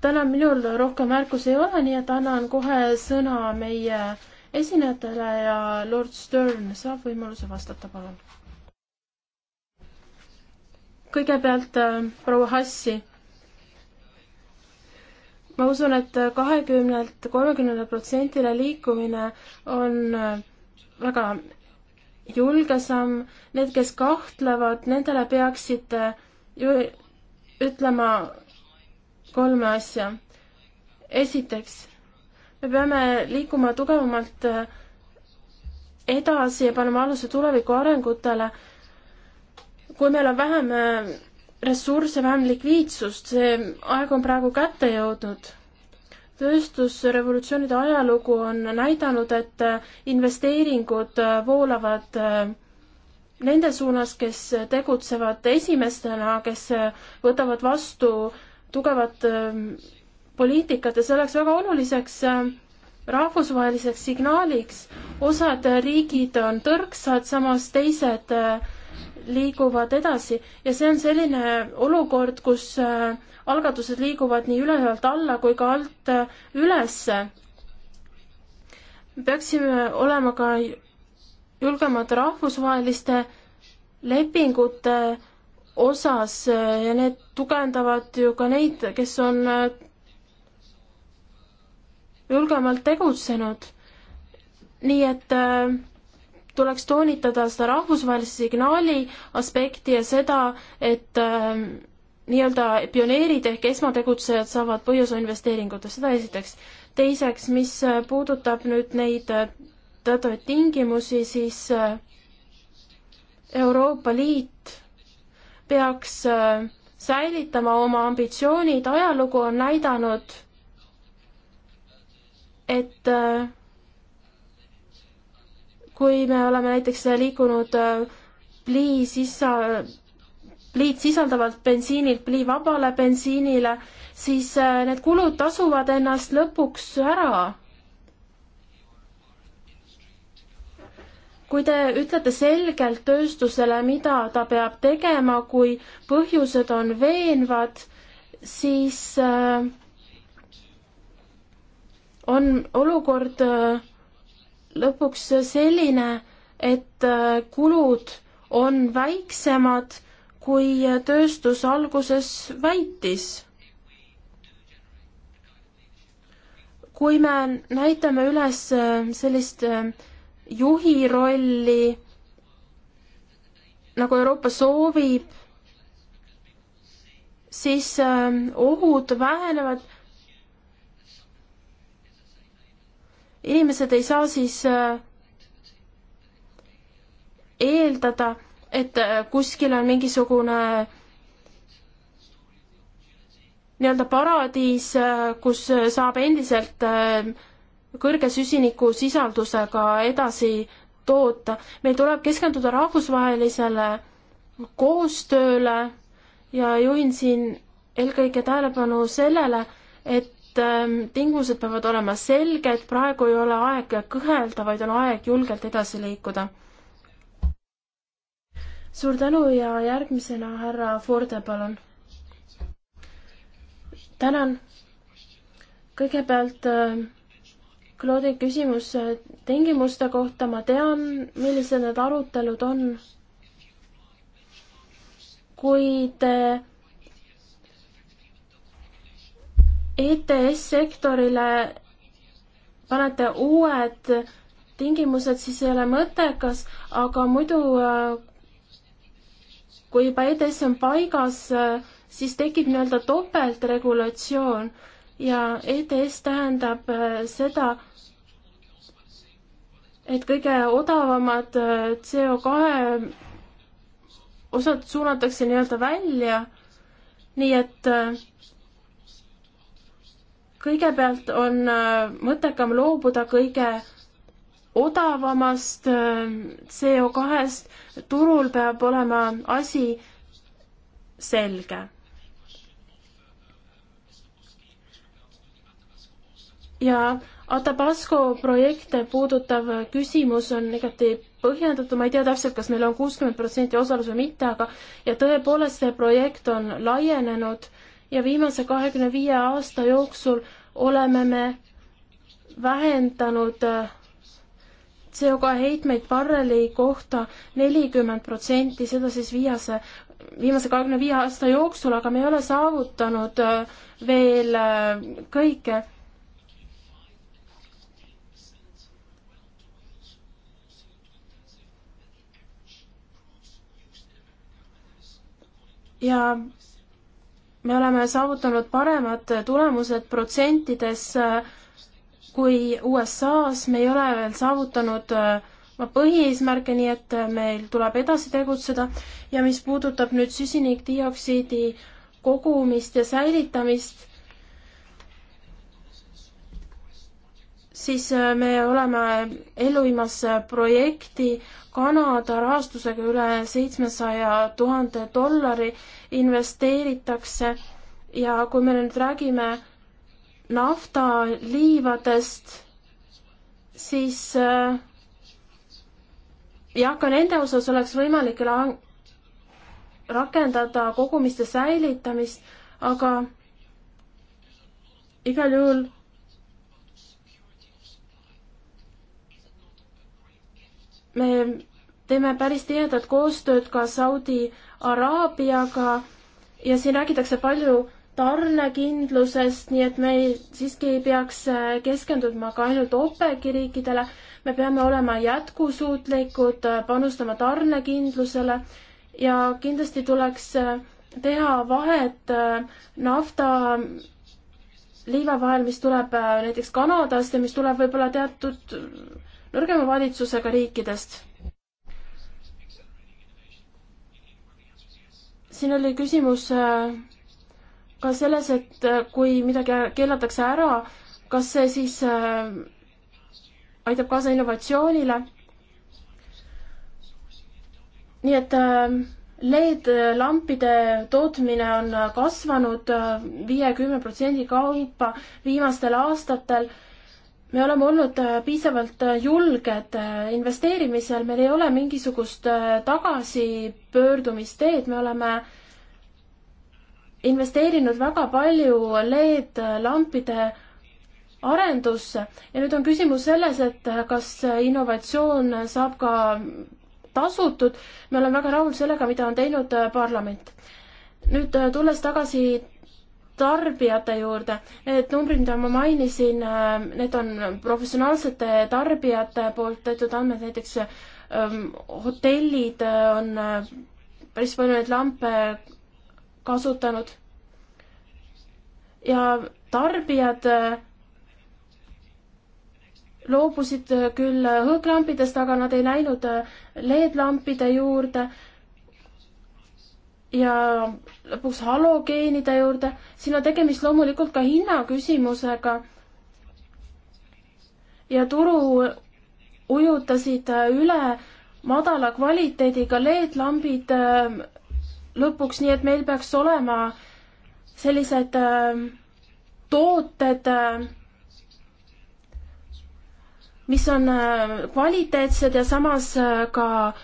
täna minul rohkem märkusi ei ole, nii et annan kohe sõna meie esinejatele ja Lord Stern saab võimaluse vastata, palun kõigepealt äh, proua Hassi. ma usun et, et kahekümnelt kolmekümnele protsendile liikumine on äh, väga julge samm. Need, kes kahtlevad, nendele peaksite äh, ju ütlema kolme asja. esiteks, me peame liikuma tugevamalt edasi ja panema aluse tuleviku arengutele kui meil on vähem äh, ressursse, vähem likviidsust, see aeg on praegu kätte jõudnud. tööstusrevolutsioonide ajalugu on näidanud, et äh, investeeringud äh, voolavad nende suunas, kes tegutsevad esimestena, kes võtavad vastu tugevat ähm, poliitikat ja selleks väga oluliseks rahvusvaheliseks signaaliks. osad riigid on tõrksad, samas teised äh, liiguvad edasi ja see on selline olukord, kus äh, algatused liiguvad nii ülevalt alla kui ka alt äh, ülesse. peaksime olema ka julgemad rahvusvaheliste lepingute osas äh, ja need tugevdavad ju ka neid, kes on julgemalt tegutsenud. nii et äh, tuleks toonitada seda rahvusvahelise signaali aspekti ja seda, et äh, nii-öelda pioneerid ehk esmategutsejad saavad põhjuse investeeringutes, seda esiteks. teiseks, mis äh, puudutab nüüd neid äh, teatavaid tingimusi, siis äh, Euroopa Liit peaks äh, säilitama oma ambitsioonid, ajalugu on näidanud, et äh, kui me oleme näiteks liikunud äh, plii sisa, pliit sisaldavalt bensiinilt pliivabale bensiinile, siis äh, need kulud tasuvad ennast lõpuks ära. kui te ütlete selgelt tööstusele, mida ta peab tegema, kui põhjused on veenvad, siis äh, on olukord äh, lõpuks selline, et äh, kulud on väiksemad, kui äh, tööstus alguses väitis. kui me näitame üles äh, sellist juhi rolli, nagu Euroopa soovib, siis ohud vähenevad inimesed ei saa siis äh, eeldada, et äh, kuskil on mingisugune nii-öelda paradiis, äh, kus saab endiselt kõrge süsinikusisaldusega edasi toota. meil tuleb keskenduda rahvusvahelisele koostööle ja juhin siin eelkõige tähelepanu sellele, et Ähm, tingimused peavad olema selged, praegu ei ole aeg kõhelda, vaid on aeg julgelt edasi liikuda. suur tänu ja järgmisena härra Forde, palun. tänan. kõigepealt äh, Claude'i küsimus äh, tingimuste kohta, ma tean, millised need arutelud on. kui te ETS-sektorile panete uued tingimused, siis ei ole mõttekas, aga muidu äh, kui juba ETS on paigas, äh, siis tekib nii-öelda topeltregulatsioon ja ETS tähendab äh, seda, et kõige odavamad CO2 osad suunatakse nii-öelda välja, nii et äh, kõigepealt on äh, mõttekam loobuda kõige odavamast äh, CO2-st, turul peab olema asi selge. ja Atabasko projekte puudutav küsimus on igati põhjendatud, ma ei tea täpselt, kas meil on kuuskümmend protsenti osalus või mitte, aga ja tõepoolest see projekt on laienenud äh, ja viimase kahekümne viie aasta jooksul oleme me vähendanud äh, CO2 heitmeid barreli kohta nelikümmend protsenti, seda siis viiase, viimase kahekümne viie aasta jooksul, aga me ei ole saavutanud äh, veel äh, kõike ja me oleme saavutanud paremad tulemused protsentides kui USA-s, me ei ole veel saavutanud oma äh, põhieesmärke, nii et äh, meil tuleb edasi tegutseda ja mis puudutab nüüd süsinikdioksiidi kogumist ja säilitamist, siis äh, me oleme ellu viimas projekti Kanada rahastusega üle seitsmesaja tuhande dollari investeeritakse ja kui me nüüd räägime naftaliivadest, siis äh, jah, ka nende osas oleks võimalik rakendada kogumiste säilitamist, aga igal juhul me teeme päris tihedat koostööd ka Saudi Araabiaga ja siin räägitakse palju tarnekindlusest, nii et me ei, siiski ei peaks äh, keskenduma ka ainult OPEC-i riikidele, me peame olema jätkusuutlikud, äh, panustama tarnekindlusele ja kindlasti tuleks äh, teha vahet nafta liiva vahel, mis tuleb näiteks Kanadast ja mis tuleb võib-olla teatud nõrgema valitsusega riikidest siin oli küsimus äh, ka selles, et äh, kui midagi keelatakse ära, kas see siis äh, aitab kaasa innovatsioonile. nii et LED-lampide tootmine on kasvanud viiekümne protsendi kaupa viimastel aastatel me oleme olnud äh, piisavalt äh, julged äh, investeerimisel, meil ei ole mingisugust tagasipöördumisteed, me oleme investeerinud väga palju LED-lampide arendusse ja nüüd on küsimus selles, et kas innovatsioon saab ka tasutud. me oleme väga rahul sellega, mida on teinud parlament. nüüd tulles tagasi tarbijate juurde. Need numbrid, mida ma mainisin, äh, need on professionaalsete tarbijate poolt tehtud andmed, näiteks ähm, hotellid äh, on äh, päris palju neid lampe kasutanud. ja tarbijad loobusid küll hõõglampidest, aga nad ei läinud LED-lampide juurde ja lõpuks halogeenide juurde, siin on tegemist loomulikult ka hinnaküsimusega. ja turu ujutasid üle madala kvaliteediga LED-lambid ähm, lõpuks, nii et meil peaks olema sellised ähm, tooted, ähm, mis on äh, kvaliteetsed ja samas äh, ka äh,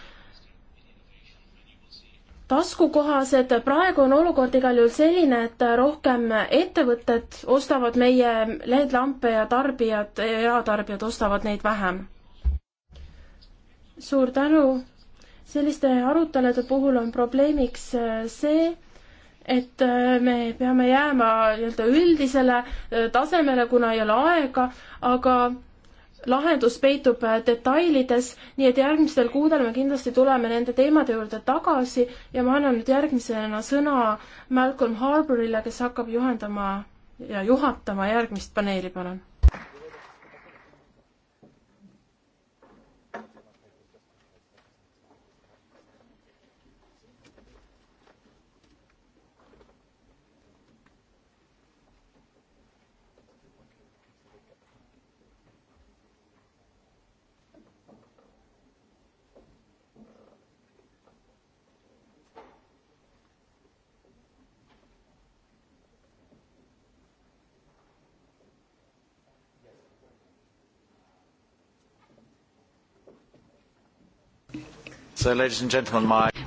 taskukohased. praegu on olukord igal juhul selline, et rohkem ettevõtted ostavad meie LED-lampe ja tarbijad, eratarbijad ostavad neid vähem. suur tänu. selliste arutelude puhul on probleemiks äh, see, et äh, me peame jääma nii-öelda üldisele äh, tasemele, kuna ei ole aega, aga lahendus peitub äh, detailides, nii et järgmistel kuudel me kindlasti tuleme nende teemade juurde tagasi ja ma annan nüüd järgmisena sõna Malcolm Harbourile, kes hakkab juhendama ja juhatama järgmist paneeli, palun.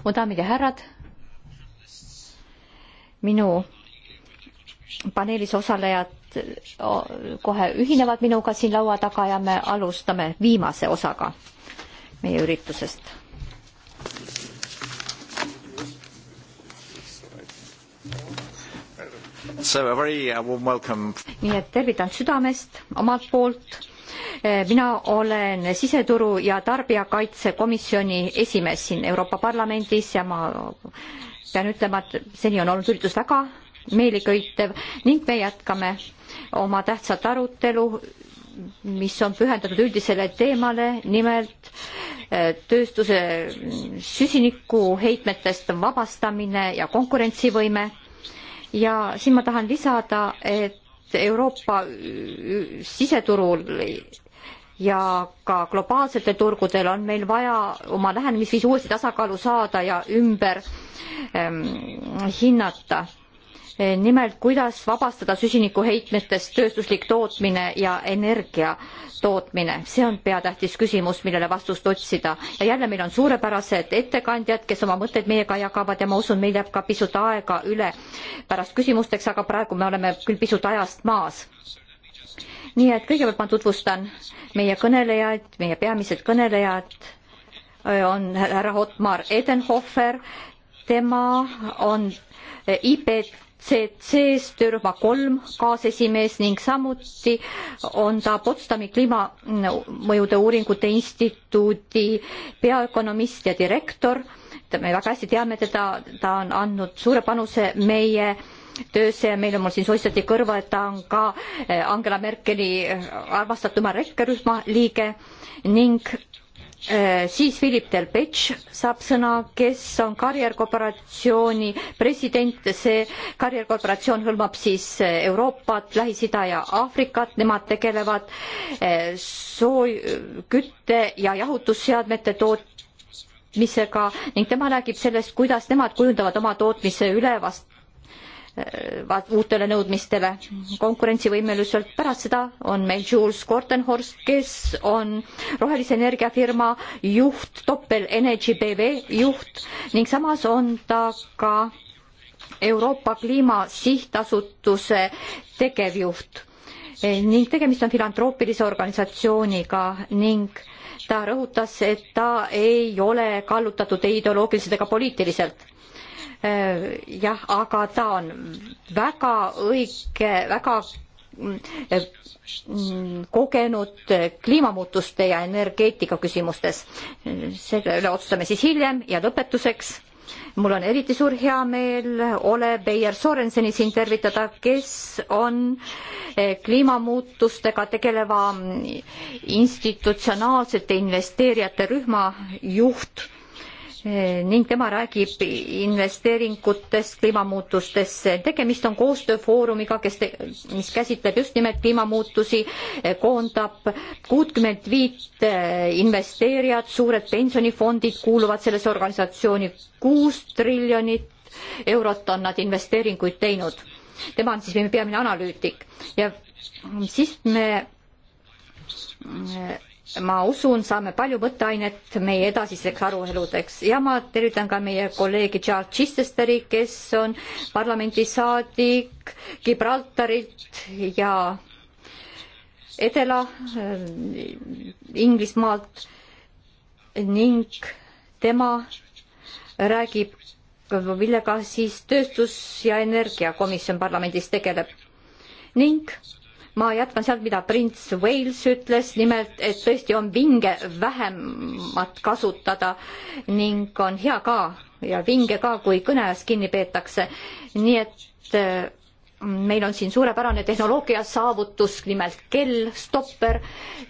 mu daamid ja härrad, minu paneelis osalejad kohe ühinevad minuga siin laua taga ja me alustame viimase osaga meie üritusest. Uh, nii et tervitan südamest omalt poolt Eh, mina olen siseturu ja tarbijakaitsekomisjoni esimees siin Euroopa Parlamendis ja ma pean ütlema, et seni on olnud üritus väga meeliköitev ning me jätkame oma tähtsat arutelu, mis on pühendatud üldisele teemale, nimelt eh, tööstuse süsinikuheitmetest vabastamine ja konkurentsivõime. ja siin ma tahan lisada, et Euroopa siseturul ja ka globaalsetel turgudel on meil vaja oma lähenemisviis uuesti tasakaalu saada ja ümber ähm, hinnata. E, nimelt, kuidas vabastada süsinikuheitmetest tööstuslik tootmine ja energia tootmine, see on peatähtis küsimus, millele vastust otsida. ja jälle meil on suurepärased ettekandjad, kes oma mõtteid meiega jagavad ja ma usun, meil jääb ka pisut aega üle pärast küsimusteks, aga praegu me oleme küll pisut ajast maas nii et kõigepealt ma tutvustan meie kõnelejaid, meie peamised kõnelejad äh, on härra Otmar Edenhofer, tema on IPCC-s töörühma kolm kaasesimees ning samuti on ta Potsdami kliimamõjude uuringute instituudi peaökonomist ja direktor. me väga hästi teame teda, ta on andnud suure panuse meie äh, töösse ja meil on, mul siin soistati kõrva, et ta on ka eh, Angela Merkeli eh, armastatuma rekkerühma liige ning eh, siis Philip Delpech saab sõna, kes on karjäärkorporatsiooni president, see karjäärkorporatsioon hõlmab siis Euroopat, Lähis-Ida ja Aafrikat, nemad tegelevad sooj-, kütte- ja jahutusseadmete toot-, tootmisega ning tema räägib sellest, kuidas nemad kujundavad oma tootmise üle vast Äh, uutele nõudmistele konkurentsivõimeliselt. pärast seda on meil Jules Kortenhorst, kes on rohelise energia firma juht, Doppel Energy BV juht ning samas on ta ka Euroopa Kliima Sihtasutuse tegevjuht e, ning tegemist on filantroopilise organisatsiooniga ning ta rõhutas, et ta ei ole kallutatud ei ideoloogiliselt ega poliitiliselt Äh, jah, aga ta on väga õige, väga mm, äh, mm, kogenud äh, kliimamuutuste ja energeetika küsimustes. selle üle otsustame siis hiljem ja lõpetuseks mul on eriti suur heameel Ole Beier Sorenseni siin tervitada, kes on kliimamuutustega tegeleva mm, institutsionaalsete investeerijate rühma juht Eh, ning tema räägib investeeringutest kliimamuutustesse. tegemist on koostööfoorumiga, kes, mis käsitleb just nimelt kliimamuutusi, eh, koondab kuutkümmend viit eh, investeerijat, suured pensionifondid kuuluvad sellesse organisatsiooni, kuus triljonit eurot on nad investeeringuid teinud. tema on siis meie peamine analüütik ja siis me ma usun, saame palju võtteainet meie edasiseks aruteludeks ja ma tervitan ka meie kolleegi Charles Chichesteri, kes on parlamendisaadik Gibraltarilt ja Edela äh, Inglismaalt ning tema räägib, millega siis tööstus- ja energiakomisjon parlamendis tegeleb ning ma jätkan sealt, mida prints Wales ütles, nimelt, et tõesti on vinge vähemat kasutada ning on hea ka ja vinge ka, kui kõne ajast kinni peetakse. nii et äh, meil on siin suurepärane tehnoloogia saavutus, nimelt kell, stopper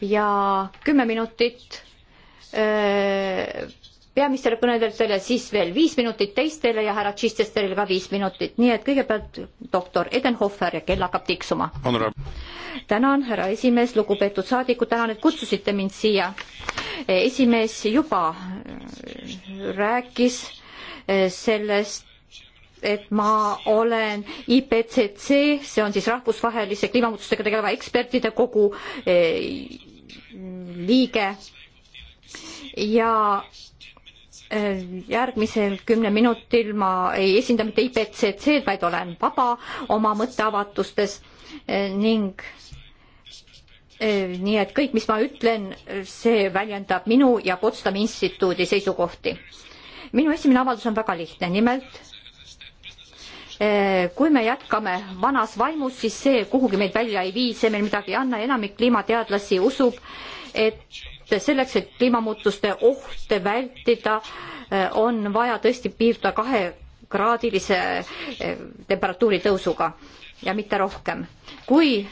ja kümme minutit öö, äh, peaministrile kõnedelt ja siis veel viis minutit teistele ja härra Chichesterile ka viis minutit, nii et kõigepealt doktor Edenhofer ja kell hakkab tiksuma. tänan, härra esimees, lugupeetud saadikud, tänan, et kutsusite mind siia. esimees juba äh, rääkis äh, sellest, et ma olen IPCC, see on siis rahvusvahelise kliimamuutustega tegeleva ekspertide kogu äh, liige ja järgmisel kümnel minutil ma ei esinda mitte IPCC-d, vaid olen vaba oma mõtteavatustes eh, ning eh, nii et kõik, mis ma ütlen, see väljendab minu ja Potsdami instituudi seisukohti. minu esimene avaldus on väga lihtne, nimelt eh, kui me jätkame vanas vaimus, siis see kuhugi meid välja ei vii, see meil midagi ei anna, enamik kliimateadlasi usub, et selleks, et kliimamuutuste ohte vältida, eh, on vaja tõesti piirduda kahekraadilise eh, temperatuuri tõusuga ja mitte rohkem. kui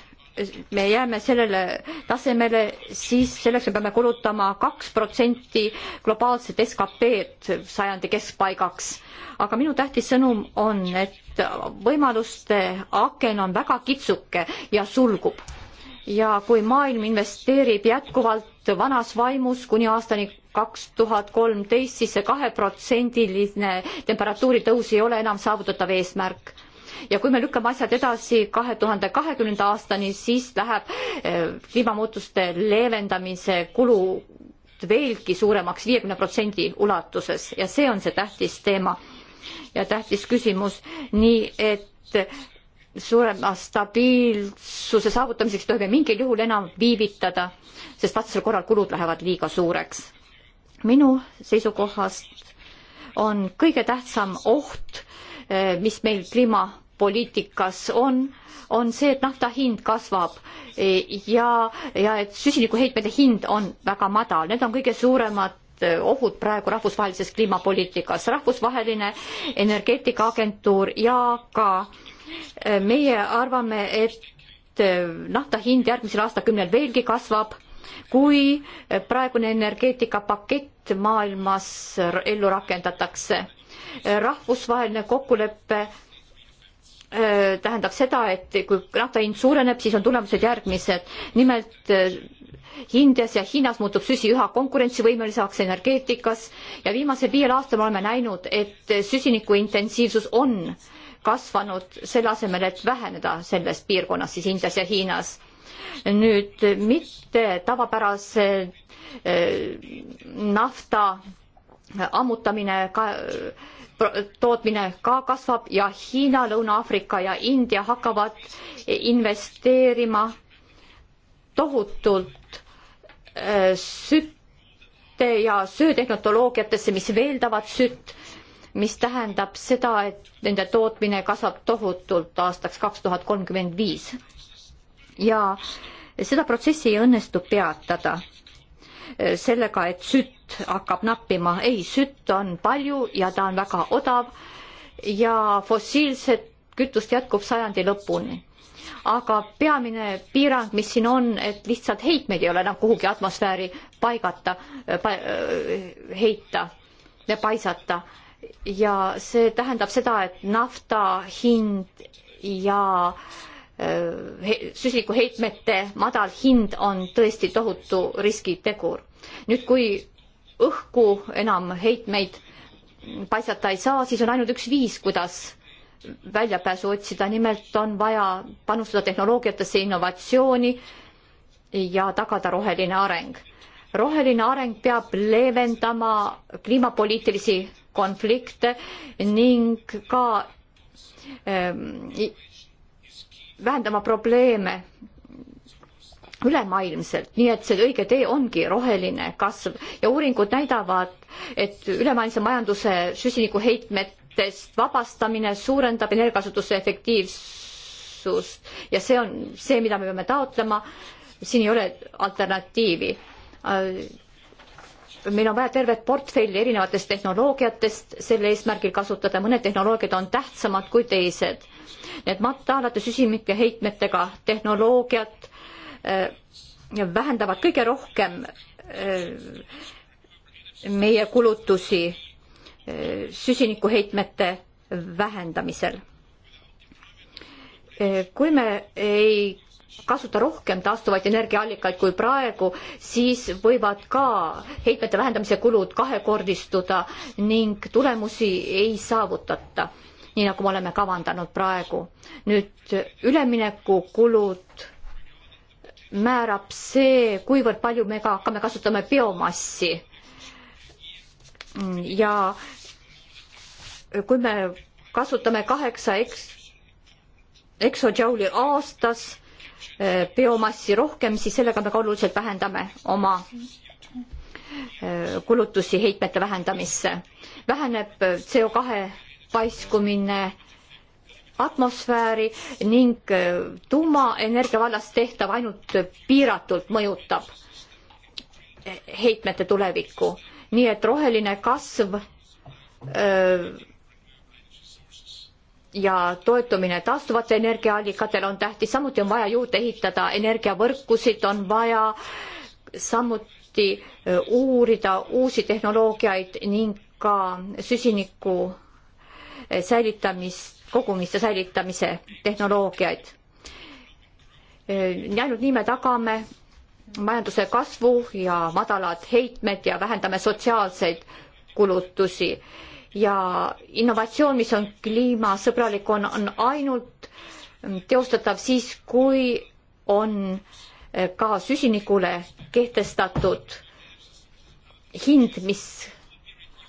me jääme sellele tasemele, siis selleks me peame kulutama kaks protsenti globaalset SKP-d sajandi keskpaigaks. aga minu tähtis sõnum on, et võimaluste aken on väga kitsuke ja sulgub ja kui maailm investeerib jätkuvalt vanas vaimus kuni aastani kaks tuhat kolmteist, siis see kaheprotsendiline temperatuuri tõus ei ole enam saavutatav eesmärk. ja kui me lükkame asjad edasi kahe tuhande kahekümnenda aastani, siis läheb eh, kliimamuutuste leevendamise kulu veelgi suuremaks, viiekümne protsendi ulatuses ja see on see tähtis teema ja tähtis küsimus, nii et suurema stabiilsuse saavutamiseks tohime mingil juhul enam viivitada, sest vastasel korral kulud lähevad liiga suureks. minu seisukohast on kõige tähtsam oht, eh, mis meil kliimapoliitikas on, on see, et nafta hind kasvab eh, ja, ja et süsinikuheitmete hind on väga madal, need on kõige suuremad eh, ohud praegu rahvusvahelises kliimapoliitikas. rahvusvaheline energeetikaagentuur ja ka äh, meie arvame, et äh, nafta hind järgmisel aastakümnel veelgi kasvab, kui äh, praegune energeetikapakett maailmas ellu rakendatakse. Äh, rahvusvaheline kokkulepe tähendab seda, et kui nafta hind suureneb, siis on tulemused järgmised. nimelt Indias ja Hiinas muutub süsi üha konkurentsivõimelisemaks energeetikas ja viimasel viiel aastal me oleme näinud, et süsiniku intensiivsus on äh, kasvanud selle asemel, et väheneda selles piirkonnas, siis Indias ja Hiinas. nüüd mitte tavapärase eh, nafta ammutamine ka tootmine ka kasvab ja Hiina, Lõuna-Aafrika ja India hakkavad investeerima tohutult eh, sütte ja söötehnoloogiatesse, mis veeldavad sütt mis tähendab seda, et nende tootmine kasvab tohutult aastaks kaks tuhat kolmkümmend viis. ja seda protsessi ei õnnestu peatada sellega, et sütt hakkab nappima. ei, sütt on palju ja ta on väga odav ja fossiilset kütust jätkub sajandi lõpuni. aga peamine piirang, mis siin on, et lihtsalt heitmeid ei ole enam kuhugi atmosfääri paigata pa,, heita ja paisata ja see tähendab seda, et nafta hind ja äh, süsinikuheitmete madal hind on tõesti tohutu riskitegur. nüüd, kui õhku enam heitmeid paisata ei saa, siis on ainult üks viis, kuidas väljapääsu otsida, nimelt on vaja panustada tehnoloogiatesse, innovatsiooni ja tagada roheline areng. roheline areng peab leevendama kliimapoliitilisi konflikte ning ka ähm, vähendama probleeme ülemaailmselt, nii et see õige tee ongi roheline kasv ja uuringud näidavad, et ülemaailmse majanduse süsinikuheitmetest vabastamine suurendab energiakasutuse efektiivsust ja see on see, mida me peame taotlema. siin ei ole alternatiivi äh, meil on vaja tervet portfelli erinevatest tehnoloogiatest selle eesmärgil kasutada, mõned tehnoloogiad on tähtsamad kui teised. Need mataalate süsinike heitmetega tehnoloogiad äh, vähendavad kõige rohkem äh, meie kulutusi äh, süsinikuheitmete vähendamisel. kui me ei kasuta rohkem taastuvaid energiaallikaid kui praegu, siis võivad ka heitmete vähendamise kulud kahekordistuda ning tulemusi ei saavutata, nii nagu me oleme kavandanud praegu. nüüd üleminekukulud määrab see, kuivõrd palju me ka hakkame kasutama biomassi. ja kui me kasutame kaheksa eks-, eksotsiouli aastas, biomassi rohkem, siis sellega me ka oluliselt vähendame oma äh, kulutusi heitmete vähendamisse. väheneb äh, CO kahe paiskumine atmosfääri ning äh, tuumaenergia vallas tehtav ainult piiratult mõjutab heitmete tulevikku. nii et roheline kasv öö, ja toetumine taastuvate energiaallikatele on tähtis, samuti on vaja juurde ehitada energiavõrkusid, on vaja samuti äh, uurida uusi tehnoloogiaid ning ka süsiniku äh, säilitamist, kogumiste säilitamise tehnoloogiaid. Äh, ainult nii me tagame majanduse kasvu ja madalad heitmed ja vähendame sotsiaalseid kulutusi ja innovatsioon, mis on kliimasõbralik, on, on ainult teostatav siis, kui on ka süsinikule kehtestatud hind, mis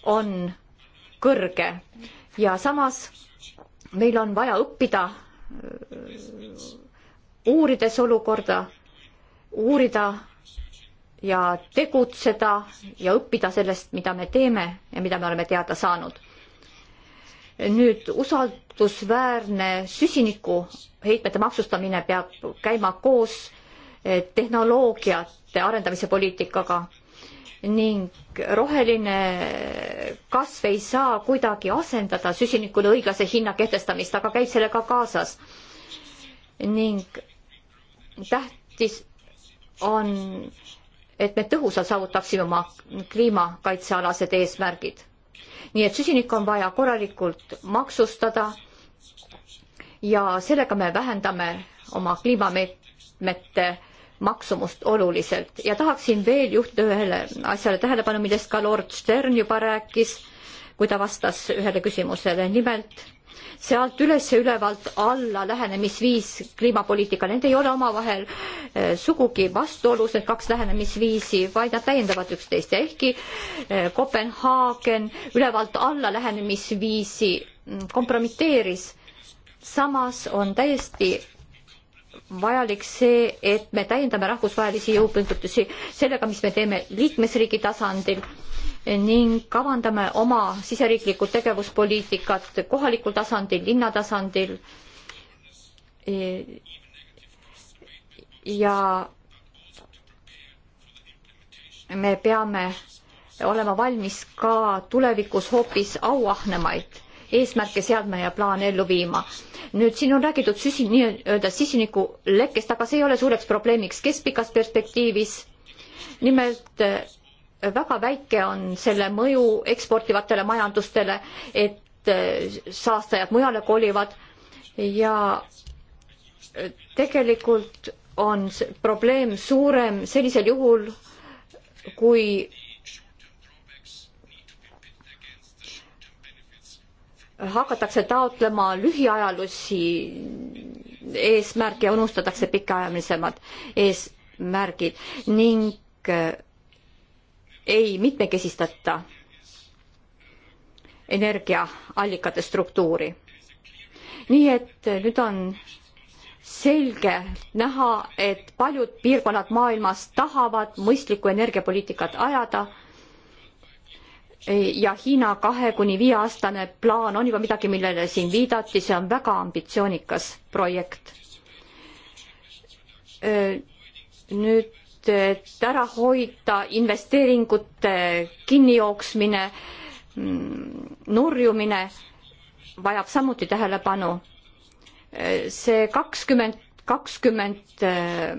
on kõrge ja samas meil on vaja õppida, äh, uurides olukorda, uurida ja tegutseda ja õppida sellest, mida me teeme ja mida me oleme teada saanud. nüüd usaldusväärne süsinikuheitmete maksustamine peab käima koos eh, tehnoloogiate arendamise poliitikaga ning roheline kasv ei saa kuidagi asendada süsinikule õiglase hinna kehtestamist, aga käib sellega kaasas. ning tähtis on et me tõhusalt saavutaksime oma kliimakaitsealased eesmärgid. nii et süsinikku on vaja korralikult maksustada ja sellega me vähendame oma kliimameetmete maksumust oluliselt ja tahaksin veel juhtida ühele asjale tähelepanu, millest ka lord Stern juba rääkis, kui ta vastas ühele küsimusele, nimelt sealt üles ja ülevalt alla lähenemisviis kliimapoliitikal, need ei ole omavahel eh, sugugi vastuolus, need kaks lähenemisviisi, vaid nad täiendavad üksteist ja ehkki eh, Kopenhaagen ülevalt alla lähenemisviisi mm, kompromiteeris, samas on täiesti vajalik see, et me täiendame rahvusvahelisi jõupingutusi sellega, mis me teeme liikmesriigi tasandil ning kavandame oma siseriiklikku tegevuspoliitikat kohalikul tasandil, linna tasandil. ja me peame olema valmis ka tulevikus hoopis auahnemaid eesmärke seadma ja plaane ellu viima. nüüd siin on räägitud süsi-, nii-öelda süsinikulekkest, aga see ei ole suureks probleemiks keskpikas perspektiivis. nimelt väga väike on selle mõju eksportivatele majandustele, et äh, saastajad mujale kolivad ja tegelikult on probleem suurem sellisel juhul, kui hakatakse taotlema lühiajalisi eesmärke ja unustatakse pikaajalisemad eesmärgid ning äh, ei mitmekesistata energiaallikate struktuuri. nii et nüüd on selge näha, et paljud piirkonnad maailmas tahavad mõistlikku energiapoliitikat ajada ja Hiina kahe kuni viie aastane plaan on juba midagi, millele siin viidati, see on väga ambitsioonikas projekt. nüüd et ära hoida investeeringute kinnijooksmine, mm, nurjumine vajab samuti tähelepanu. see kakskümmend, kakskümmend eh,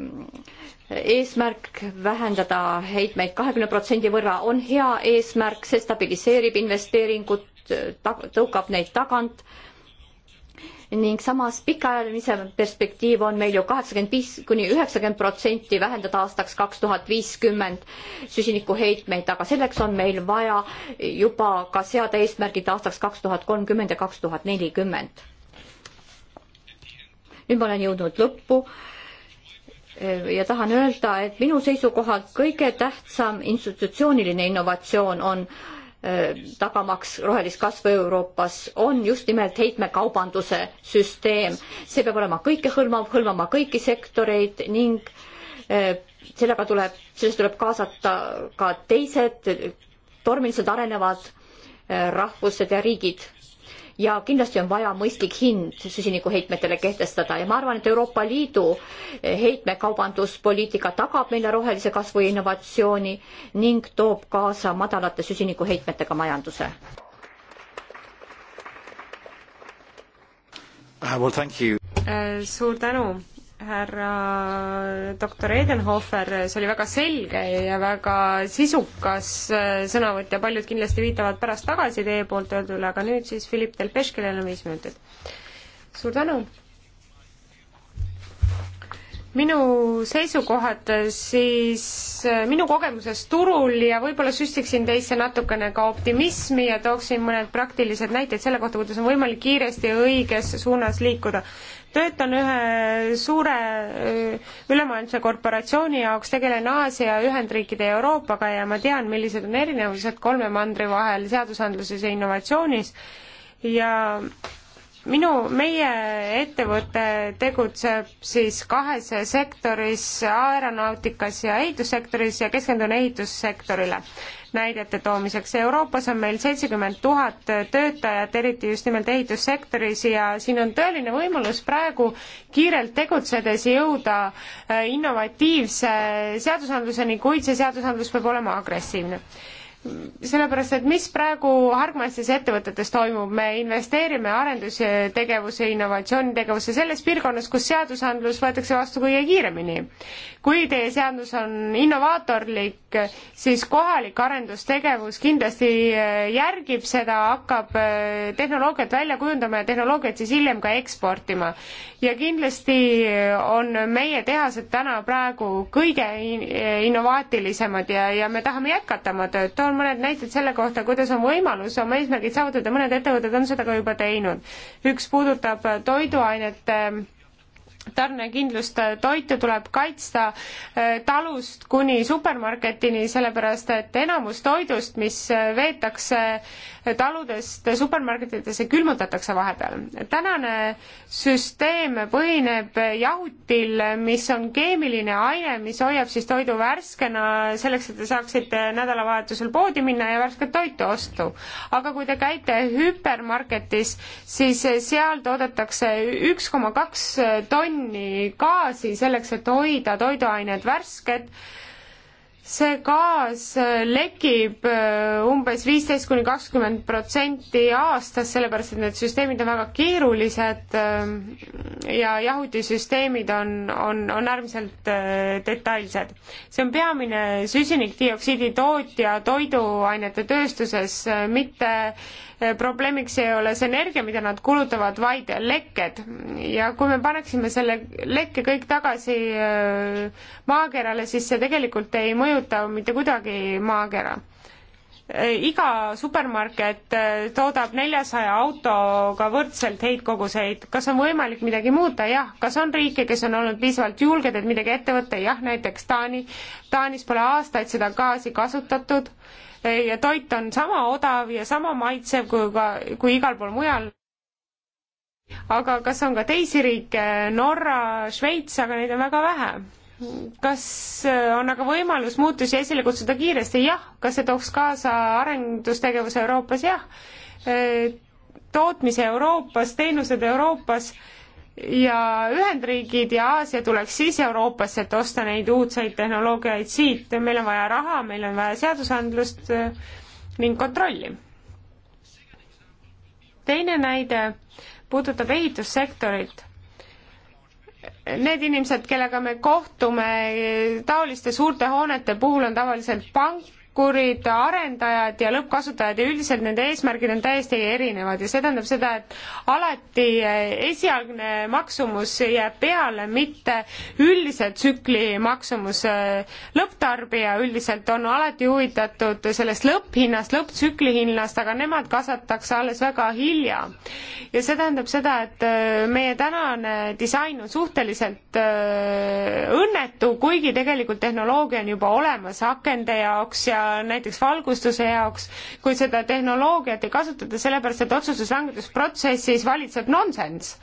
eesmärk vähendada heitmeid kahekümne protsendi võrra on hea eesmärk, see stabiliseerib investeeringut, tõukab neid tagant ning samas pikaajaline perspektiiv on meil ju kaheksakümmend viis kuni üheksakümmend protsenti vähendada aastaks kaks tuhat viiskümmend süsinikuheitmeid, aga selleks on meil vaja juba ka seada eesmärgid aastaks kaks tuhat kolmkümmend ja kaks tuhat nelikümmend. nüüd ma olen jõudnud lõppu ja tahan öelda, et minu seisukohalt kõige tähtsam institutsiooniline innovatsioon on Äh, tagamaks rohelist kasvu Euroopas, on just nimelt heitmekaubanduse süsteem. see peab olema kõikehõlmav, hõlmama kõiki sektoreid ning äh, sellega tuleb, sellest tuleb kaasata ka teised tormiliselt arenevad äh, rahvused ja riigid ja kindlasti on vaja mõistlik hind süsinikuheitmetele kehtestada ja ma arvan, et Euroopa Liidu eh, heitmekaubanduspoliitika tagab meile rohelise kasvu ja innovatsiooni ning toob kaasa madalate süsinikuheitmetega majanduse. Uh, uh, suur tänu härra doktor Edenhofer, see oli väga selge ja väga sisukas äh, sõnavõtt ja paljud kindlasti viitavad pärast tagasi teie poolt öeldule, aga nüüd siis Philipp Delpech, kellel on viis minutit. suur tänu! minu seisukohad siis, äh, minu kogemusest turul ja võib-olla süstiksin teisse natukene ka optimismi ja tooksin mõned praktilised näited selle kohta, kuidas on võimalik kiiresti õiges suunas liikuda töötan ühe suure äh, ülemaailmse korporatsiooni jaoks, tegelen Aasia, Ühendriikide ja Euroopaga ja ma tean, millised on erinevused kolme mandri vahel seadusandluses ja innovatsioonis ja minu, meie ettevõte tegutseb siis kahes sektoris, aeronautikas ja ehitussektoris ja keskendun ehitussektorile näidete toomiseks. Euroopas on meil seitsekümmend tuhat töötajat, eriti just nimelt ehitussektoris ja siin on tõeline võimalus praegu kiirelt tegutsedes jõuda äh, innovatiivse seadusandluseni, kuid see seadusandlus peab olema agressiivne sellepärast, et mis praegu hargmaistes ettevõtetes toimub, me investeerime arendustegevusse, innovatsioonitegevusse selles piirkonnas, kus seadusandlus võetakse vastu kõige kiiremini. kui teie seadus on innovaatorlik, siis kohalik arendustegevus kindlasti äh, järgib seda, hakkab äh, tehnoloogiat välja kujundama ja tehnoloogiat siis hiljem ka eksportima. ja kindlasti äh, on meie tehased täna praegu kõige innovaatilisemad ja, ja me tahame jätkata oma tööd on mõned näited selle kohta, kuidas on võimalus oma eesmärgid saavutada, mõned ettevõtted on seda ka juba teinud. üks puudutab toiduainete äh, tarnekindlust, toitu tuleb kaitsta eh, talust kuni supermarketini, sellepärast et enamus toidust, mis eh, veetakse eh, taludest supermarketidesse, külmutatakse vahepeal. tänane süsteem põhineb jahutil, mis on keemiline aine, mis hoiab siis toidu värskena selleks, et te saaksite nädalavahetusel poodi minna ja värsket toitu ostu. aga kui te käite hüpermarketis, siis seal toodetakse üks koma kaks tonni tonni gaasi selleks, et hoida toiduained värsked. see gaas lekib äh, umbes viisteist kuni kakskümmend protsenti aastas, sellepärast et need süsteemid on väga keerulised äh, ja jahutisüsteemid on, on, on äärmiselt äh, detailsed. see on peamine süsinikdioksiidi tootja toiduainete tööstuses, mitte probleemiks ei ole see energia, mida nad kulutavad, vaid lekked. ja kui me paneksime selle lekke kõik tagasi äh, maakerale, siis see tegelikult ei mõjuta mitte kuidagi maakera. Äh, iga supermarket äh, toodab neljasaja autoga võrdselt heitkoguseid. kas on võimalik midagi muuta? jah. kas on riike, kes on olnud piisavalt julged, et midagi ette võtta? jah, näiteks Taani. Taanis pole aastaid seda gaasi kasutatud ja toit on sama odav ja sama maitsev kui ka, kui igal pool mujal. aga kas on ka teisi riike, Norra, Šveits, aga neid on väga vähe kas äh, on aga võimalus muutusi esile kutsuda kiiresti? jah. kas see tooks kaasa arendustegevuse Euroopas? jah. Äh, tootmise Euroopas, teenused Euroopas ja Ühendriigid ja Aasia tuleks siis Euroopasse, et osta neid uudseid tehnoloogiaid siit, meil on vaja raha, meil on vaja seadusandlust äh, ning kontrolli. teine näide puudutab ehitussektorit. Need inimesed, kellega me kohtume äh, taoliste suurte hoonete puhul, on tavaliselt pank, kurid arendajad ja lõppkasutajad ja üldiselt nende eesmärgid on täiesti erinevad ja see tähendab seda, et alati esialgne maksumus jääb peale, mitte üldise tsükli maksumus. lõpptarbija üldiselt on alati huvitatud sellest lõpphinnast, lõpptsükli hinnast, aga nemad kasvatakse alles väga hilja. ja see tähendab seda, et meie tänane disain on suhteliselt äh, õnnetu, kuigi tegelikult tehnoloogia on juba olemas akende jaoks ja energia näiteks valgustuse jaoks, kuid seda tehnoloogiat ei kasutata, sellepärast et otsustuslangetusprotsessis valitseb nonsenss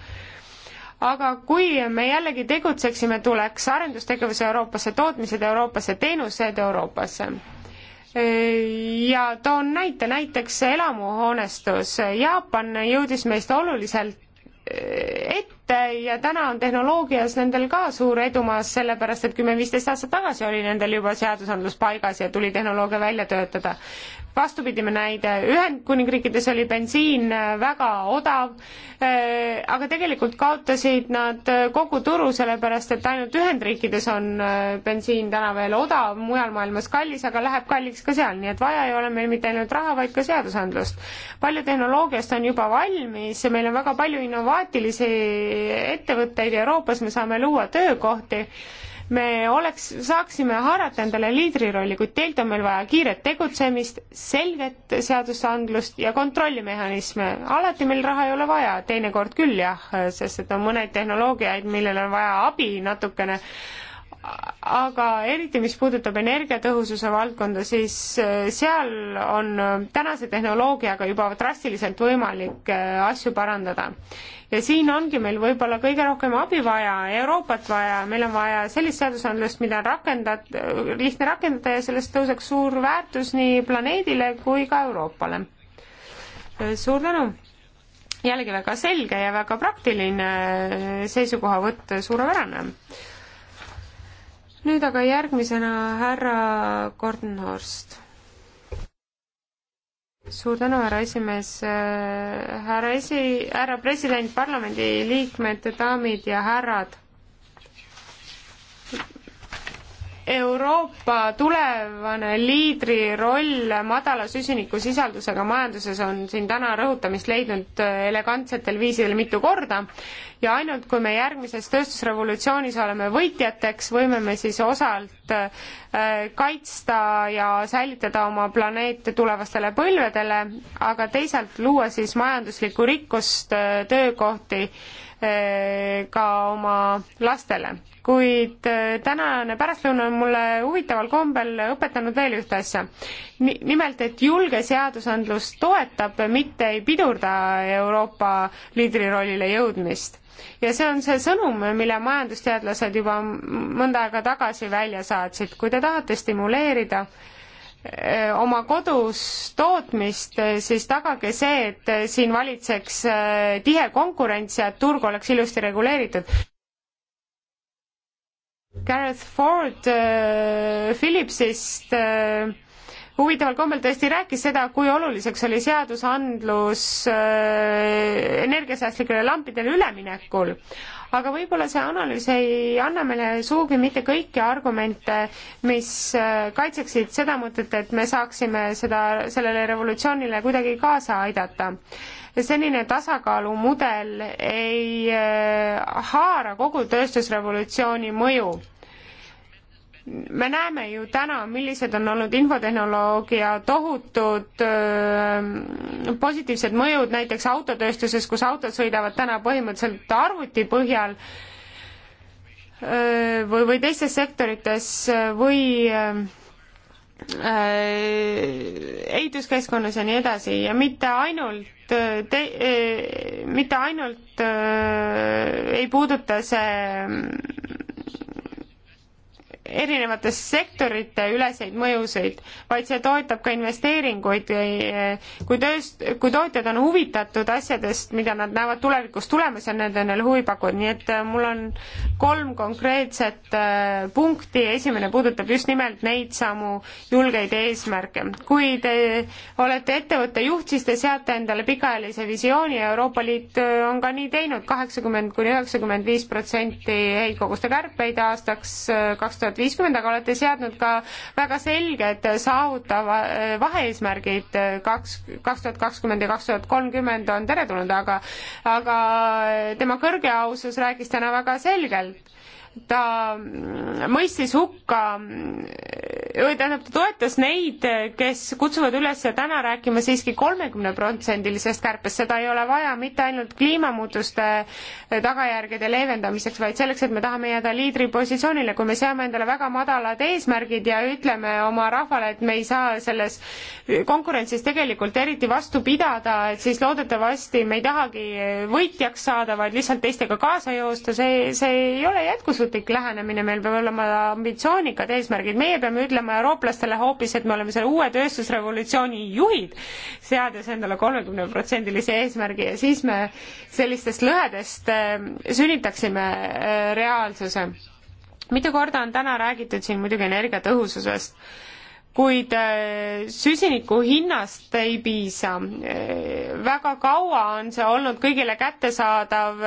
aga kui me jällegi tegutseksime, tuleks arendustegevus Euroopasse, tootmised Euroopasse, teenused Euroopasse. ja toon näite, näiteks elamuhoonestus. Jaapan jõudis meist oluliselt eh, ette Äh, ja täna on tehnoloogias nendel ka suur edumaas, sellepärast et kümme-viisteist aastat tagasi oli nendel juba seadusandlus paigas ja tuli tehnoloogia välja töötada. vastupidine näide, Ühendkuningriikides oli bensiin äh, väga odav, äh, aga tegelikult kaotasid nad kogu turu, sellepärast et ainult Ühendriikides on bensiin täna veel odav, mujal maailmas kallis, aga läheb kalliks ka seal, nii et vaja ei ole meil mitte ainult raha, vaid ka seadusandlust. palju tehnoloogiast on juba valmis, meil on väga palju innovaatilisi ettevõtteid Euroopas, me saame luua töökohti, me oleks, saaksime haarata endale liidrirolli, kuid teilt on meil vaja kiiret tegutsemist, selget seadusandlust ja kontrollimehhanisme. alati meil raha ei ole vaja, teinekord küll jah, sest et on mõneid tehnoloogiaid, millel on vaja abi natukene aga eriti, mis puudutab energiatõhususe valdkonda, siis äh, seal on äh, tänase tehnoloogiaga juba drastiliselt võimalik äh, asju parandada. ja siin ongi meil võib-olla kõige rohkem abi vaja, Euroopat vaja, meil on vaja sellist seadusandlust, mida on rakendad, lihtne rakendada ja sellest tõuseks suur väärtus nii planeedile kui ka Euroopale. suur tänu! jällegi väga selge ja väga praktiline seisukohavõtt, suurepärane nüüd aga järgmisena härra Kordenhorst. suur tänu, härra esimees, äh, härra esi, härra president, parlamendi liikmed, daamid ja härrad. Euroopa tulevane liidri roll madala süsinikusisaldusega majanduses on siin täna rõhutamist leidnud äh, elegantsetel viisidel mitu korda ja ainult kui me järgmises tööstusrevolutsioonis oleme võitjateks, võime me siis osalt äh, kaitsta ja säilitada oma planeete tulevastele põlvedele, aga teisalt luua siis majanduslikku rikkust, äh, töökohti äh, ka oma lastele kuid äh, tänane pärastlõuna on mulle huvitaval kombel õpetanud veel ühte asja. nimelt, et julge seadusandlus toetab, mitte ei pidurda Euroopa liidrirollile jõudmist ja see on see sõnum, mille majandusteadlased juba mõnda aega tagasi välja saatsid, kui te tahate stimuleerida äh, oma kodus tootmist, äh, siis tagage see, et siin valitseks tihe konkurents ja turg oleks ilusti reguleeritud Gareth Ford äh, Philipsist äh, huvitaval kombel tõesti rääkis seda, kui oluliseks oli seadusandlus äh, energiasäästlikele lampidele üleminekul. aga võib-olla see analüüs ei anna meile sugugi mitte kõiki argumente, mis äh, kaitseksid seda mõtet, et me saaksime seda, sellele revolutsioonile kuidagi kaasa aidata äh, senine tasakaalumudel ei äh, haara kogu tööstusrevolutsiooni mõju me näeme ju täna, millised on olnud infotehnoloogia tohutud öö, äh, positiivsed mõjud näiteks autotööstuses, kus autod sõidavad täna põhimõtteliselt arvuti põhjal öö, äh, või, või teistes sektorites või öö, Äh, ehituskeskkonnas ja nii edasi ja mitte ainult äh, te, äh, mitte ainult ei puuduta see erinevate sektorite üleseid mõjusid, vaid see toetab ka investeeringuid. Eh, kui tööst, kui tootjad on huvitatud asjadest, mida nad näevad tulevikus tulemas ja need on neile huvipakkuvad, nii et eh, mul on kolm konkreetset eh, punkti, esimene puudutab just nimelt neid samu julgeid eesmärke. kui te olete ettevõtte juht, siis te seate endale pikaajalise visiooni ja Euroopa Liit on ka nii teinud, kaheksakümmend kuni üheksakümmend viis protsenti heitkoguste kärpeid aastaks kaks tuhat tuhat viiskümmend, aga olete seadnud ka väga selged saavutava äh, vaheeesmärgid äh, kaks, kaks tuhat kakskümmend ja kaks tuhat kolmkümmend on teretulnud, aga aga äh, tema kõrge ausus rääkis täna väga selgelt ta mõistis hukka või tähendab, ta toetas neid, kes kutsuvad üles täna rääkima siiski kolmekümneprotsendilisest kärpest, seda ei ole vaja mitte ainult kliimamuutuste tagajärgede leevendamiseks, vaid selleks, et me tahame jääda liidripositsioonile, kui me seame endale väga madalad eesmärgid ja ütleme oma rahvale, et me ei saa selles konkurentsis tegelikult eriti vastu pidada, et siis loodetavasti me ei tahagi võitjaks saada, vaid lihtsalt teistega kaasa joosta, see, see ei ole jätkusuutlik jätkusuutlik lähenemine, meil peab olema ambitsioonikad eesmärgid, meie peame ütlema eurooplastele hoopis, et me oleme selle uue tööstusrevolutsiooni juhid, seades endale kolmekümneprotsendilise eesmärgi ja siis me sellistest lõhedest eh, sünnitaksime eh, reaalsuse. mitu korda on täna räägitud siin muidugi energiatõhususest kuid eh, süsiniku hinnast ei piisa. väga kaua on see olnud kõigile kättesaadav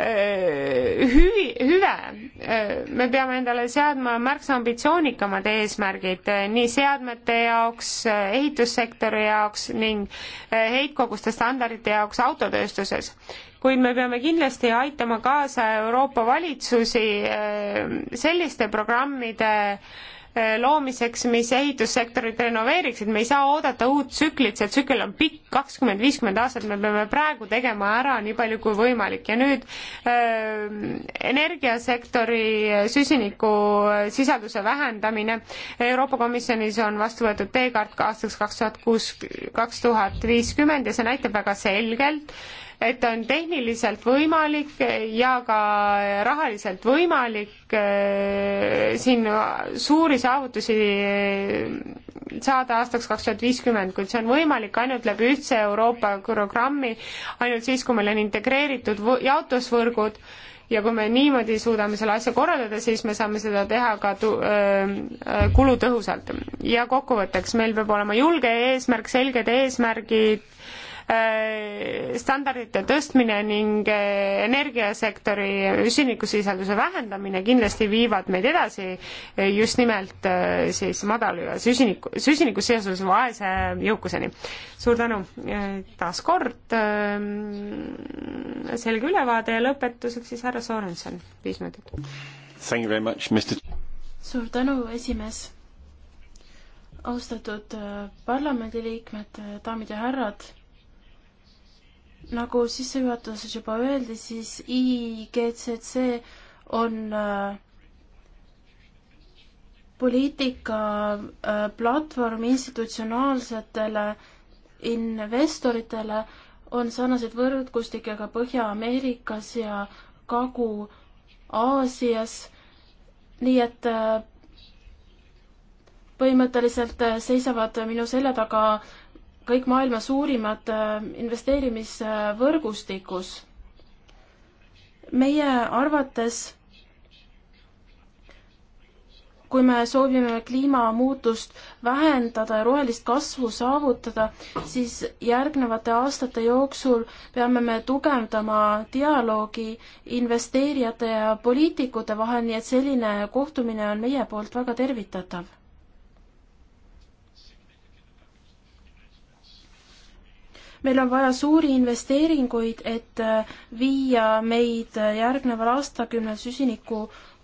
Äh, hüvi, hüve. Äh, me peame endale seadma märksa ambitsioonikamad eesmärgid äh, nii seadmete jaoks, ehitussektori jaoks ning heitkoguste standardite jaoks autotööstuses. kuid me peame kindlasti aitama kaasa Euroopa valitsusi selliste programmide Eh, loomiseks, mis ehitussektorit renoveeriksid, me ei saa oodata uut tsüklit, see tsükkel on pikk, kakskümmend, viiskümmend aastat, me peame praegu tegema ära nii palju kui võimalik ja nüüd äh, energiasektori süsiniku eh, sisalduse vähendamine, Euroopa Komisjonis on vastu võetud teekaart aastaks kaks tuhat kuus, kaks tuhat viiskümmend ja see näitab väga selgelt, et on tehniliselt võimalik ja ka rahaliselt võimalik äh, siin suuri saavutusi äh, saada aastaks kaks tuhat viiskümmend, kuid see on võimalik ainult läbi ühtse Euroopa programmi, ainult siis, kui meil on integreeritud jaotusvõrgud ja kui me niimoodi suudame selle asja korraldada, siis me saame seda teha ka tu-, öö, äh, kulutõhusalt. ja kokkuvõtteks, meil peab olema julge eesmärk, selged eesmärgid, Äh, standardite tõstmine ning äh, energiasektori süsinikusisalduse vähendamine kindlasti viivad meid edasi äh, just nimelt siis madala süsiniku, süsinikusisalduse vaese jõukuseni. suur tänu taas kord, selge ülevaade ja lõpetuseks siis härra Sorenson, viis minutit. suur tänu, esimees austatud parlamendiliikmed, daamid ja härrad nagu sissejuhatuses juba öeldi, siis IGCC on äh, poliitikaplatvorm äh, institutsionaalsetele investoritele, on sarnaseid võrgustikke ka Põhja-Ameerikas ja Kagu-Aasias, nii et äh, põhimõtteliselt seisavad minu selja taga kõik maailma suurimad äh, investeerimisvõrgustikus. meie arvates, kui me soovime kliimamuutust vähendada ja rohelist kasvu saavutada, siis järgnevate aastate jooksul peame me tugevdama dialoogi investeerijate ja poliitikute vahel, nii et selline kohtumine on meie poolt väga tervitatav meil on vaja suuri investeeringuid, et äh, viia meid äh, järgneval aastakümnel süsiniku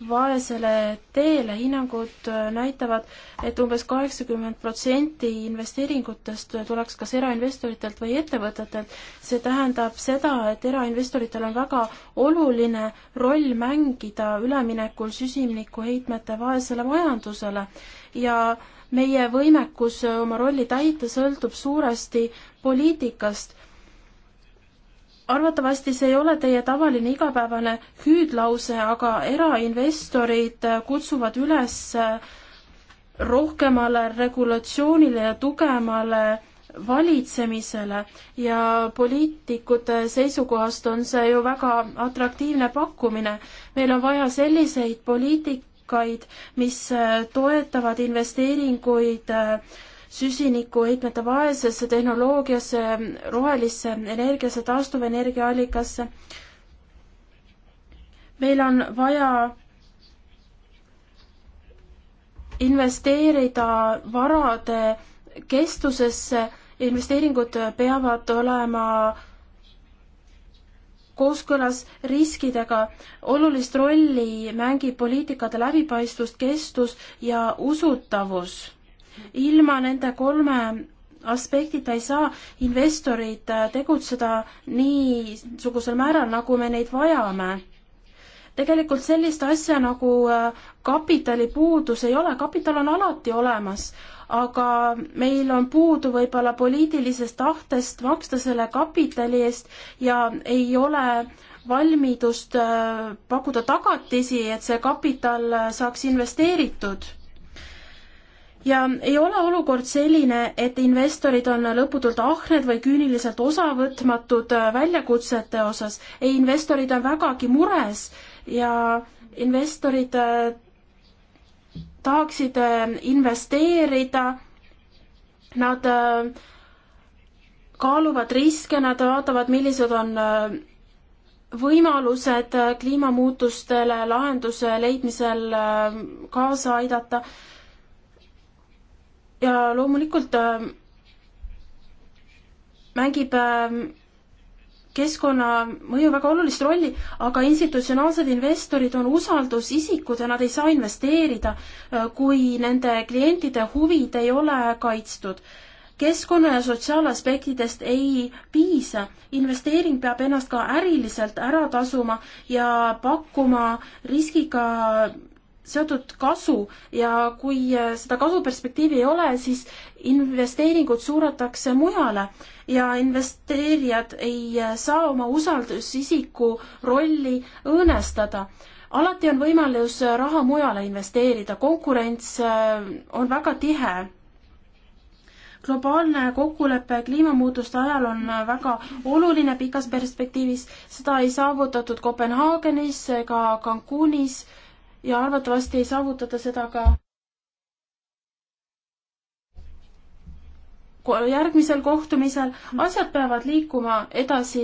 vaesele teele, hinnangud äh, näitavad, et umbes kaheksakümmend protsenti investeeringutest tuleks kas erainvestoritelt või ettevõtetelt. see tähendab seda, et erainvestoritel on väga oluline roll mängida üleminekul süsinikuheitmete vaesele majandusele ja äh, meie võimekus äh, oma rolli täita sõltub suuresti poliitikast. arvatavasti see ei ole teie tavaline igapäevane hüüdlause, aga erainvestorid äh, kutsuvad üles äh, rohkemale regulatsioonile ja tugevamale valitsemisele ja poliitikute seisukohast on see ju väga atraktiivne pakkumine. meil on vaja selliseid poliitik-, allikaid, mis äh, toetavad investeeringuid äh, süsinikuheitmete vaesesse tehnoloogiasse, rohelisse energiasse, taastuvenergiaallikasse. meil on vaja investeerida varade kestusesse, investeeringud peavad olema kooskõlas riskidega. olulist rolli mängib poliitikate läbipaistvus, kestus ja usutavus. ilma nende kolme aspektita ei saa investorid äh, tegutseda niisugusel määral, nagu me neid vajame. tegelikult sellist asja nagu äh, kapitali puudus ei ole, kapital on alati olemas, aga meil on puudu võib-olla poliitilisest tahtest maksta selle kapitali eest ja ei ole valmidust äh, pakkuda tagatisi, et see kapital äh, saaks investeeritud. ja ei ole olukord selline, et investorid on lõputult ahned või küüniliselt osavõtmatud äh, väljakutsete osas. ei, investorid on vägagi mures ja investorid tahaksid äh, investeerida, nad äh, kaaluvad riske, nad vaatavad, millised on äh, võimalused kliimamuutustele lahenduse leidmisel kaasa aidata. ja loomulikult mängib keskkonnamõju väga olulist rolli, aga institutsionaalsed investorid on usaldusisikud ja nad ei saa investeerida, äh, kui nende klientide huvid ei ole kaitstud. keskkonna ja sotsiaalaspektidest ei piisa, investeering peab ennast ka äriliselt ära tasuma ja pakkuma riskiga seotud kasu ja kui äh, seda kasuperspektiivi ei ole, siis investeeringud suunatakse mujale ja investeerijad ei äh, saa oma usaldusisiku rolli õõnestada. alati on võimalus äh, raha mujale investeerida, konkurents äh, on väga tihe globaalne kokkulepe kliimamuutuste ajal on väga oluline pikas perspektiivis, seda ei saavutatud Kopenhaagenis ega Cancunis ja arvatavasti ei saavutata seda ka järgmisel kohtumisel, asjad peavad liikuma edasi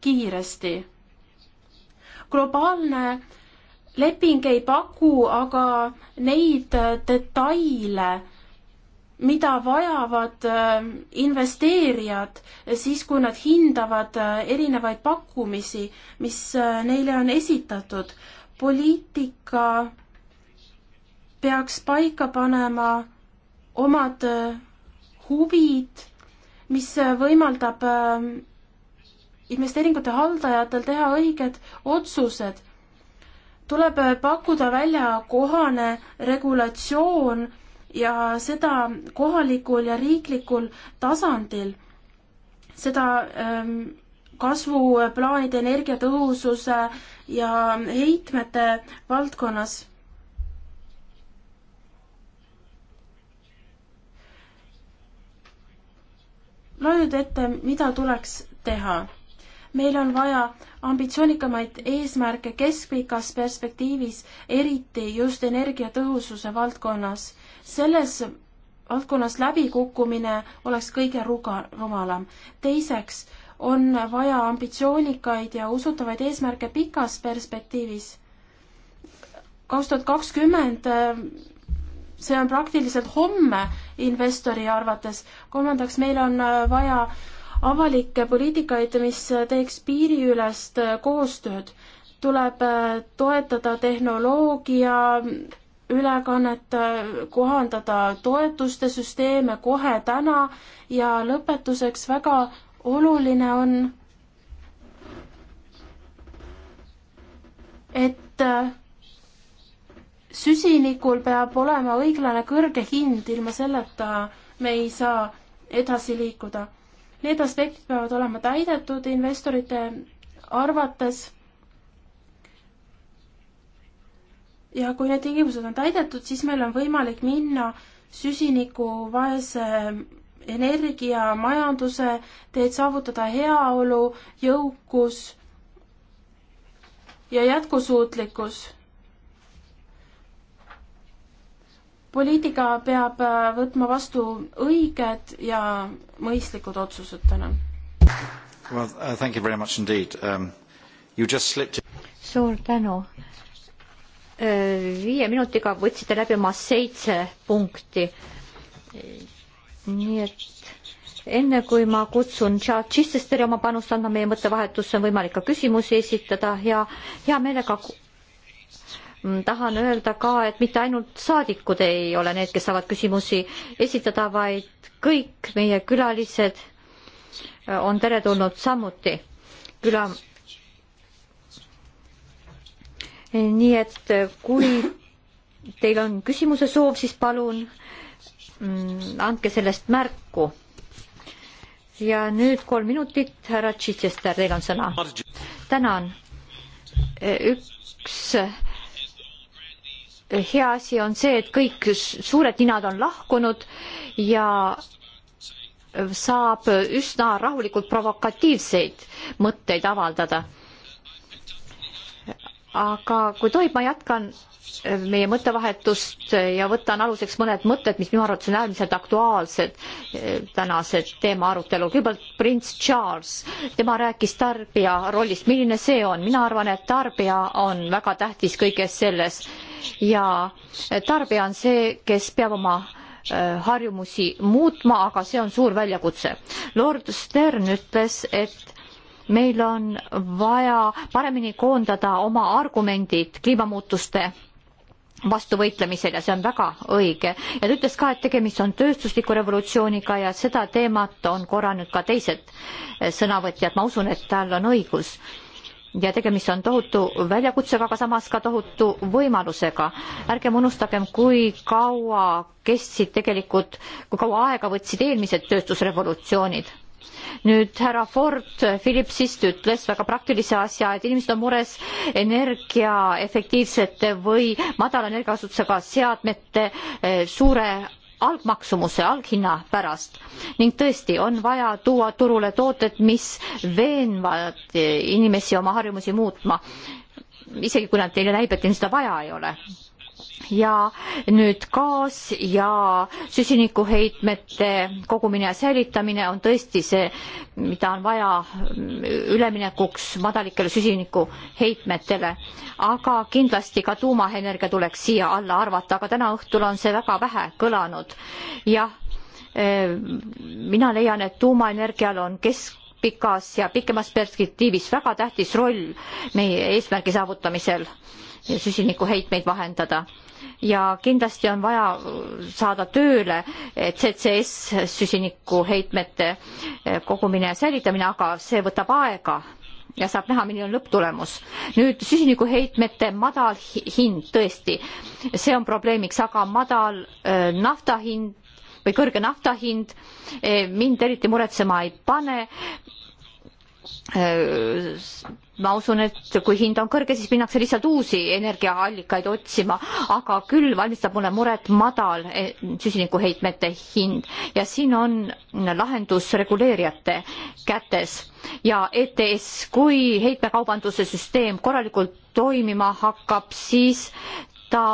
kiiresti. globaalne leping ei paku aga neid detaile, mida vajavad ähm, investeerijad siis, kui nad hindavad äh, erinevaid pakkumisi, mis äh, neile on esitatud. poliitika peaks paika panema omad äh, huvid, mis võimaldab äh, investeeringute haldajatel teha õiged otsused. tuleb äh, pakkuda välja kohane regulatsioon ja seda kohalikul ja riiklikul tasandil. seda ähm, kasvuplaanide äh, energiatõhususe ja heitmete valdkonnas loe nüüd ette, mida tuleks teha. meil on vaja ambitsioonikamaid eesmärke keskpikas perspektiivis, eriti just energiatõhususe valdkonnas. selles valdkonnas läbikukkumine oleks kõige ruga-, rumalam. teiseks on vaja ambitsioonikaid ja usutavaid eesmärke pikas perspektiivis. kaks tuhat kakskümmend see on praktiliselt homme, investori arvates. kolmandaks, meil on äh, vaja avalikke poliitikaid, mis äh, teeks piiriülest äh, koostööd. tuleb toetada tehnoloogia ülekannet, kohandada toetuste süsteeme kohe täna ja lõpetuseks väga oluline on, et süsinikul peab olema õiglane kõrge hind, ilma selleta me ei saa edasi liikuda. Need aspektid peavad olema täidetud investorite arvates. ja kui need tingimused on täidetud, siis meil on võimalik minna süsinikuvaese energia, majanduse teed, saavutada heaolu, jõukus ja jätkusuutlikkus poliitika peab äh, võtma vastu õiged ja mõistlikud otsused, tänan. Well, uh, thank you very much indeed um,. You just slipped suur tänu. Äh, viie minutiga võtsite läbi oma seitse punkti. nii et enne kui ma kutsun Tšatšistesteri oma panust andma meie mõttevahetusse, on võimalik ka küsimusi esitada ja hea meelega Mm, tahan öelda ka, et mitte ainult saadikud ei ole need, kes saavad küsimusi esitada, vaid kõik meie külalised äh, on teretulnud samuti küla. Eh, nii et äh, kui teil on küsimuse soov, siis palun mm, andke sellest märku. ja nüüd kolm minutit, härra Chichester, teil on sõna. tänan. Äh, üks hea asi on see, et kõik suured ninad on lahkunud ja saab üsna rahulikult provokatiivseid mõtteid avaldada. aga kui tohib, ma jätkan meie mõttevahetust ja võtan aluseks mõned mõtted, mis minu arvates on äärmiselt aktuaalsed eh, tänase teema arutelul. kõigepealt prints Charles, tema rääkis tarbija rollist, milline see on, mina arvan, et tarbija on väga tähtis kõiges selles ja tarbija on see, kes peab oma eh, harjumusi muutma, aga see on suur väljakutse. Lord Stern ütles, et meil on vaja paremini koondada oma argumendid kliimamuutuste vastu võitlemisel ja see on väga õige. ja ta ütles ka, et tegemist on tööstusliku revolutsiooniga ja seda teemat on korranud ka teised eh, sõnavõtjad, ma usun, et tal on õigus ja tegemist on tohutu väljakutsega, aga samas ka tohutu võimalusega. ärgem unustagem, kui kaua kestsid tegelikult, kui kaua aega võtsid eelmised tööstusrevolutsioonid nüüd härra Ford Philipsist ütles väga praktilise asja, et inimesed on mures energiaefektiivsete või madala energiakasutusega seadmete eh, suure algmaksumuse, alghinna pärast ning tõesti on vaja tuua turule tooted, mis veenvad inimesi oma harjumusi muutma. isegi kui nad, neile näib, et neil seda vaja ei ole ja nüüd gaas ja süsinikuheitmete kogumine ja säilitamine on tõesti see, mida on vaja mm, üleminekuks madalikele süsinikuheitmetele. aga kindlasti ka tuumaenergia tuleks siia alla arvata, aga täna õhtul on see väga vähe kõlanud. jah, e, mina leian, et tuumaenergial on kesk pikas ja pikemas perspektiivis väga tähtis roll meie eesmärgi saavutamisel süsinikuheitmeid vahendada. ja kindlasti on vaja saada tööle CCS süsinikuheitmete eh, kogumine ja säilitamine, aga see võtab aega ja saab näha, milline on lõpptulemus. nüüd süsinikuheitmete madal hind, tõesti, see on probleemiks, aga madal eh, nafta hind või kõrge nafta hind eh, mind eriti muretsema ei pane ma usun, et kui hind on kõrge, siis minnakse lihtsalt uusi energiaallikaid otsima, aga küll valmistab mulle muret madal eh, süsinikuheitmete hind ja siin on lahendus reguleerijate kätes ja ETS, kui heitmekaubanduse süsteem korralikult toimima hakkab, siis ta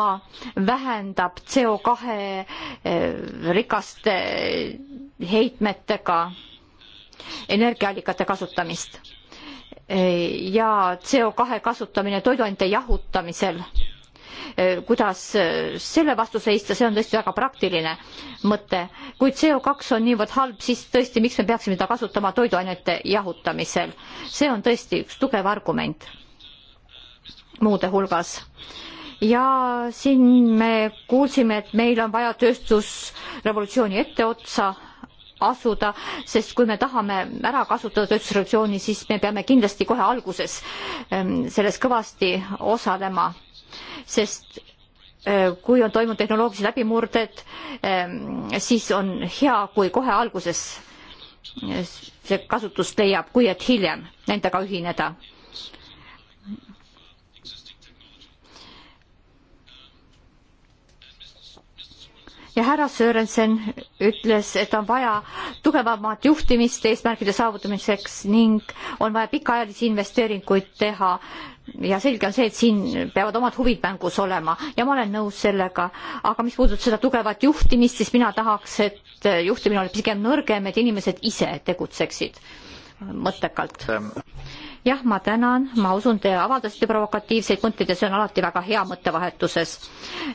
vähendab CO kahe eh, rikaste heitmetega energiaallikate kasutamist ja CO2 kasutamine toiduainete jahutamisel. kuidas selle vastu seista, see on tõesti väga praktiline mõte. kui CO2 on niivõrd halb, siis tõesti, miks me peaksime seda kasutama toiduainete jahutamisel? see on tõesti üks tugev argument muude hulgas ja siin me kuulsime, et meil on vaja tööstusrevolutsiooni etteotsa asuda, sest kui me tahame ära kasutada tööstusrevolutsiooni, siis me peame kindlasti kohe alguses ehm, selles kõvasti osalema, sest ehm, kui on toimunud tehnoloogilised läbimurded, ehm, siis on hea, kui kohe alguses see kasutust leiab, kui et hiljem nendega ühineda. ja härra Sörensen ütles, et on vaja tugevamat juhtimist eesmärkide saavutamiseks ning on vaja pikaajalisi investeeringuid teha. ja selge on see, et siin peavad omad huvid mängus olema ja ma olen nõus sellega, aga mis puudutab seda tugevat juhtimist, siis mina tahaks, et juhtimine oleks pigem nõrgem, et inimesed ise tegutseksid mõttekalt jah, ma tänan, ma usun, te avaldasite provokatiivseid mõtteid ja see on alati väga hea mõttevahetuses.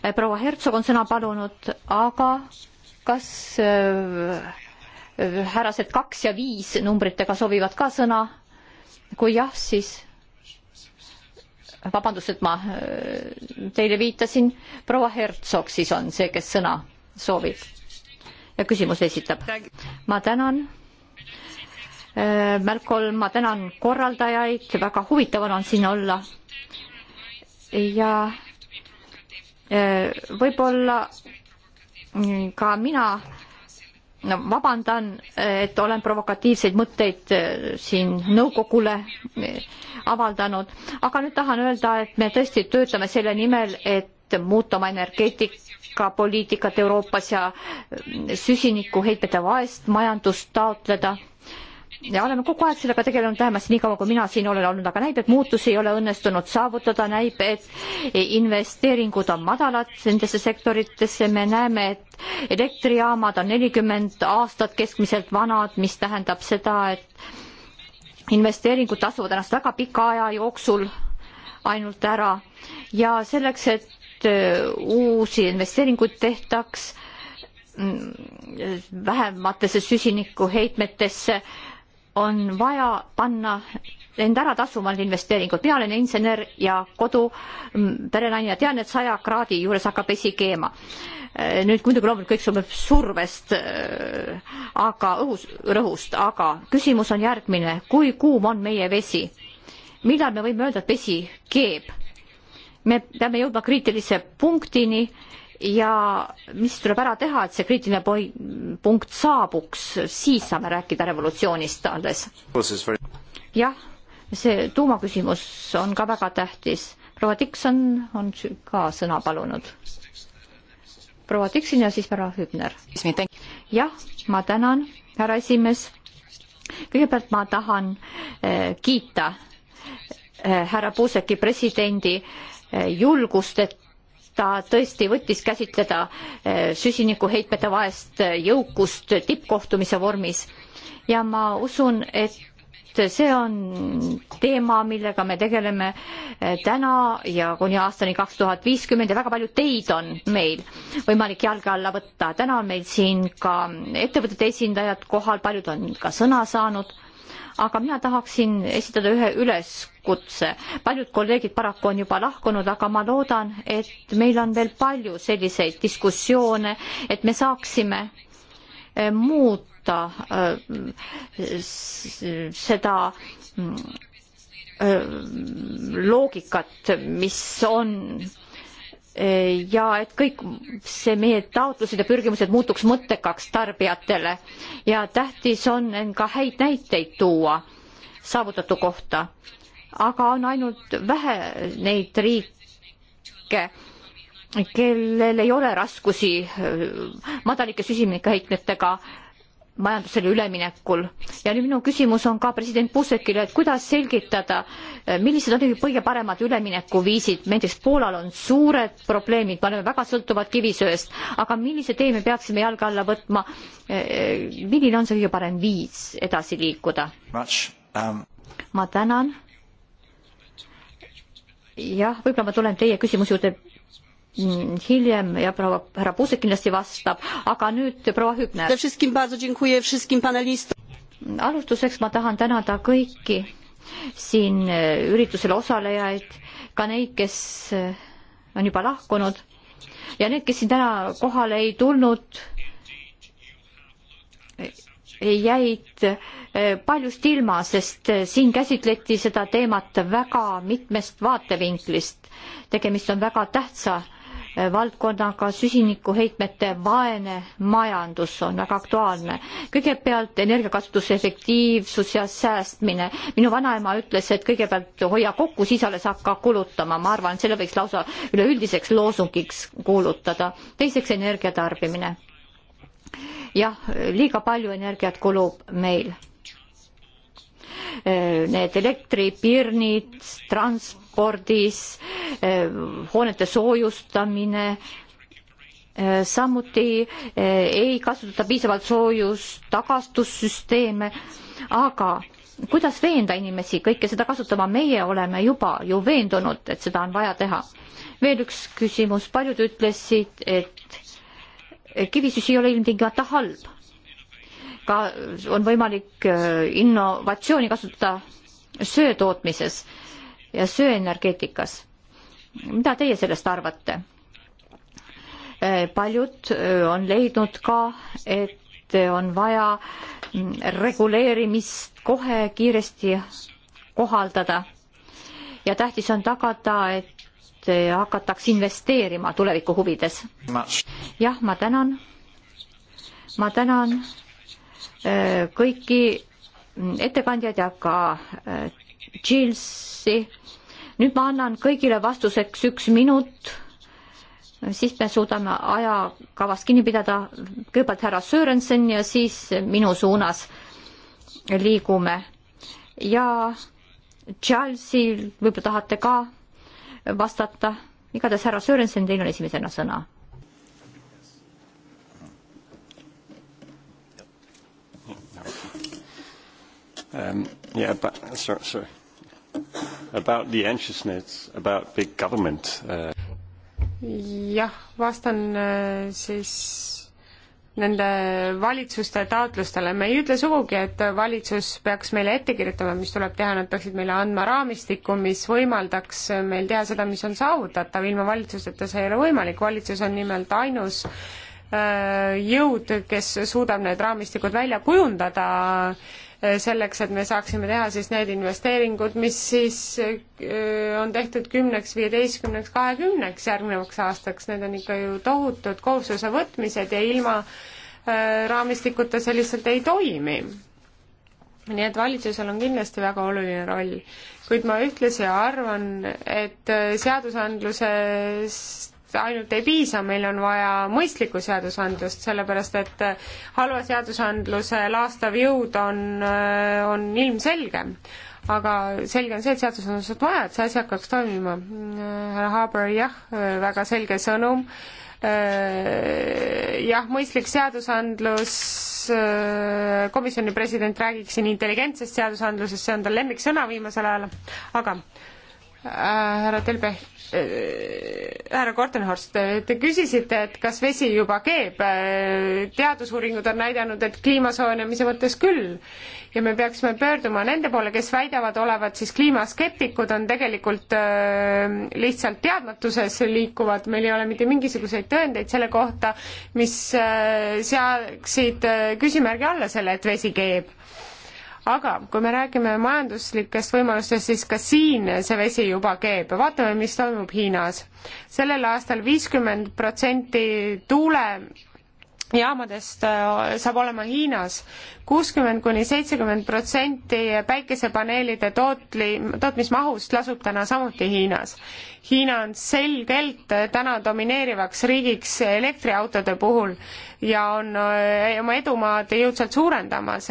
Eh, proua Hertsog on sõna palunud, aga kas eh, härrased kaks ja viis numbritega sobivad ka sõna? kui jah, siis vabandust, et ma eh, teile viitasin, proua Hertsog siis on see, kes sõna soovib ja küsimuse esitab. ma tänan Äh, Malcolm, ma tänan korraldajaid, väga huvitav on siin olla. ja äh, võib-olla mm, ka mina no vabandan, äh, et olen provokatiivseid mõtteid siin nõukogule avaldanud, aga nüüd tahan öelda, et me tõesti töötame selle nimel, et muuta oma energeetikapoliitikat Euroopas ja süsinikuheitmete vaest majandust taotleda ja oleme kogu aeg sellega tegelenud, vähemasti niikaua kui mina siin olen olnud, aga näib, et muutusi ei ole õnnestunud saavutada, näib, et investeeringud on madalad nendesse sektoritesse, me näeme, et elektrijaamad on nelikümmend aastat keskmiselt vanad, mis tähendab seda, et investeeringud tasuvad ennast väga pika aja jooksul ainult ära ja selleks, et äh, uusi investeeringuid tehtaks mm, vähematesse süsinikuheitmetesse on vaja panna end ära tasuma need investeeringud. mina olen insener ja kodu mm, perenaine ja tean, et saja kraadi juures hakkab vesi keema. Äh, nüüd muidugi loomulikult kõik sõltub survest, äh, aga õhus, rõhust, aga küsimus on järgmine, kui kuum on meie vesi? millal me võime öelda, et vesi keeb? me peame jõudma kriitilise punktini ja mis tuleb ära teha, et see kriitiline punkt saabuks, siis saame rääkida revolutsioonist alles. jah, see tuumaküsimus on ka väga tähtis. proua Dikson on ka sõna palunud. proua Dikson ja siis härra Hübner. jah, ma tänan, härra esimees. kõigepealt ma tahan eh, kiita eh, härra Puuseki presidendi eh, julgust, et ta tõesti võttis käsitleda eh, süsinikuheitmete vaest jõukust tippkohtumise vormis ja ma usun, et see on teema, millega me tegeleme eh, täna ja kuni aastani kaks tuhat viiskümmend ja väga palju teid on meil võimalik jalge alla võtta. täna on meil siin ka ettevõtete esindajad kohal, paljud on ka sõna saanud aga mina tahaksin esitada ühe üleskutse. paljud kolleegid paraku on juba lahkunud, aga ma loodan, et meil on veel palju selliseid diskussioone, et me saaksime eh, muuta eh, seda mm, eh, loogikat, mis on ja et kõik see meie taotlused ja pürgimused muutuks mõttekaks tarbijatele ja tähtis on ka häid näiteid tuua saavutatu kohta. aga on ainult vähe neid riike, kellel ei ole raskusi äh, madalike süsinikuheitmetega majandusele üleminekul. ja nüüd minu küsimus on ka president Pusekile, et kuidas selgitada, eh, millised on kõige paremad üleminekuviisid, näiteks Poolal on suured probleemid, me oleme väga sõltuvad kivisöest, aga millise tee me peaksime jalge alla võtma, eh, eh, milline on see kõige parem viis edasi liikuda? Um... ma tänan. jah, võib-olla ma tulen teie küsimuse juurde Mm, hiljem ja proua, härra Puusik kindlasti vastab, aga nüüd proua Hübner. alustuseks ma tahan tänada kõiki siin e, üritusel osalejaid, ka neid, kes e, on juba lahkunud ja need, kes siin täna kohale ei tulnud, e, jäid paljust ilma, sest siin käsitleti seda teemat väga mitmest vaatevinklist. tegemist on väga tähtsa valdkonnaga süsinikuheitmete vaene majandus on väga aktuaalne. kõigepealt energiakasutuse efektiivsus ja säästmine. minu vanaema ütles, et kõigepealt hoia kokku, siis alles hakka kulutama. ma arvan, selle võiks lausa üleüldiseks loosungiks kuulutada. teiseks energia tarbimine. jah, liiga palju energiat kulub meil Eh, need elektripirnid transpordis, eh, hoonete soojustamine, eh, samuti ei kasutata piisavalt soojustagastussüsteeme, aga kuidas veenda inimesi kõike seda kasutama, meie oleme juba ju veendunud, et seda on vaja teha. veel üks küsimus, paljud ütlesid, et kivisüsi ei ole ilmtingimata halb ka on võimalik äh, innovatsiooni kasutada söötootmises ja sööenergeetikas. mida teie sellest arvate? Äh, paljud äh, on leidnud ka, et on vaja mm, reguleerimist kohe kiiresti kohaldada ja tähtis on tagada, et hakatakse investeerima tuleviku huvides. jah, ma tänan. ma tänan kõiki ettekandjaid ja ka Gilsi. Äh, nüüd ma annan kõigile vastuseks üks minut, siis me suudame ajakavast kinni pidada. kõigepealt härra Sörensen ja siis minu suunas liigume. ja Charlesi võib-olla tahate ka vastata, igatahes härra Sörensen, teil on esimesena sõna Um, yeah, but, sorry, sorry. About the anxiousness about big government uh.... jah, vastan äh, siis nende valitsuste taotlustele, me ei ütle sugugi, et valitsus peaks meile ette kirjutama, mis tuleb teha, nad peaksid meile andma raamistikku, mis võimaldaks meil teha seda, mis on saavutatav, ilma valitsuseta see ei ole võimalik, valitsus on nimelt ainus äh, jõud, kes suudab need raamistikud välja kujundada äh, Äh, selleks, et me saaksime teha siis need investeeringud, mis siis äh, on tehtud kümneks, viieteistkümneks, kahekümneks järgnevaks aastaks, need on ikka ju tohutud kohustuse võtmised ja ilma äh, raamistikuta see lihtsalt ei toimi. nii et valitsusel on kindlasti väga oluline roll, kuid ma ühtlasi arvan, et seadusandluses ainult ei piisa, meil on vaja mõistlikku seadusandlust, sellepärast et äh, halva seadusandluse laastav jõud on, äh, on ilmselge. aga selge on see, et seadusandlust on vaja, et see asi hakkaks toimima. härra Haber, jah, äh, väga selge sõnum jah, mõistlik seadusandlus, komisjoni president räägiks siin intelligentsest seadusandlusest, see on tal lemmiksõna viimasel ajal, aga Äh, härra Telbe, äh, härra Kortenhorst, te küsisite, et kas vesi juba keeb. Äh, teadusuuringud on näidanud, et kliima soojenemise mõttes küll ja me peaksime pöörduma nende poole, kes väidavad olevat siis kliimaskeptikud, on tegelikult äh, lihtsalt teadmatuses liikuvad, meil ei ole mitte mingisuguseid tõendeid selle kohta, mis äh, seaksid äh, küsimärgi alla selle, et vesi keeb aga kui me räägime majanduslikest võimalustest, siis ka siin see vesi juba keeb. vaatame, mis toimub Hiinas. sellel aastal viiskümmend protsenti tuule jaamadest äh, saab olema Hiinas. kuuskümmend kuni seitsekümmend protsenti päikesepaneelide tootli, tootmismahust lasub täna samuti Hiinas. Hiina on selgelt äh, täna domineerivaks riigiks elektriautode puhul ja on äh, oma edumaad jõudsalt suurendamas.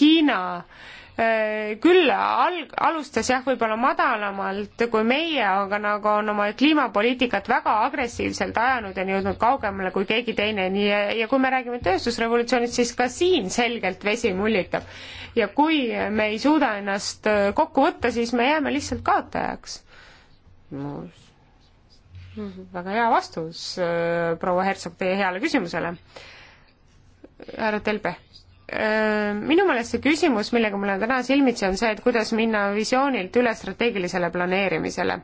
Hiina äh, Äh, küll alg-, alustas jah, võib-olla madalamalt kui meie, aga nagu on oma kliimapoliitikat väga agressiivselt ajanud ja on jõudnud kaugemale kui keegi teine, nii ja kui me räägime tööstusrevolutsioonist, siis ka siin selgelt vesi mullitab. ja kui me ei suuda ennast äh, kokku võtta, siis me jääme lihtsalt kaotajaks no,. väga hea vastus, äh, proua Hertsog, teie heale küsimusele. härra Telbe Äh, minu meelest see küsimus, millega ma olen täna silmitsi, on see, et kuidas minna visioonilt üle strateegilisele planeerimisele.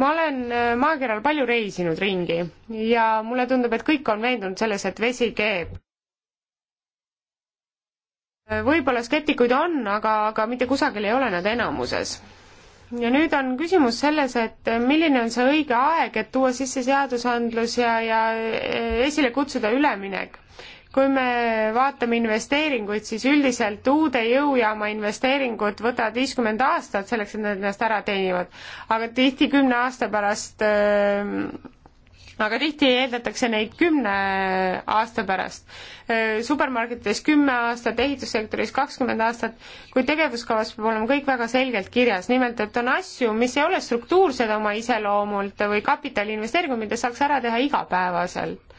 ma olen äh, maakeral palju reisinud ringi ja mulle tundub, et kõik on veendunud selles, et vesi keeb. Äh, võib-olla skeptikuid on, aga, aga mitte kusagil ei ole nad enamuses ja nüüd on küsimus selles, et milline on see õige aeg, et tuua sisse seadusandlus ja, ja esile kutsuda üleminek kui me vaatame investeeringuid, siis üldiselt uude jõujaama investeeringud võtavad viiskümmend aastat selleks, et nad ennast ära teenivad. aga tihti kümne aasta pärast äh, aga tihti eeldatakse neid kümne aasta pärast. Äh, supermarketides kümme aastat, ehitussektoris kakskümmend aastat, kuid tegevuskavas peab olema kõik väga selgelt kirjas, nimelt et on asju, mis ei ole struktuursed oma iseloomult või kapitaliinvesteeringud, mida saaks ära teha igapäevaselt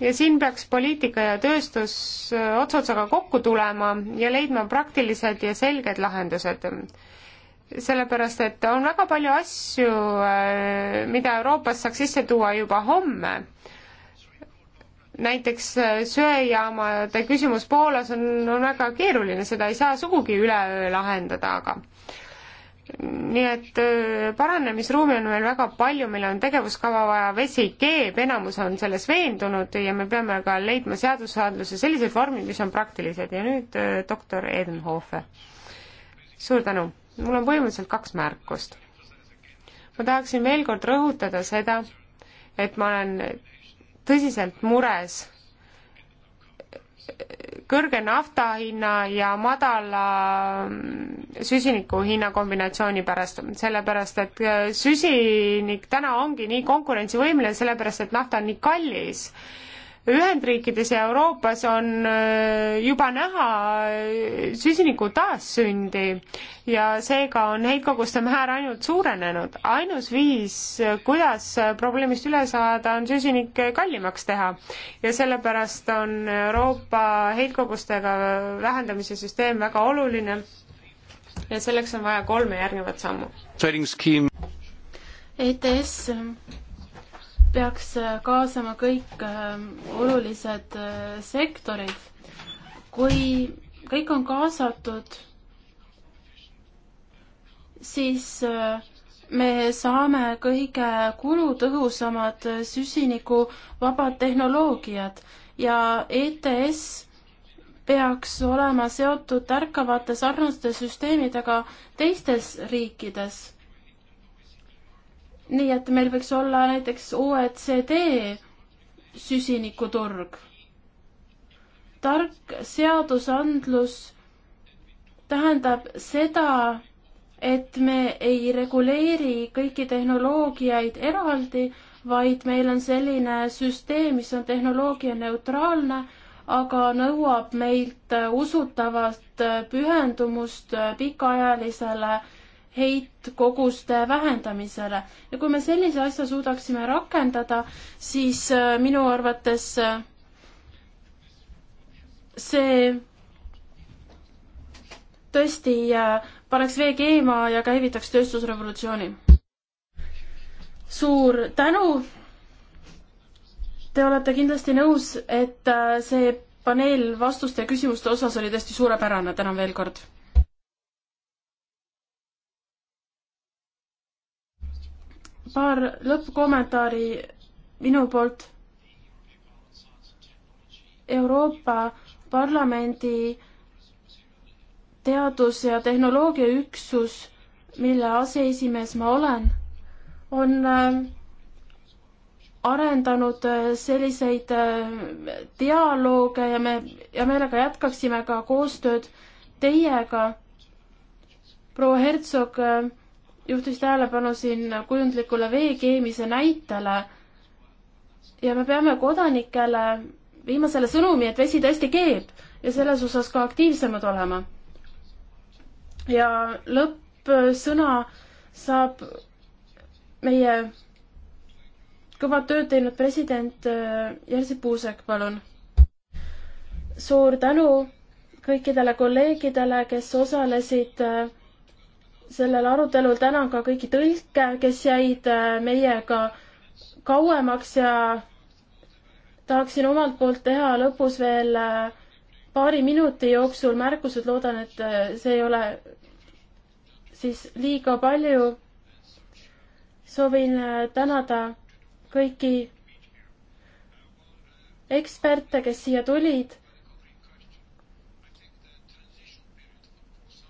ja siin peaks poliitika ja tööstus äh, ots otsaga kokku tulema ja leidma praktilised ja selged lahendused. sellepärast, et on väga palju asju, äh, mida Euroopas saaks sisse tuua juba homme. näiteks äh, söejaamade küsimus Poolas on, on väga keeruline, seda ei saa sugugi üleöö lahendada, aga nii et äh, paranemisruumi on meil väga palju, meil on tegevuskava vaja, vesi keeb, enamus on selles veendunud ja me peame ka leidma seadusandluse sellised vormid, mis on praktilised ja nüüd äh, doktor Edenhofer. suur tänu, mul on põhimõtteliselt kaks märkust. ma tahaksin veel kord rõhutada seda, et ma olen tõsiselt mures kõrge naftahinna ja madala mm, süsinikuhinna kombinatsiooni pärast, sellepärast et äh, süsinik täna ongi nii konkurentsivõimeline, sellepärast et nafta on nii kallis Ühendriikides ja Euroopas on äh, juba näha äh, süsiniku taassündi ja seega on heitkoguste määr ainult suurenenud. ainus viis, äh, kuidas probleemist üle saada, on süsinik kallimaks teha ja sellepärast on Euroopa heitkogustega vähendamise süsteem väga oluline ja selleks on vaja kolme järgnevat sammu. ETS peaks äh, kaasama kõik äh, olulised äh, sektorid. kui kõik on kaasatud, siis me saame kõige kulutõhusamad süsinikuvabad tehnoloogiad ja ETS peaks olema seotud ärkavate sarnaste süsteemidega teistes riikides nii et meil võiks olla näiteks OECD süsinikuturg. tark seadusandlus tähendab seda, et me ei reguleeri kõiki tehnoloogiaid eraldi, vaid meil on selline süsteem, mis on tehnoloogia neutraalne, aga nõuab meilt usutavat pühendumust pikaajalisele äh, heitkoguste vähendamisele ja kui me sellise asja suudaksime rakendada, siis äh, minu arvates äh, see tõesti äh, paneks vee keema ja käivitaks tööstusrevolutsiooni. suur tänu. Te olete kindlasti nõus, et see paneel vastuste ja küsimuste osas oli tõesti suurepärane, tänan veel kord paar lõppkommentaari minu poolt. Euroopa Parlamendi teadus- ja tehnoloogiaüksus, mille aseesimees ma olen, on äh, arendanud äh, selliseid äh, dialoog ja me hea meelega jätkaksime ka koostööd teiega. proua Hertsog juhtis tähelepanu siin kujundlikule veekeemise näitele ja me peame kodanikele viima selle sõnumi, et vesi tõesti keeb ja selles osas ka aktiivsemad olema. ja lõppsõna saab meie kõvat tööd teinud president äh, Jerzy Puusek, palun. suur tänu kõikidele kolleegidele, kes osalesid äh, sellel arutelul tänan ka kõiki tõlke, kes jäid äh, meiega kauemaks ja tahaksin omalt poolt teha lõpus veel äh, paari minuti jooksul märkused, loodan, et äh, see ei ole siis liiga palju. soovin tänada kõiki eksperte, kes siia tulid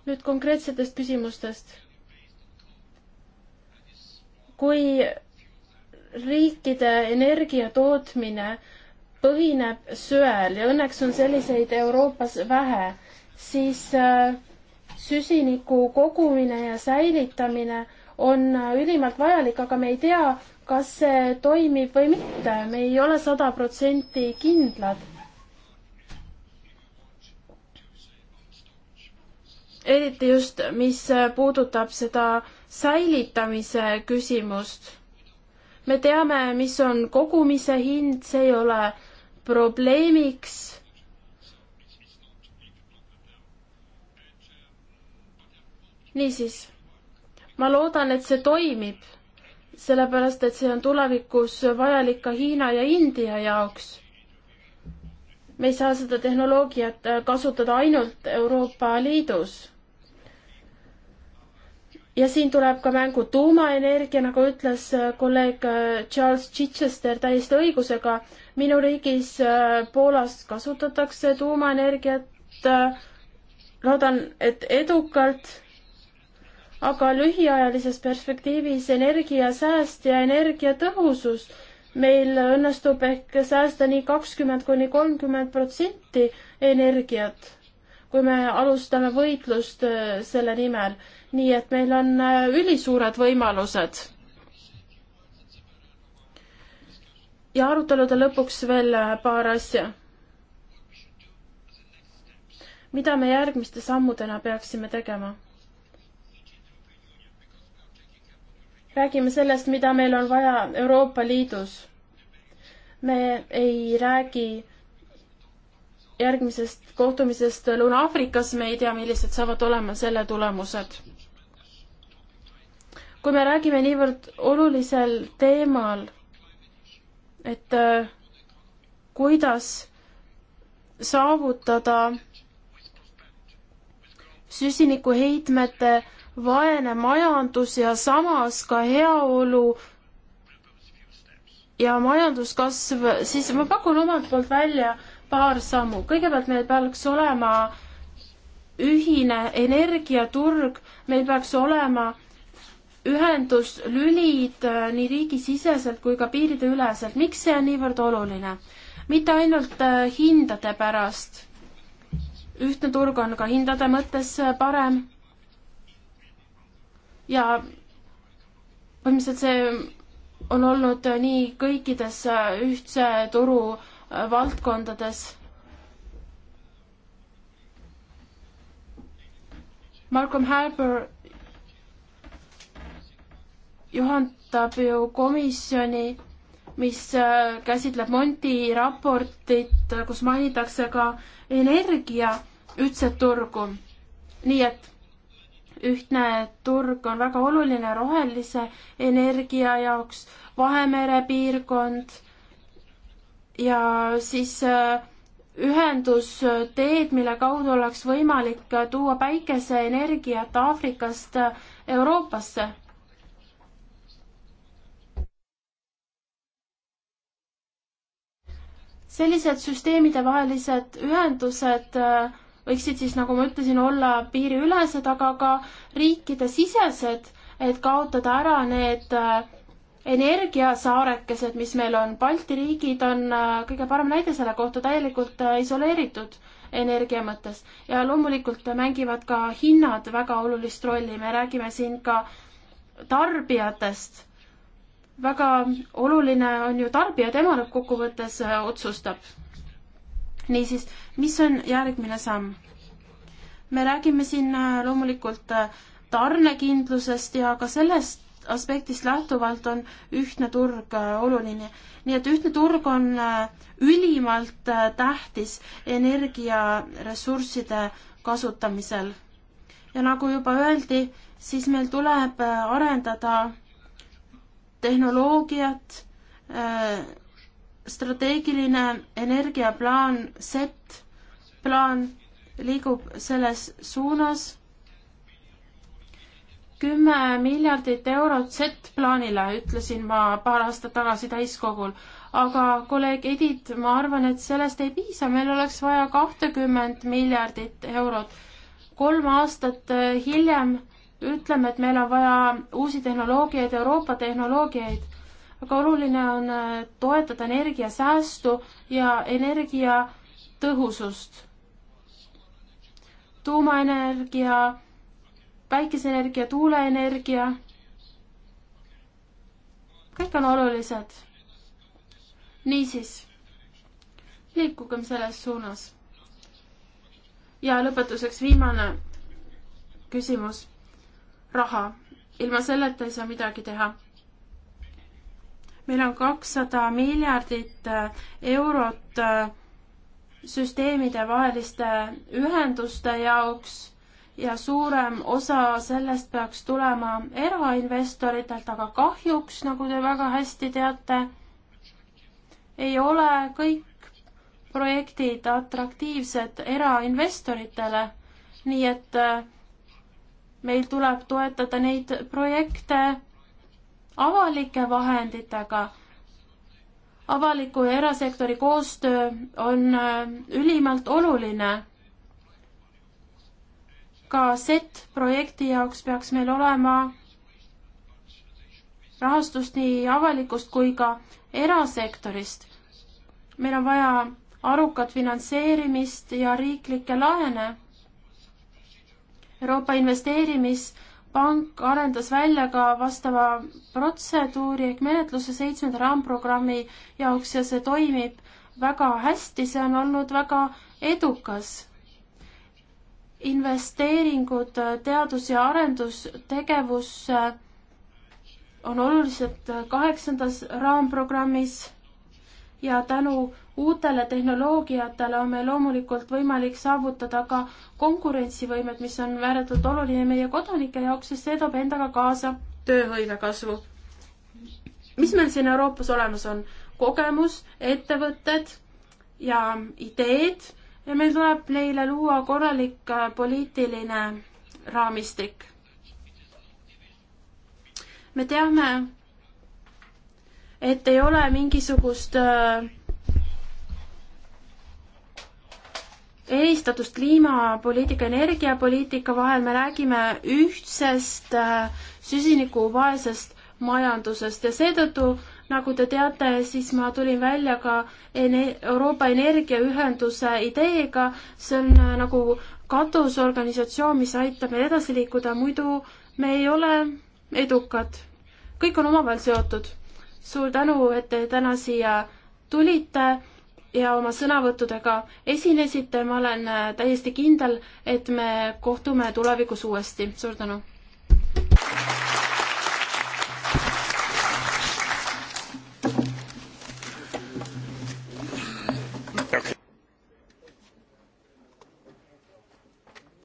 nüüd konkreetsetest küsimustest. kui riikide energiatootmine põhineb söel ja õnneks on selliseid Euroopas vähe, siis äh, süsiniku kogumine ja säilitamine on äh, ülimalt vajalik, aga me ei tea, kas see toimib või mitte, me ei ole sada protsenti kindlad eriti just, mis puudutab seda säilitamise küsimust. me teame, mis on kogumise hind, see ei ole probleemiks. niisiis, ma loodan, et see toimib, sellepärast et see on tulevikus vajalik ka Hiina ja India jaoks me ei saa seda tehnoloogiat kasutada ainult Euroopa Liidus ja siin tuleb ka mängu tuumaenergia, nagu ütles äh, kolleeg äh, Charles Chichester täiesti õigusega. minu riigis äh, Poolas kasutatakse tuumaenergiat. loodan, et edukalt, aga lühiajalises perspektiivis energiasääst ja energiatõhusus. meil õnnestub ehk säästa nii kakskümmend kuni kolmkümmend protsenti energiat, kui me alustame võitlust selle nimel nii et meil on äh, ülisuured võimalused. ja arutelude lõpuks veel äh, paar asja. mida me järgmiste sammudena peaksime tegema? räägime sellest, mida meil on vaja Euroopa Liidus. me ei räägi järgmisest kohtumisest Lõuna-Aafrikas, me ei tea, millised saavad olema selle tulemused kui me räägime niivõrd olulisel teemal, et äh, kuidas saavutada süsinikuheitmete vaene majandus ja samas ka heaolu ja majanduskasv, siis ma pakun omalt poolt välja paar sammu. kõigepealt meil peaks olema ühine energiaturg, meil peaks olema äh, ühenduslülid äh, nii riigisiseselt kui ka piirideüleselt, miks see on niivõrd oluline? mitte ainult äh, hindade pärast, ühtne turg on ka hindade mõttes äh, parem ja põhimõtteliselt see on olnud nii kõikides ühtse turu valdkondades Malcolm Harbour juhatab ju komisjoni, mis äh, käsitleb Monti raportit, äh, kus mainitakse ka energia ühtset turgu. nii et ühtne turg on väga oluline rohelise energia jaoks, Vahemere piirkond ja siis äh, ühendusteed, mille kaudu oleks võimalik tuua päikeseenergiat Aafrikast Euroopasse sellised süsteemidevahelised ühendused äh, võiksid siis, nagu ma ütlesin, olla piiriülesed, aga ka riikidesisesed, et kaotada ära need äh, energiasaarekesed, mis meil on. Balti riigid on äh, kõige parem näide selle kohta, täielikult isoleeritud energia mõttes. ja loomulikult mängivad ka hinnad väga olulist rolli, me räägime siin ka tarbijatest väga oluline on ju tarbija, tema lõppkokkuvõttes äh, otsustab. niisiis, mis on järgmine samm? me räägime siin äh, loomulikult äh, tarnekindlusest ja ka sellest aspektist lähtuvalt on ühtne turg oluline. nii et ühtne turg on ülimalt tähtis energiaressursside kasutamisel. ja nagu juba öeldi, siis meil tuleb arendada tehnoloogiat, strateegiline energiaplaan, set plaan liigub selles suunas. kümme miljardit eurot set plaanile, ütlesin ma paar aastat tagasi täiskogul, aga kolleeg Edith, ma arvan, et sellest ei piisa, meil oleks vaja kahtekümmend miljardit eurot. kolm aastat äh, hiljem ütleme, et meil on vaja uusi tehnoloogiaid, Euroopa tehnoloogiaid, aga oluline on äh, toetada energiasäästu ja energiatõhusust. tuumaenergia, päikeseenergia, tuuleenergia, kõik on olulised. niisiis, liikugem selles suunas. ja lõpetuseks viimane küsimus raha. ilma selleta ei saa midagi teha. meil on kakssada miljardit äh, eurot äh, süsteemide vaheliste ühenduste jaoks ja suurem osa sellest peaks tulema erainvestoritelt, aga kahjuks, nagu te väga hästi teate, ei ole kõik projektid atraktiivsed erainvestoritele, nii et äh, meil tuleb toetada neid projekte avalike vahenditega. avaliku ja erasektori koostöö on äh, ülimalt oluline. ka SET projekti jaoks peaks meil olema rahastust nii avalikust kui ka erasektorist. meil on vaja arukat finantseerimist ja riiklikke laene Euroopa Investeerimispank arendas välja ka vastava protseduuri ehk menetluse seitsmenda raamprogrammi jaoks ja see toimib väga hästi, see on olnud väga edukas investeeringud teadus- ja arendustegevusse on olulised kaheksandas raamprogrammis ja tänu uutele tehnoloogiatele on meil loomulikult võimalik saavutada ka konkurentsivõimet, mis on ääretult oluline meie kodanike jaoks, sest see toob endaga kaasa tööhõive kasvu. mis meil siin Euroopas olemas on? kogemus, ettevõtted ja ideed ja meil tuleb neile luua korralik äh, poliitiline raamistik. me teame, et ei ole mingisugust äh, eristatust kliimapoliitika, energiapoliitika vahel, me räägime ühtsest äh, süsinikuvaesest majandusest ja seetõttu, nagu te teate, siis ma tulin välja ka ene-, Euroopa Energiaühenduse ideega, see on äh, nagu katusorganisatsioon, mis aitab meil edasi liikuda, muidu me ei ole edukad. kõik on omavahel seotud suur tänu, et te täna siia tulite ja oma sõnavõttudega esinesite, ma olen täiesti kindel, et me kohtume tulevikus uuesti, suur tänu!